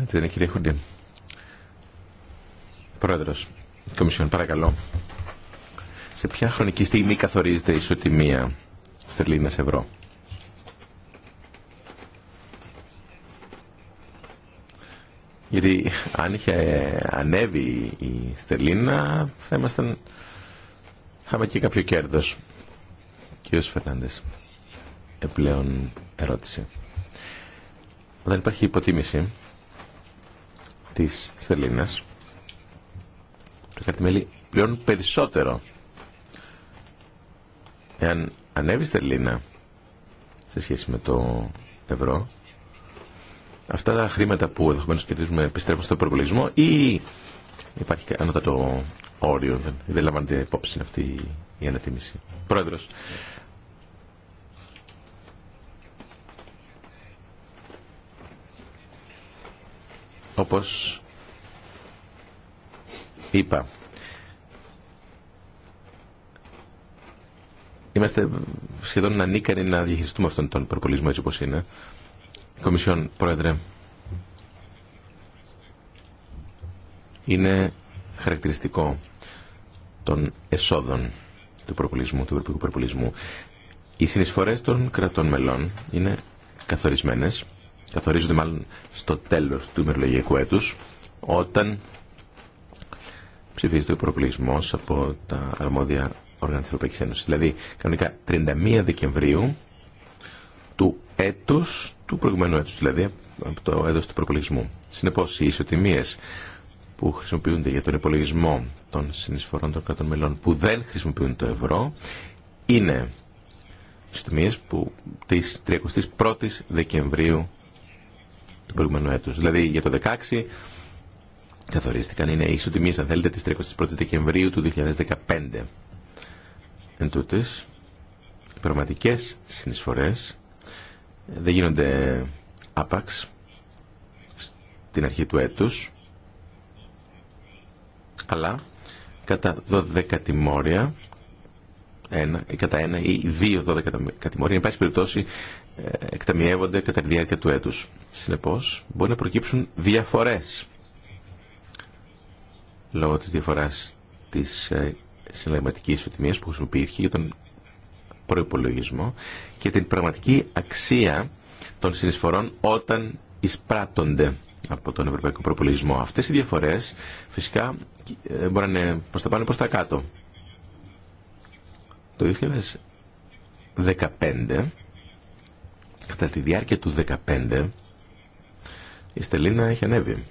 Έτσι δεν είναι κύριε Χουντή. Πρόεδρος, Κομισιόν, παρακαλώ. Σε ποια χρονική στιγμή καθορίζεται η ισοτιμία στερλίνας ευρώ. Γιατί αν είχε ανέβει η στελίνα θα ήμασταν... Είχαμε και κάποιο κέρδος. Κύριος Φερνάντες, επιπλέον ερώτηση. Δεν υπάρχει υποτίμηση της στελίνας; το καρτιμέλι πλέον περισσότερο. Εάν ανέβει η Στερλίνα σε σχέση με το ευρώ, αυτά τα χρήματα που ενδεχομένω κερδίζουμε επιστρέφουν στον προπολίσμο ή υπάρχει ανώτατο όριο, δεν, δεν λαμβάνεται υπόψη αυτή η ανατίμηση. Πρόεδρος. Όπως είπα, είμαστε σχεδόν ανίκανοι να διαχειριστούμε αυτόν τον προπολισμό έτσι όπως είναι. Κομισιόν, Πρόεδρε. Είναι χαρακτηριστικό των εσόδων του προπολισμού, του ευρωπαϊκού προπολισμού. Οι συνεισφορές των κρατών μελών είναι καθορισμένες, καθορίζονται μάλλον στο τέλος του ημερολογιακού έτους, όταν ψηφίζεται ο προπολισμός από τα αρμόδια όργανα της Ευρωπαϊκής Ένωσης. Δηλαδή, κανονικά 31 Δεκεμβρίου έτους του προηγουμένου έτους, δηλαδή από το έτος του προπολογισμού. Συνεπώς, οι ισοτιμίες που χρησιμοποιούνται για τον υπολογισμό των συνεισφορών των κρατών μελών που δεν χρησιμοποιούν το ευρώ είναι ισοτιμίες που της 31ης Δεκεμβρίου του προηγουμένου έτους. Δηλαδή για το 16 καθορίστηκαν είναι οι ισοτιμίες αν θέλετε της 31ης Δεκεμβρίου του 2015. Εν τούτες, οι πραγματικές συνεισφορές δεν γίνονται άπαξ στην αρχή του έτους αλλά κατά 12 τιμόρια ένα, ή κατά ένα ή δύο 12 κατημόρια, εν πάση περιπτώσει ε, εκταμιεύονται κατά τη διάρκεια του έτους. Συνεπώς, μπορεί να προκύψουν διαφορές λόγω της διαφοράς της ε, συναλλαγματικής οτιμίας που χρησιμοποιήθηκε για προϋπολογισμό και την πραγματική αξία των συνεισφορών όταν εισπράττονται από τον ευρωπαϊκό προπολογισμό. Αυτές οι διαφορές φυσικά ε, μπορεί να είναι προ τα πάνω προ τα κάτω. Το 2015, κατά τη διάρκεια του 2015, η Στελίνα είχε ανέβει.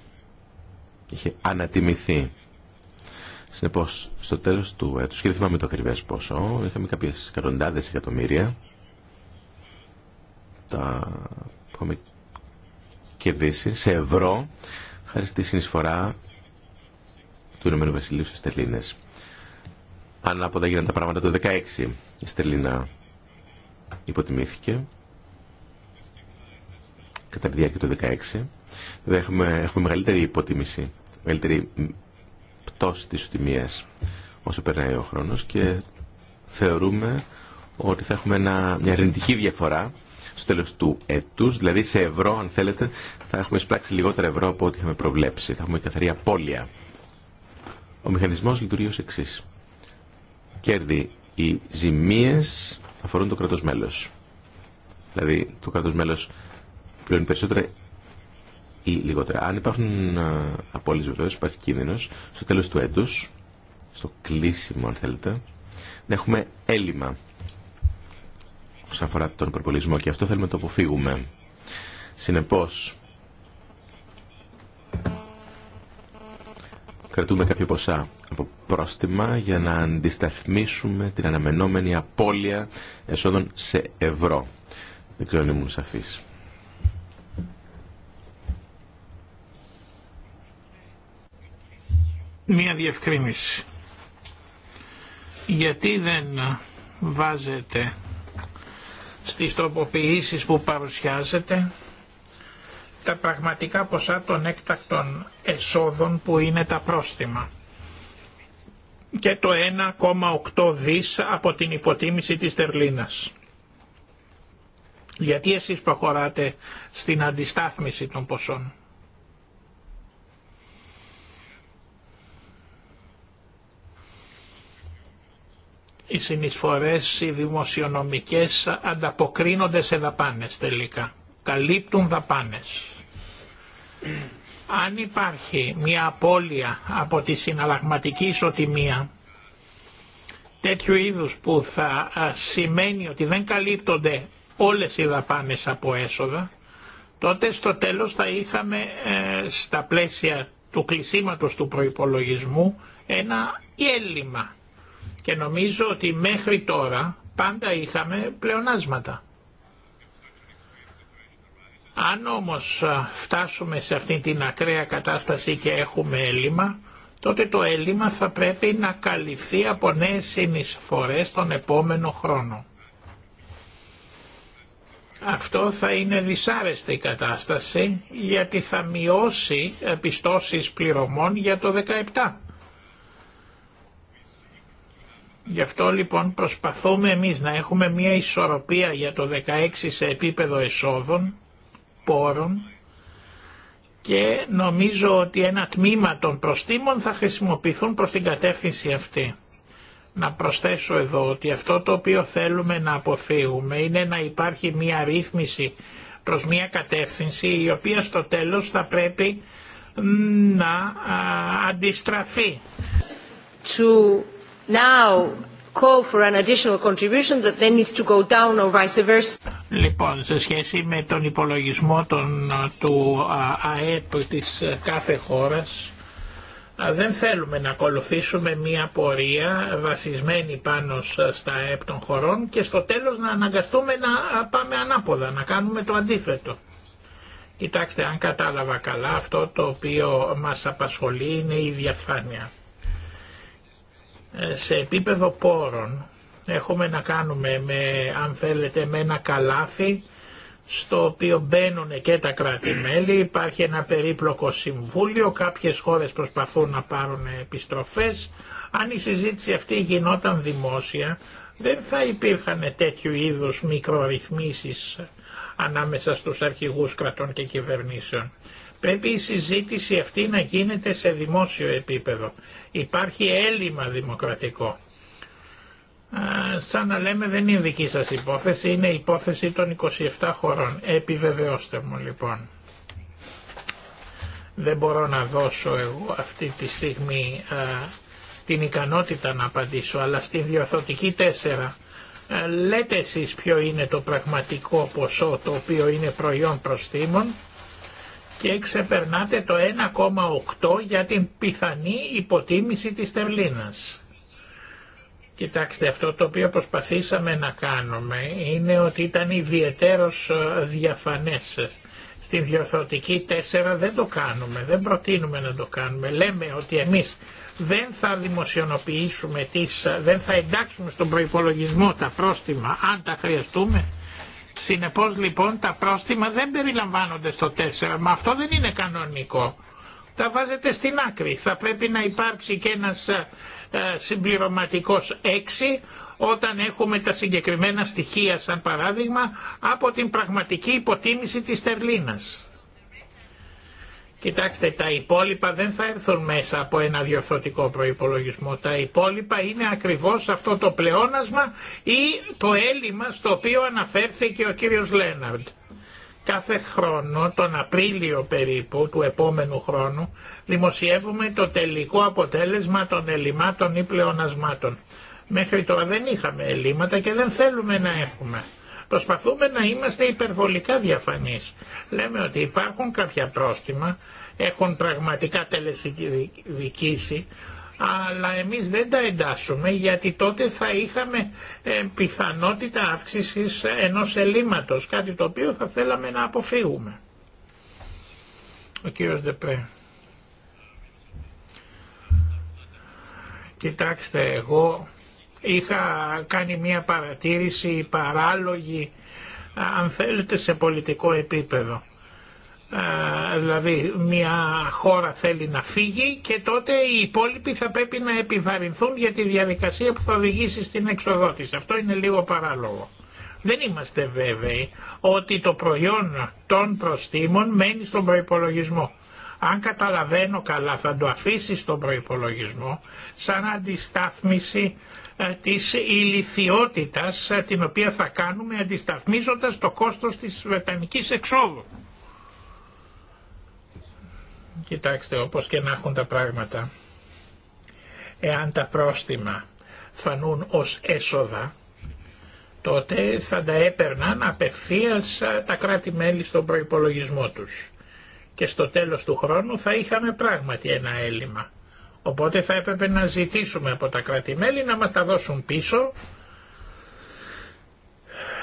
Είχε ανατιμηθεί Συνεπώ, στο τέλο του έτου, και δεν θυμάμαι το ακριβέ πόσο, είχαμε κάποιε εκατοντάδε εκατομμύρια. Τα έχουμε κερδίσει σε ευρώ, χάρη στη συνεισφορά του Ηνωμένου Βασιλείου στι από Ανάποδα γίνανε τα πράγματα το 2016. Η Στελίνα υποτιμήθηκε κατά τη διάρκεια του 2016. έχουμε, έχουμε μεγαλύτερη υποτίμηση, πτώση της τιμίας όσο περνάει ο χρόνος και θεωρούμε ότι θα έχουμε μια αρνητική διαφορά στο τέλος του έτους, δηλαδή σε ευρώ αν θέλετε θα έχουμε σπλάξει λιγότερα ευρώ από ό,τι είχαμε προβλέψει, θα έχουμε καθαρή απώλεια. Ο μηχανισμός λειτουργεί ως εξής. Κέρδη οι ζημίες αφορούν το κράτος μέλος. Δηλαδή το κράτος μέλος πλέον περισσότερα ή λιγότερα. Αν υπάρχουν ε, απόλυτε βεβαίω, υπάρχει κίνδυνο στο τέλο του έτου, στο κλείσιμο αν θέλετε, να έχουμε έλλειμμα όσον αφορά τον προπολισμό και αυτό θέλουμε να το αποφύγουμε. Συνεπώ, κρατούμε κάποια ποσά από πρόστιμα για να αντισταθμίσουμε την αναμενόμενη απώλεια εσόδων σε ευρώ. Δεν ξέρω αν ήμουν σαφής. μία διευκρίνηση. Γιατί δεν βάζετε στις τροποποιήσεις που παρουσιάζετε τα πραγματικά ποσά των έκτακτων εσόδων που είναι τα πρόστιμα και το 1,8 δις από την υποτίμηση της Τερλίνας. Γιατί εσείς προχωράτε στην αντιστάθμιση των ποσών. οι συνεισφορές οι δημοσιονομικές ανταποκρίνονται σε δαπάνες τελικά. Καλύπτουν δαπάνες. Αν υπάρχει μια απώλεια από τη συναλλαγματική ισοτιμία τέτοιου είδους που θα σημαίνει ότι δεν καλύπτονται όλες οι δαπάνες από έσοδα, τότε στο τέλος θα είχαμε ε, στα πλαίσια του κλεισίματος του προϋπολογισμού ένα έλλειμμα και νομίζω ότι μέχρι τώρα πάντα είχαμε πλεονάσματα. Αν όμως φτάσουμε σε αυτή την ακραία κατάσταση και έχουμε έλλειμμα, τότε το έλλειμμα θα πρέπει να καλυφθεί από νέες συνεισφορές τον επόμενο χρόνο. Αυτό θα είναι δυσάρεστη κατάσταση γιατί θα μειώσει επιστώσεις πληρωμών για το 17. Γι' αυτό λοιπόν προσπαθούμε εμείς να έχουμε μια ισορροπία για το 16 σε επίπεδο εσόδων, πόρων και νομίζω ότι ένα τμήμα των προστήμων θα χρησιμοποιηθούν προς την κατεύθυνση αυτή. Να προσθέσω εδώ ότι αυτό το οποίο θέλουμε να αποφύγουμε είναι να υπάρχει μια ρύθμιση προς μια κατεύθυνση η οποία στο τέλος θα πρέπει να αντιστραφεί. Λοιπόν, σε σχέση με τον υπολογισμό των, του ΑΕΠ της ε, κάθε χώρας, δεν θέλουμε να ακολουθήσουμε μία πορεία βασισμένη πάνω στα ΑΕΠ των χωρών και στο τέλος να αναγκαστούμε να πάμε ανάποδα, να κάνουμε το αντίθετο. Κοιτάξτε, αν κατάλαβα καλά, αυτό το οποίο μας απασχολεί είναι η διαφάνεια. Ε, σε επίπεδο πόρων έχουμε να κάνουμε με, αν θέλετε, με ένα καλάφι στο οποίο μπαίνουν και τα κράτη-μέλη, υπάρχει ένα περίπλοκο συμβούλιο, κάποιες χώρες προσπαθούν να πάρουν επιστροφές. Αν η συζήτηση αυτή γινόταν δημόσια, δεν θα υπήρχαν τέτοιου είδους μικρορυθμίσεις ανάμεσα στους αρχηγούς κρατών και κυβερνήσεων. Πρέπει η συζήτηση αυτή να γίνεται σε δημόσιο επίπεδο. Υπάρχει έλλειμμα δημοκρατικό. Σαν να λέμε δεν είναι δική σας υπόθεση, είναι υπόθεση των 27 χωρών. Επιβεβαιώστε μου λοιπόν. Δεν μπορώ να δώσω εγώ αυτή τη στιγμή την ικανότητα να απαντήσω, αλλά στην διορθωτική 4 λέτε εσείς ποιο είναι το πραγματικό ποσό το οποίο είναι προϊόν προστήμων και ξεπερνάτε το 1,8 για την πιθανή υποτίμηση της τερλίνας. Κοιτάξτε, αυτό το οποίο προσπαθήσαμε να κάνουμε είναι ότι ήταν ιδιαιτέρως ε, διαφανές. Στην διορθωτική 4 δεν το κάνουμε, δεν προτείνουμε να το κάνουμε. Λέμε ότι εμείς δεν θα δημοσιονοποιήσουμε τις, ε, δεν θα εντάξουμε στον προϋπολογισμό τα πρόστιμα αν τα χρειαστούμε Συνεπώς λοιπόν τα πρόστιμα δεν περιλαμβάνονται στο 4, μα αυτό δεν είναι κανονικό. Τα βάζετε στην άκρη. Θα πρέπει να υπάρξει και ένας ε, ε, συμπληρωματικός 6 όταν έχουμε τα συγκεκριμένα στοιχεία σαν παράδειγμα από την πραγματική υποτίμηση της Τερλίνας. Κοιτάξτε, τα υπόλοιπα δεν θα έρθουν μέσα από ένα διορθωτικό προϋπολογισμό. Τα υπόλοιπα είναι ακριβώς αυτό το πλεόνασμα ή το έλλειμμα στο οποίο αναφέρθηκε ο κύριος Λέναρντ. Κάθε χρόνο, τον Απρίλιο περίπου του επόμενου χρόνου, δημοσιεύουμε το τελικό αποτέλεσμα των ελλειμμάτων ή πλεονασμάτων. Μέχρι τώρα δεν είχαμε ελλείμματα και δεν θέλουμε να έχουμε. Προσπαθούμε να είμαστε υπερβολικά διαφανείς. Λέμε ότι υπάρχουν κάποια πρόστιμα, έχουν πραγματικά τελεσικήσει, αλλά εμείς δεν τα εντάσσουμε γιατί τότε θα είχαμε ε, πιθανότητα αύξησης ενός ελλείμματος, κάτι το οποίο θα θέλαμε να αποφύγουμε. Ο κύριος Δεπέ. Κοιτάξτε, εγώ Είχα κάνει μια παρατήρηση παράλογη, αν θέλετε, σε πολιτικό επίπεδο. Δηλαδή μια χώρα θέλει να φύγει και τότε οι υπόλοιποι θα πρέπει να επιβαρυνθούν για τη διαδικασία που θα οδηγήσει στην εξοδότηση. Αυτό είναι λίγο παράλογο. Δεν είμαστε βέβαιοι ότι το προϊόν των προστήμων μένει στον προϋπολογισμό αν καταλαβαίνω καλά θα το αφήσει στον προϋπολογισμό σαν αντιστάθμιση ε, της ηλικιότητας ε, την οποία θα κάνουμε αντισταθμίζοντας το κόστος της Βρετανικής εξόδου. Κοιτάξτε όπως και να έχουν τα πράγματα. Εάν τα πρόστιμα φανούν ως έσοδα, τότε θα τα έπαιρναν απευθείας ε, τα κράτη-μέλη στον προϋπολογισμό τους και στο τέλος του χρόνου θα είχαμε πράγματι ένα έλλειμμα. Οπότε θα έπρεπε να ζητήσουμε από τα κρατη να μας τα δώσουν πίσω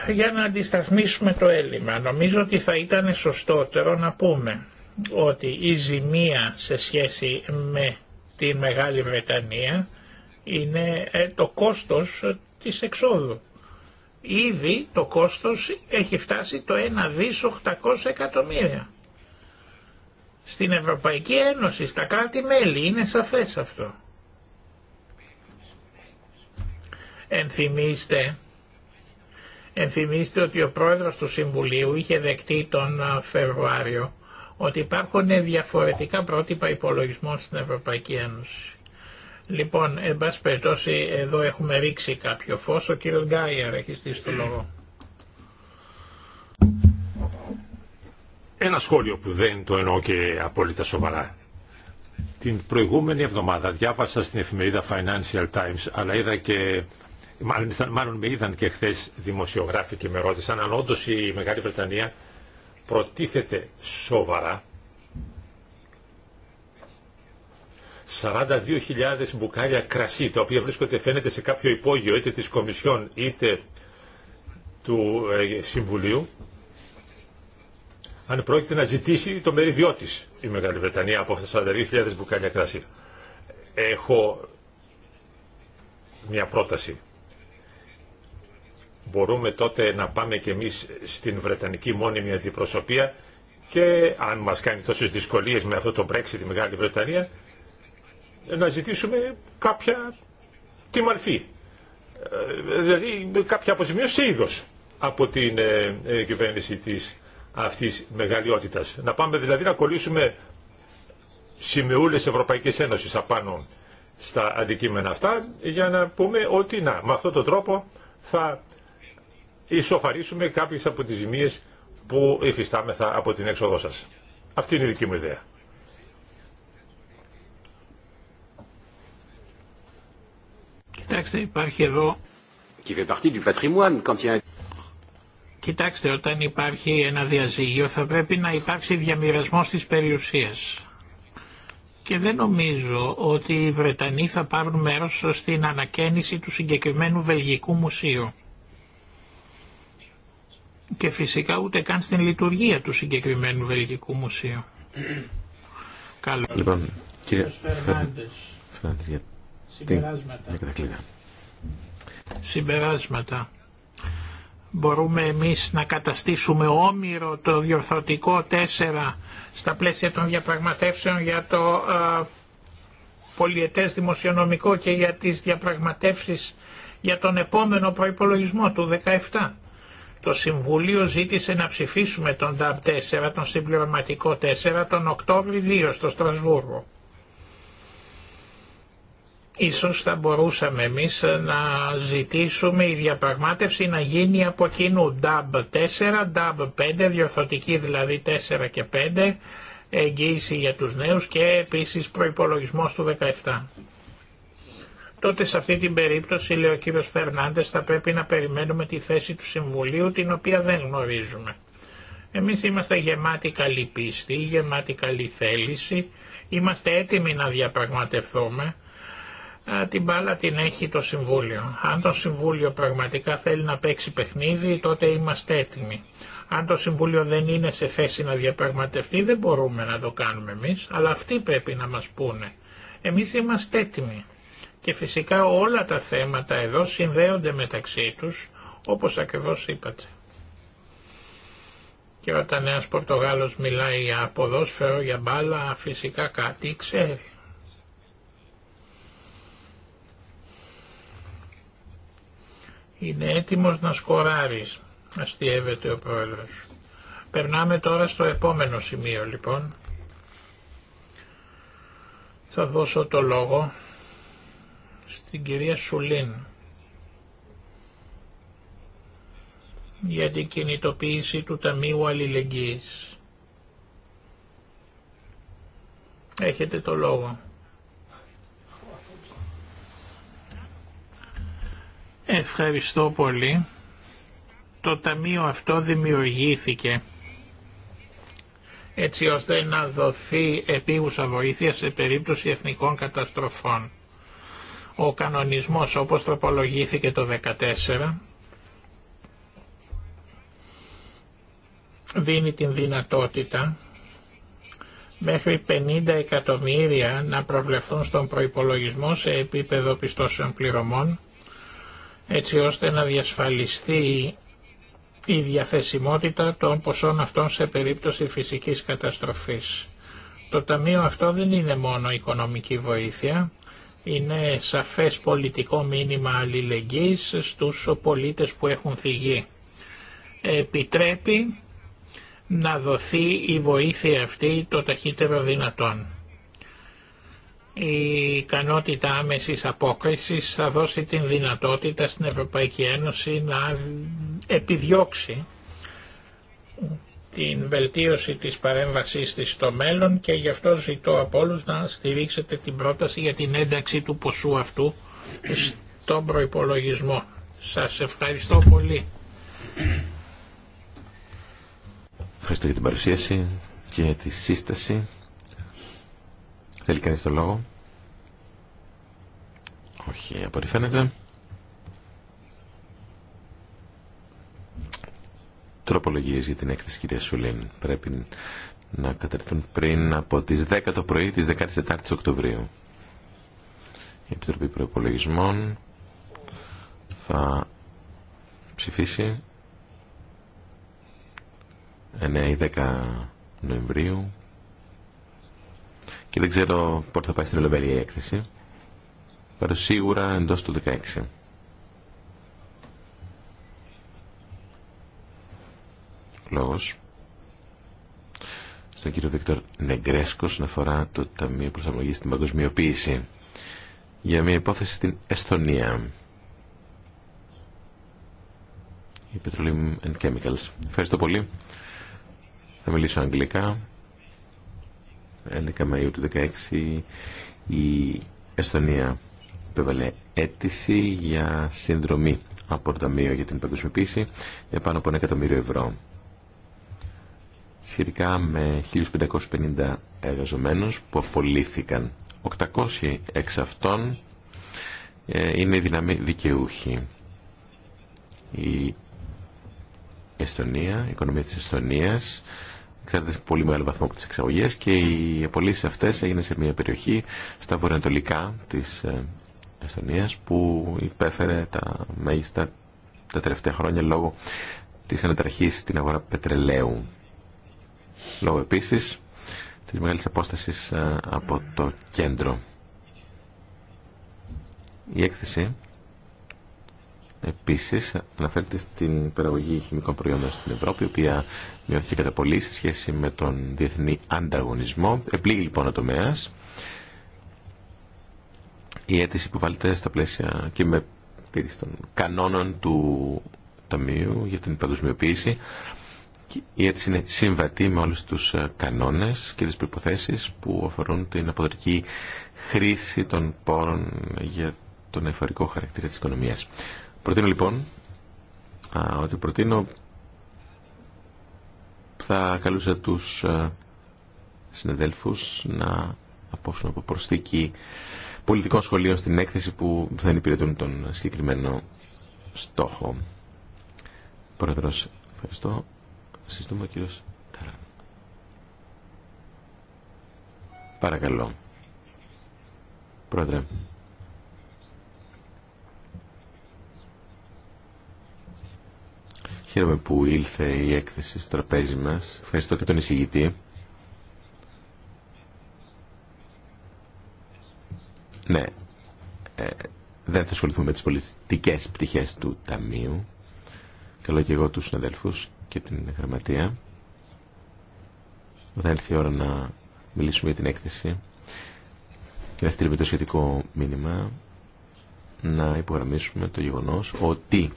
για να αντισταθμίσουμε το έλλειμμα. Νομίζω ότι θα ήταν σωστότερο να πούμε ότι η ζημία σε σχέση με τη Μεγάλη Βρετανία είναι ε, το κόστος της εξόδου. Ήδη το κόστος έχει φτάσει το 1 δις 800 εκατομμύρια στην Ευρωπαϊκή Ένωση, στα κράτη-μέλη. Είναι σαφές αυτό. Ενθυμίστε, ενθυμίστε ότι ο πρόεδρος του Συμβουλίου είχε δεκτεί τον Φεβρουάριο ότι υπάρχουν διαφορετικά πρότυπα υπολογισμών στην Ευρωπαϊκή Ένωση. Λοιπόν, εν πάση περιπτώσει, εδώ έχουμε ρίξει κάποιο φως. Ο κύριος Γκάιερ έχει στήσει το λόγο. Ένα σχόλιο που δεν το εννοώ και απόλυτα σοβαρά. Την προηγούμενη εβδομάδα διάβασα στην εφημερίδα Financial Times, αλλά είδα και, μάλλον, μάλλον με είδαν και χθε δημοσιογράφοι και με ρώτησαν αν όντω η Μεγάλη Βρετανία προτίθεται σοβαρά 42.000 μπουκάλια κρασί, τα οποία βρίσκονται φαίνεται σε κάποιο υπόγειο είτε της Κομισιόν είτε του ε, Συμβουλίου, αν πρόκειται να ζητήσει το μεριδιό τη η Μεγάλη Βρετανία από αυτά τα 42.000 μπουκάλια κρασί. Έχω μια πρόταση. Μπορούμε τότε να πάμε κι εμείς στην Βρετανική μόνιμη αντιπροσωπεία και αν μας κάνει τόσες δυσκολίες με αυτό το Brexit η Μεγάλη Βρετανία να ζητήσουμε κάποια τι μορφή. Ε, δηλαδή κάποια αποζημίωση είδος από την ε, ε, κυβέρνηση της αυτής μεγαλειότητας. Να πάμε δηλαδή να κολλήσουμε σημεούλες Ευρωπαϊκής Ένωσης απάνω στα αντικείμενα αυτά για να πούμε ότι να, με αυτόν τον τρόπο θα ισοφαρίσουμε κάποιες από τις ζημίες που υφιστάμεθα από την έξοδό σας. Αυτή είναι η δική μου ιδέα. Κοιτάξτε, υπάρχει εδώ. Qui fait partie du patrimoine quand il y a Κοιτάξτε, όταν υπάρχει ένα διαζύγιο θα πρέπει να υπάρξει διαμοιρασμός της περιουσίας. Και δεν νομίζω ότι οι Βρετανοί θα πάρουν μέρος στην ανακαίνιση του συγκεκριμένου Βελγικού Μουσείου. Και φυσικά ούτε καν στην λειτουργία του συγκεκριμένου Βελγικού Μουσείου. Καλό. Λοιπόν, κύριε Φερνάντες, για Συμπεράσματα. Συμπεράσματα μπορούμε εμείς να καταστήσουμε όμοιρο το διορθωτικό 4 στα πλαίσια των διαπραγματεύσεων για το ε, πολιετές δημοσιονομικό και για τις διαπραγματεύσεις για τον επόμενο προϋπολογισμό του 17. Το Συμβουλίο ζήτησε να ψηφίσουμε τον ΤΑΠ 4, τον συμπληρωματικό 4, τον Οκτώβριο 2 στο Στρασβούργο. Ίσως θα μπορούσαμε εμείς να ζητήσουμε η διαπραγμάτευση να γίνει από κοινού DAB 4, DAB 5, διορθωτική δηλαδή 4 και 5, εγγύηση για τους νέους και επίσης προϋπολογισμός του 17. Τότε σε αυτή την περίπτωση, λέει ο κύριος Φερνάντες, θα πρέπει να περιμένουμε τη θέση του Συμβουλίου, την οποία δεν γνωρίζουμε. Εμείς είμαστε γεμάτοι καλή πίστη, γεμάτοι καλή θέληση, είμαστε έτοιμοι να διαπραγματευθούμε την μπάλα την έχει το Συμβούλιο. Αν το Συμβούλιο πραγματικά θέλει να παίξει παιχνίδι, τότε είμαστε έτοιμοι. Αν το Συμβούλιο δεν είναι σε θέση να διαπραγματευτεί, δεν μπορούμε να το κάνουμε εμείς, αλλά αυτοί πρέπει να μας πούνε. Εμείς είμαστε έτοιμοι. Και φυσικά όλα τα θέματα εδώ συνδέονται μεταξύ τους, όπως ακριβώς είπατε. Και όταν ένας Πορτογάλος μιλάει για ποδόσφαιρο, για μπάλα, φυσικά κάτι ξέρει. Είναι έτοιμος να σκοράρει, αστείευεται ο πρόεδρος. Περνάμε τώρα στο επόμενο σημείο λοιπόν. Θα δώσω το λόγο στην κυρία Σουλίν για την κινητοποίηση του Ταμείου Αλληλεγγύης. Έχετε το λόγο. Ευχαριστώ πολύ. Το ταμείο αυτό δημιουργήθηκε έτσι ώστε να δοθεί επίγουσα βοήθεια σε περίπτωση εθνικών καταστροφών. Ο κανονισμός όπως τροπολογήθηκε το 2014 δίνει την δυνατότητα μέχρι 50 εκατομμύρια να προβλεφθούν στον προϋπολογισμό σε επίπεδο πιστώσεων πληρωμών έτσι ώστε να διασφαλιστεί η διαθεσιμότητα των ποσών αυτών σε περίπτωση φυσικής καταστροφής. Το Ταμείο αυτό δεν είναι μόνο οικονομική βοήθεια, είναι σαφές πολιτικό μήνυμα αλληλεγγύης στους πολίτες που έχουν φυγεί. Επιτρέπει να δοθεί η βοήθεια αυτή το ταχύτερο δυνατόν η ικανότητα άμεσης απόκρισης θα δώσει την δυνατότητα στην Ευρωπαϊκή Ένωση να επιδιώξει την βελτίωση της παρέμβασής της στο μέλλον και γι' αυτό ζητώ από όλους να στηρίξετε την πρόταση για την ένταξη του ποσού αυτού στον προϋπολογισμό. Σας ευχαριστώ πολύ. Ευχαριστώ για την παρουσίαση και τη σύσταση. Θέλει κανείς το λόγο. Όχι, από φαίνεται. Τροπολογίες για την έκθεση κυρία Σουλήν. πρέπει να κατερθούν πριν από τις 10 το πρωί της 14 η Οκτωβρίου. Η Επιτροπή Προπολογισμών θα ψηφίσει 9 ή 10 Νοεμβρίου και δεν ξέρω πότε θα πάει στην Ολομέλεια η έκθεση. αλλά σίγουρα εντός του 16. Λόγος στον κύριο Βίκτορ Νεγκρέσκο να αφορά το Ταμείο προσαρμογή στην Παγκοσμιοποίηση για μια υπόθεση στην Εσθονία. Η Petroleum and Chemicals. Ευχαριστώ πολύ. Θα μιλήσω αγγλικά. 11 Μαΐου του 2016 η Εστονία επέβαλε αίτηση για συνδρομή από το Ταμείο για την Παγκοσμιοποίηση για πάνω από ένα εκατομμύριο ευρώ. Σχετικά με 1550 εργαζομένους που απολύθηκαν. 800 εξ αυτών ε, είναι δυναμή δικαιούχη. Η Εστονία, η οικονομία της Εστονίας ξέρετε, σε πολύ μεγάλο βαθμό από τι εξαγωγές και οι απολύσει αυτέ έγιναν σε μια περιοχή στα βορειοανατολικά της ε, Εστονία που υπέφερε τα μέγιστα τα τελευταία χρόνια λόγω της αναταραχή στην αγορά πετρελαίου. Λόγω επίση της μεγάλη απόστασης ε, από το κέντρο. Η έκθεση Επίσης, αναφέρεται στην παραγωγή χημικών προϊόντων στην Ευρώπη, η οποία μειώθηκε κατά πολύ σε σχέση με τον διεθνή ανταγωνισμό. Επλήγει λοιπόν ο τομέας. Η αίτηση βάλετε στα πλαίσια και με τήρηση των κανόνων του Ταμείου για την παγκοσμιοποίηση. Η αίτηση είναι συμβατή με όλους τους ε, κανόνες και τις προϋποθέσεις που αφορούν την αποδοτική χρήση των πόρων για τον εφορικό χαρακτήρα της οικονομίας. Προτείνω λοιπόν α, ότι προτείνω θα καλούσα τους συνεδέλφους να απόσουν από προσθήκη πολιτικών σχολείων στην έκθεση που δεν υπηρετούν τον συγκεκριμένο στόχο. Πρόεδρος, ευχαριστώ. Συστούμε ο κύριος Ταράν. Παρακαλώ. Πρόεδρε. Χαίρομαι που ήλθε η έκθεση στο τραπέζι μας. Ευχαριστώ και τον εισηγητή. Ναι, ε, δεν θα ασχοληθούμε με τις πολιτικές πτυχές του Ταμείου. Καλό και εγώ τους συναδέλφους και την γραμματεία. Όταν έρθει η ώρα να μιλήσουμε για την έκθεση και να στείλουμε το σχετικό μήνυμα, να υπογραμμίσουμε το γεγονός ότι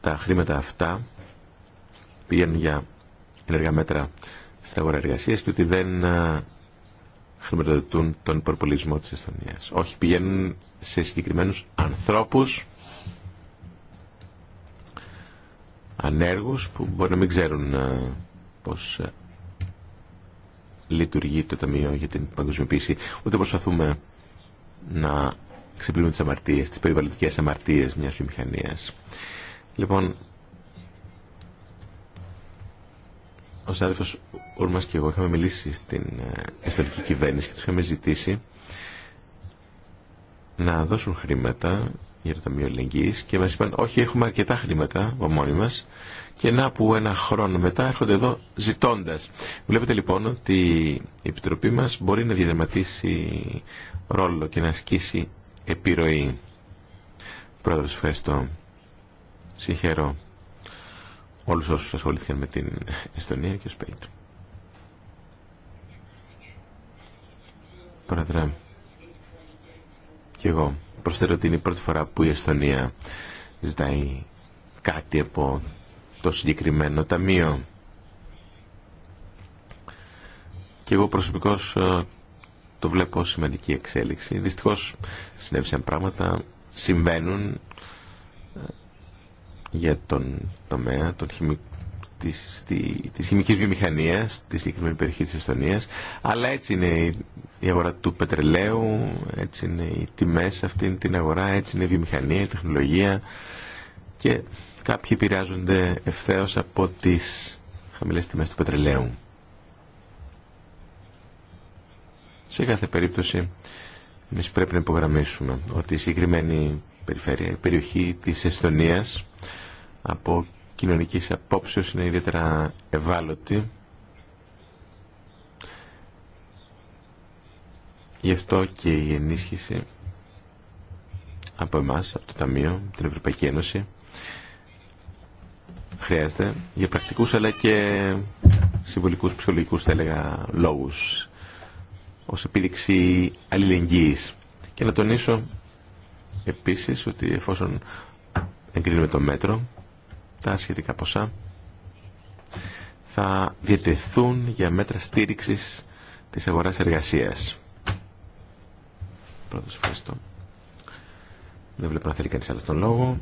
τα χρήματα αυτά πηγαίνουν για ενεργά μέτρα στα αγορά εργασία και ότι δεν χρηματοδοτούν τον υπερπολισμό της Εστονίας. Όχι, πηγαίνουν σε συγκεκριμένους ανθρώπους ανέργους που μπορεί να μην ξέρουν πώς λειτουργεί το Ταμείο για την παγκοσμιοποίηση. Ούτε προσπαθούμε να ξεπλύνουμε τις αμαρτίες, τις περιβαλλοντικές αμαρτίες μιας βιομηχανίας. Λοιπόν, ο Σάρφος Ούρμας και εγώ είχαμε μιλήσει στην ε, ιστορική κυβέρνηση και τους είχαμε ζητήσει να δώσουν χρήματα για το Ταμείο και μας είπαν όχι έχουμε αρκετά χρήματα από μόνοι μας και να που ένα χρόνο μετά έρχονται εδώ ζητώντας. Βλέπετε λοιπόν ότι η Επιτροπή μας μπορεί να διαδραματίσει ρόλο και να ασκήσει επιρροή. Πρόεδρος, ευχαριστώ. Συγχαίρω όλους όσους ασχολήθηκαν με την Εστονία και Σπέιτ. Πρόεδρε, και εγώ προσθέτω ότι είναι η πρώτη φορά που η Εστονία ζητάει κάτι από το συγκεκριμένο ταμείο. Και εγώ προσωπικώς ε, το βλέπω σημαντική εξέλιξη. Δυστυχώς συνέβησαν πράγματα, συμβαίνουν, για τον τομέα των χημική της, στη, της χημικής βιομηχανίας στη συγκεκριμένη περιοχή της Εστονίας αλλά έτσι είναι η αγορά του πετρελαίου έτσι είναι οι τιμές αυτήν την αγορά έτσι είναι η βιομηχανία, η τεχνολογία και κάποιοι επηρεάζονται ευθέως από τις χαμηλές τιμές του πετρελαίου σε κάθε περίπτωση εμείς πρέπει να υπογραμμίσουμε ότι η συγκεκριμένη περιφέρεια. Η περιοχή της Εστονίας από κοινωνικής απόψεως είναι ιδιαίτερα ευάλωτη. Γι' αυτό και η ενίσχυση από εμάς, από το Ταμείο, την Ευρωπαϊκή Ένωση, χρειάζεται για πρακτικούς αλλά και συμβολικούς, ψυχολογικούς θα έλεγα λόγους ως επίδειξη αλληλεγγύης. Και να τονίσω επίσης ότι εφόσον εγκρίνουμε το μέτρο, τα σχετικά ποσά θα διατεθούν για μέτρα στήριξης της αγοράς εργασίας. Πρώτος ευχαριστώ. Δεν βλέπω να θέλει κανείς άλλο τον λόγο.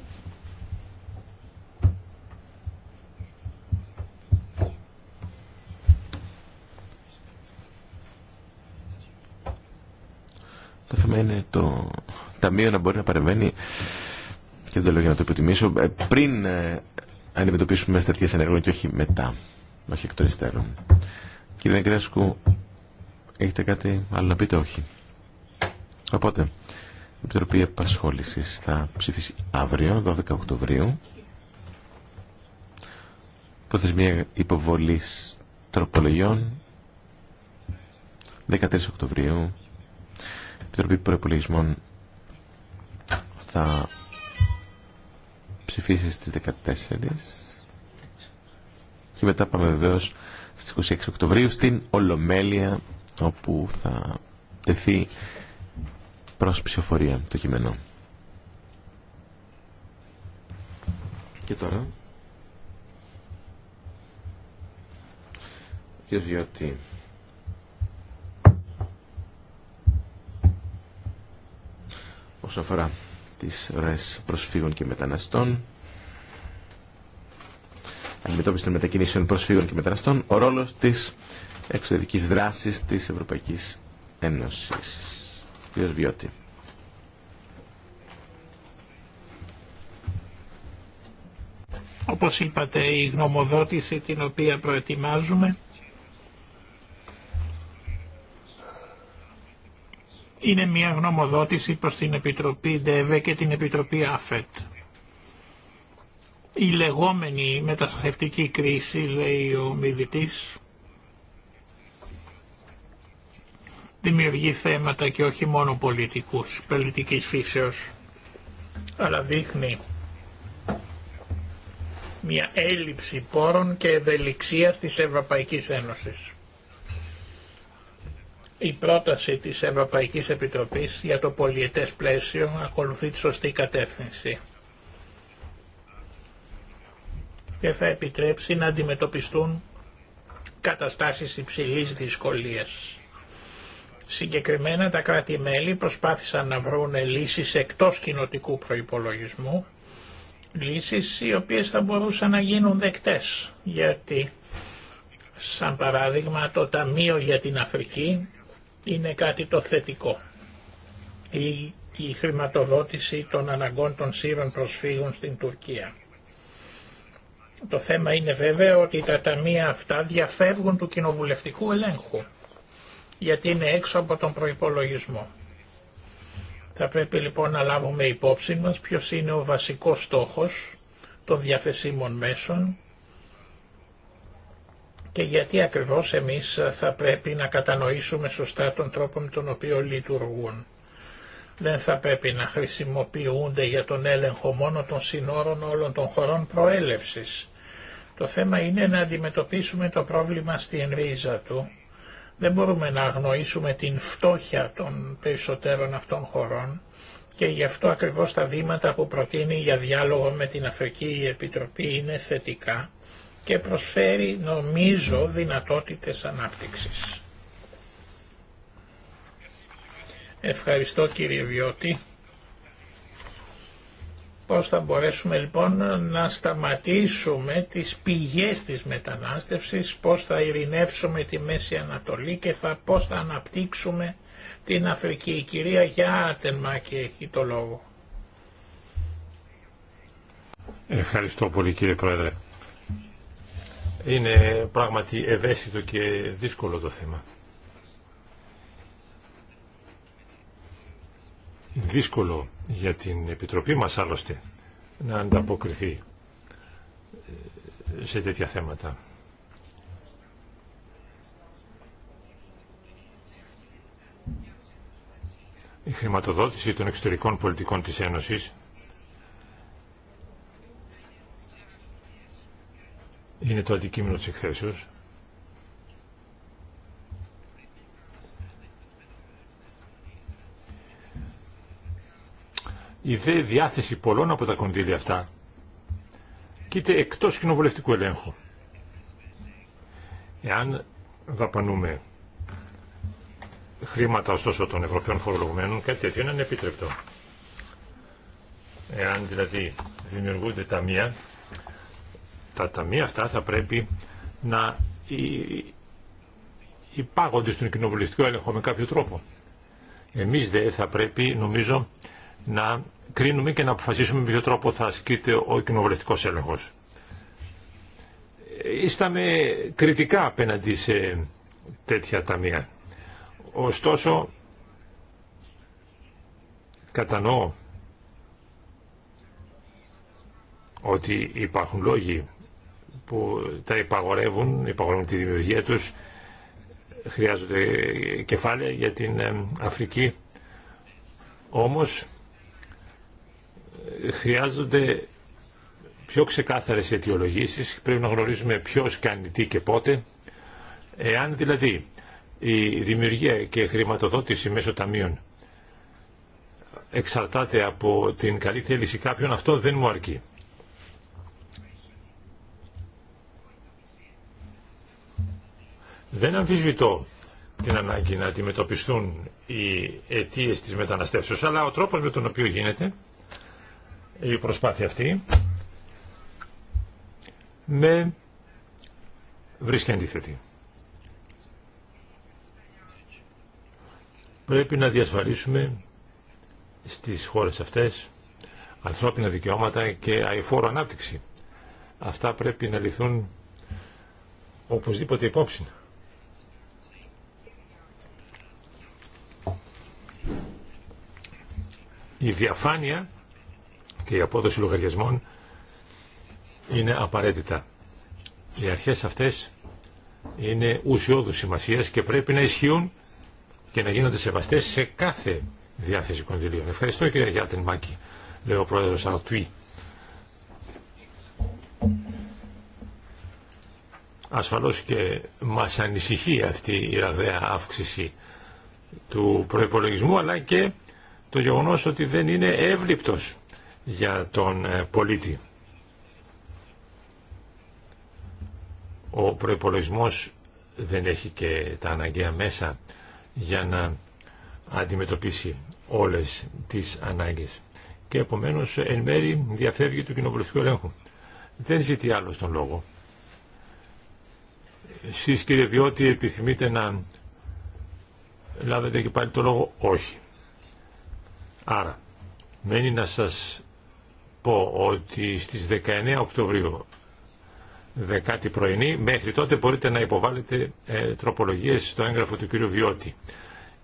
Το θέμα είναι το Ταμείο να μπορεί να παρεμβαίνει και δεν το λέω για να το υποτιμήσω ε, πριν ε, αντιμετωπίσουμε τέτοιες ενεργών και όχι μετά, όχι εκ των υστέρων. Κύριε Νεκρέσκου, έχετε κάτι άλλο να πείτε, όχι. Οπότε, η Επιτροπή Επασχόλησης θα ψηφίσει αύριο, 12 Οκτωβρίου. Προθεσμία υποβολής τροπολογιών 13 Οκτωβρίου Επιτροπή Προπολογισμών θα ψηφίσει στις 14 και μετά πάμε βεβαίως στις 26 Οκτωβρίου στην Ολομέλεια όπου θα τεθεί προς ψηφοφορία το κείμενο. Και τώρα... γιατί όσον αφορά τις ροές προσφύγων και μεταναστών αντιμετώπιση των μετακινήσεων προσφύγων και μεταναστών ο ρόλος της εξωτερικής δράσης της Ευρωπαϊκής Ένωσης. Κύριος Βιώτη. Όπως είπατε η γνωμοδότηση την οποία προετοιμάζουμε είναι μια γνωμοδότηση προς την Επιτροπή ΔΕΒΕ και την Επιτροπή ΑΦΕΤ. Η λεγόμενη μετασταθευτική κρίση, λέει ο μιλητής, δημιουργεί θέματα και όχι μόνο πολιτικούς, πολιτικής φύσεως, αλλά δείχνει μια έλλειψη πόρων και ευελιξίας της Ευρωπαϊκής Ένωσης. Η πρόταση της Ευρωπαϊκής Επιτροπής για το πολιετές πλαίσιο ακολουθεί τη σωστή κατεύθυνση και θα επιτρέψει να αντιμετωπιστούν καταστάσεις υψηλής δυσκολίας. Συγκεκριμένα τα κράτη-μέλη προσπάθησαν να βρουν λύσεις εκτός κοινοτικού προϋπολογισμού, λύσεις οι οποίες θα μπορούσαν να γίνουν δεκτές, γιατί σαν παράδειγμα το Ταμείο για την Αφρική είναι κάτι το θετικό. Η, η χρηματοδότηση των αναγκών των σύρων προσφύγων στην Τουρκία. Το θέμα είναι βέβαια ότι τα ταμεία αυτά διαφεύγουν του κοινοβουλευτικού ελέγχου, γιατί είναι έξω από τον προϋπολογισμό. Θα πρέπει λοιπόν να λάβουμε υπόψη μας ποιος είναι ο βασικός στόχος των διαθεσίμων μέσων και γιατί ακριβώς εμείς θα πρέπει να κατανοήσουμε σωστά τον τρόπο με τον οποίο λειτουργούν. Δεν θα πρέπει να χρησιμοποιούνται για τον έλεγχο μόνο των συνόρων όλων των χωρών προέλευσης. Το θέμα είναι να αντιμετωπίσουμε το πρόβλημα στην ρίζα του. Δεν μπορούμε να αγνοήσουμε την φτώχεια των περισσότερων αυτών χωρών και γι' αυτό ακριβώς τα βήματα που προτείνει για διάλογο με την Αφρική η Επιτροπή είναι θετικά και προσφέρει νομίζω δυνατότητες ανάπτυξης. Ευχαριστώ κύριε Βιώτη. Πώς θα μπορέσουμε λοιπόν να σταματήσουμε τις πηγές της μετανάστευσης, πώς θα ειρηνεύσουμε τη Μέση Ανατολή και θα, πώς θα αναπτύξουμε την Αφρική. Η κυρία Γιάτεμα και έχει το λόγο. Ευχαριστώ πολύ κύριε Πρόεδρε. Είναι πράγματι ευαίσθητο και δύσκολο το θέμα. Δύσκολο για την Επιτροπή μας άλλωστε να ανταποκριθεί ε, σε τέτοια θέματα. Η χρηματοδότηση των εξωτερικών πολιτικών της Ένωσης είναι το αντικείμενο της εκθέσεως. Η δε διάθεση πολλών από τα κονδύλια αυτά κοίται εκτός κοινοβουλευτικού ελέγχου. Εάν δαπανούμε χρήματα ωστόσο των Ευρωπαίων φορολογουμένων, κάτι τέτοιο είναι ανεπίτρεπτο. Εάν δηλαδή δημιουργούνται ταμεία τα ταμεία αυτά θα πρέπει να υπάγονται στον κοινοβουλευτικό έλεγχο με κάποιο τρόπο. Εμείς δε θα πρέπει νομίζω να κρίνουμε και να αποφασίσουμε με ποιο τρόπο θα ασκείται ο κοινοβουλευτικό έλεγχος. Ήσταμε κριτικά απέναντι σε τέτοια ταμεία. Ωστόσο, κατανοώ ότι υπάρχουν λόγοι που τα υπαγορεύουν, υπαγορεύουν τη δημιουργία τους, χρειάζονται κεφάλαια για την ε, Αφρική. Όμως χρειάζονται πιο ξεκάθαρες αιτιολογήσεις, πρέπει να γνωρίζουμε ποιος κάνει τι και πότε. Εάν δηλαδή η δημιουργία και χρηματοδότηση μέσω ταμείων εξαρτάται από την καλή θέληση κάποιων, αυτό δεν μου αρκεί. Δεν αμφισβητώ την ανάγκη να αντιμετωπιστούν οι αιτίε της μεταναστεύσεως, αλλά ο τρόπος με τον οποίο γίνεται η προσπάθεια αυτή με βρίσκει αντίθετη. Πρέπει να διασφαλίσουμε στις χώρες αυτές ανθρώπινα δικαιώματα και αηφόρο ανάπτυξη. Αυτά πρέπει να λυθούν οπωσδήποτε υπόψη. Η διαφάνεια και η απόδοση λογαριασμών είναι απαραίτητα. Οι αρχές αυτές είναι ουσιώδους σημασίας και πρέπει να ισχύουν και να γίνονται σεβαστές σε κάθε διάθεση κονδυλίων. Ευχαριστώ κύριε Γιάτριν Μάκη, λέει ο πρόεδρος Αρτουή. Ασφαλώς και μας ανησυχεί αυτή η ραδέα αύξηση του προϋπολογισμού αλλά και το γεγονός ότι δεν είναι εύληπτος για τον ε, πολίτη. Ο προϋπολογισμός δεν έχει και τα αναγκαία μέσα για να αντιμετωπίσει όλες τις ανάγκες και επομένως εν μέρη διαφεύγει του κοινοβουλευτικού ελέγχου. Δεν ζητεί άλλο τον λόγο. Εσείς κύριε Βιώτη επιθυμείτε να λάβετε και πάλι το λόγο όχι. Άρα, μένει να σας πω ότι στις 19 Οκτωβρίου, 10η πρωινή, μέχρι τότε μπορείτε να υποβάλλετε ε, τροπολογίες στο έγγραφο του κ. Βιώτη.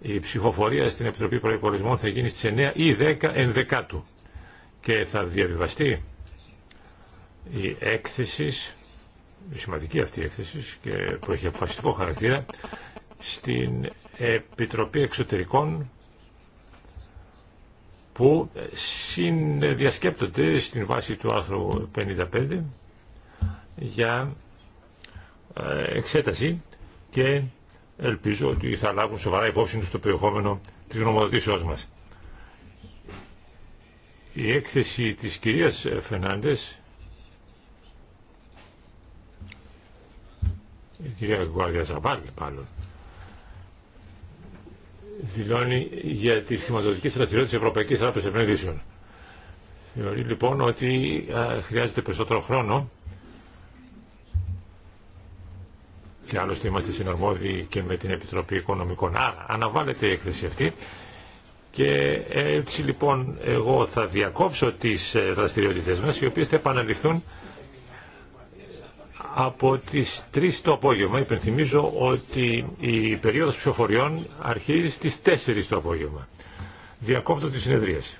Η ψηφοφορία στην Επιτροπή Προϋπολισμών θα γίνει στις 9 ή 10 ενδεκάτου και θα διαβιβαστεί η έκθεση, σημαντική αυτή η έκθεση και που έχει αποφασιστικό χαρακτήρα, στην Επιτροπή Εξωτερικών που συνδιασκέπτονται στην βάση του άρθρου 55 για ε, εξέταση και ελπίζω ότι θα λάβουν σοβαρά υπόψη τους το περιεχόμενο της γνωμοδοτήσεώς μας. Η έκθεση της κυρίας Φενάντες η κυρία Γκουάρια Ζαμπάλ δηλώνει για τη σχηματοδοτική δραστηριότητα της Ευρωπαϊκής Τράπεζας Επενδύσεων. Θεωρεί λοιπόν ότι χρειάζεται περισσότερο χρόνο και άλλωστε είμαστε συναρμόδιοι και με την Επιτροπή Οικονομικών. Άρα αναβάλλεται η έκθεση αυτή και έτσι λοιπόν εγώ θα διακόψω τις ε, δραστηριότητες μας οι οποίες θα επαναληφθούν από τις 3 το απόγευμα. Υπενθυμίζω ότι η περίοδος ψηφοφοριών αρχίζει στις 4 το απόγευμα. Διακόπτω τη συνεδρίαση.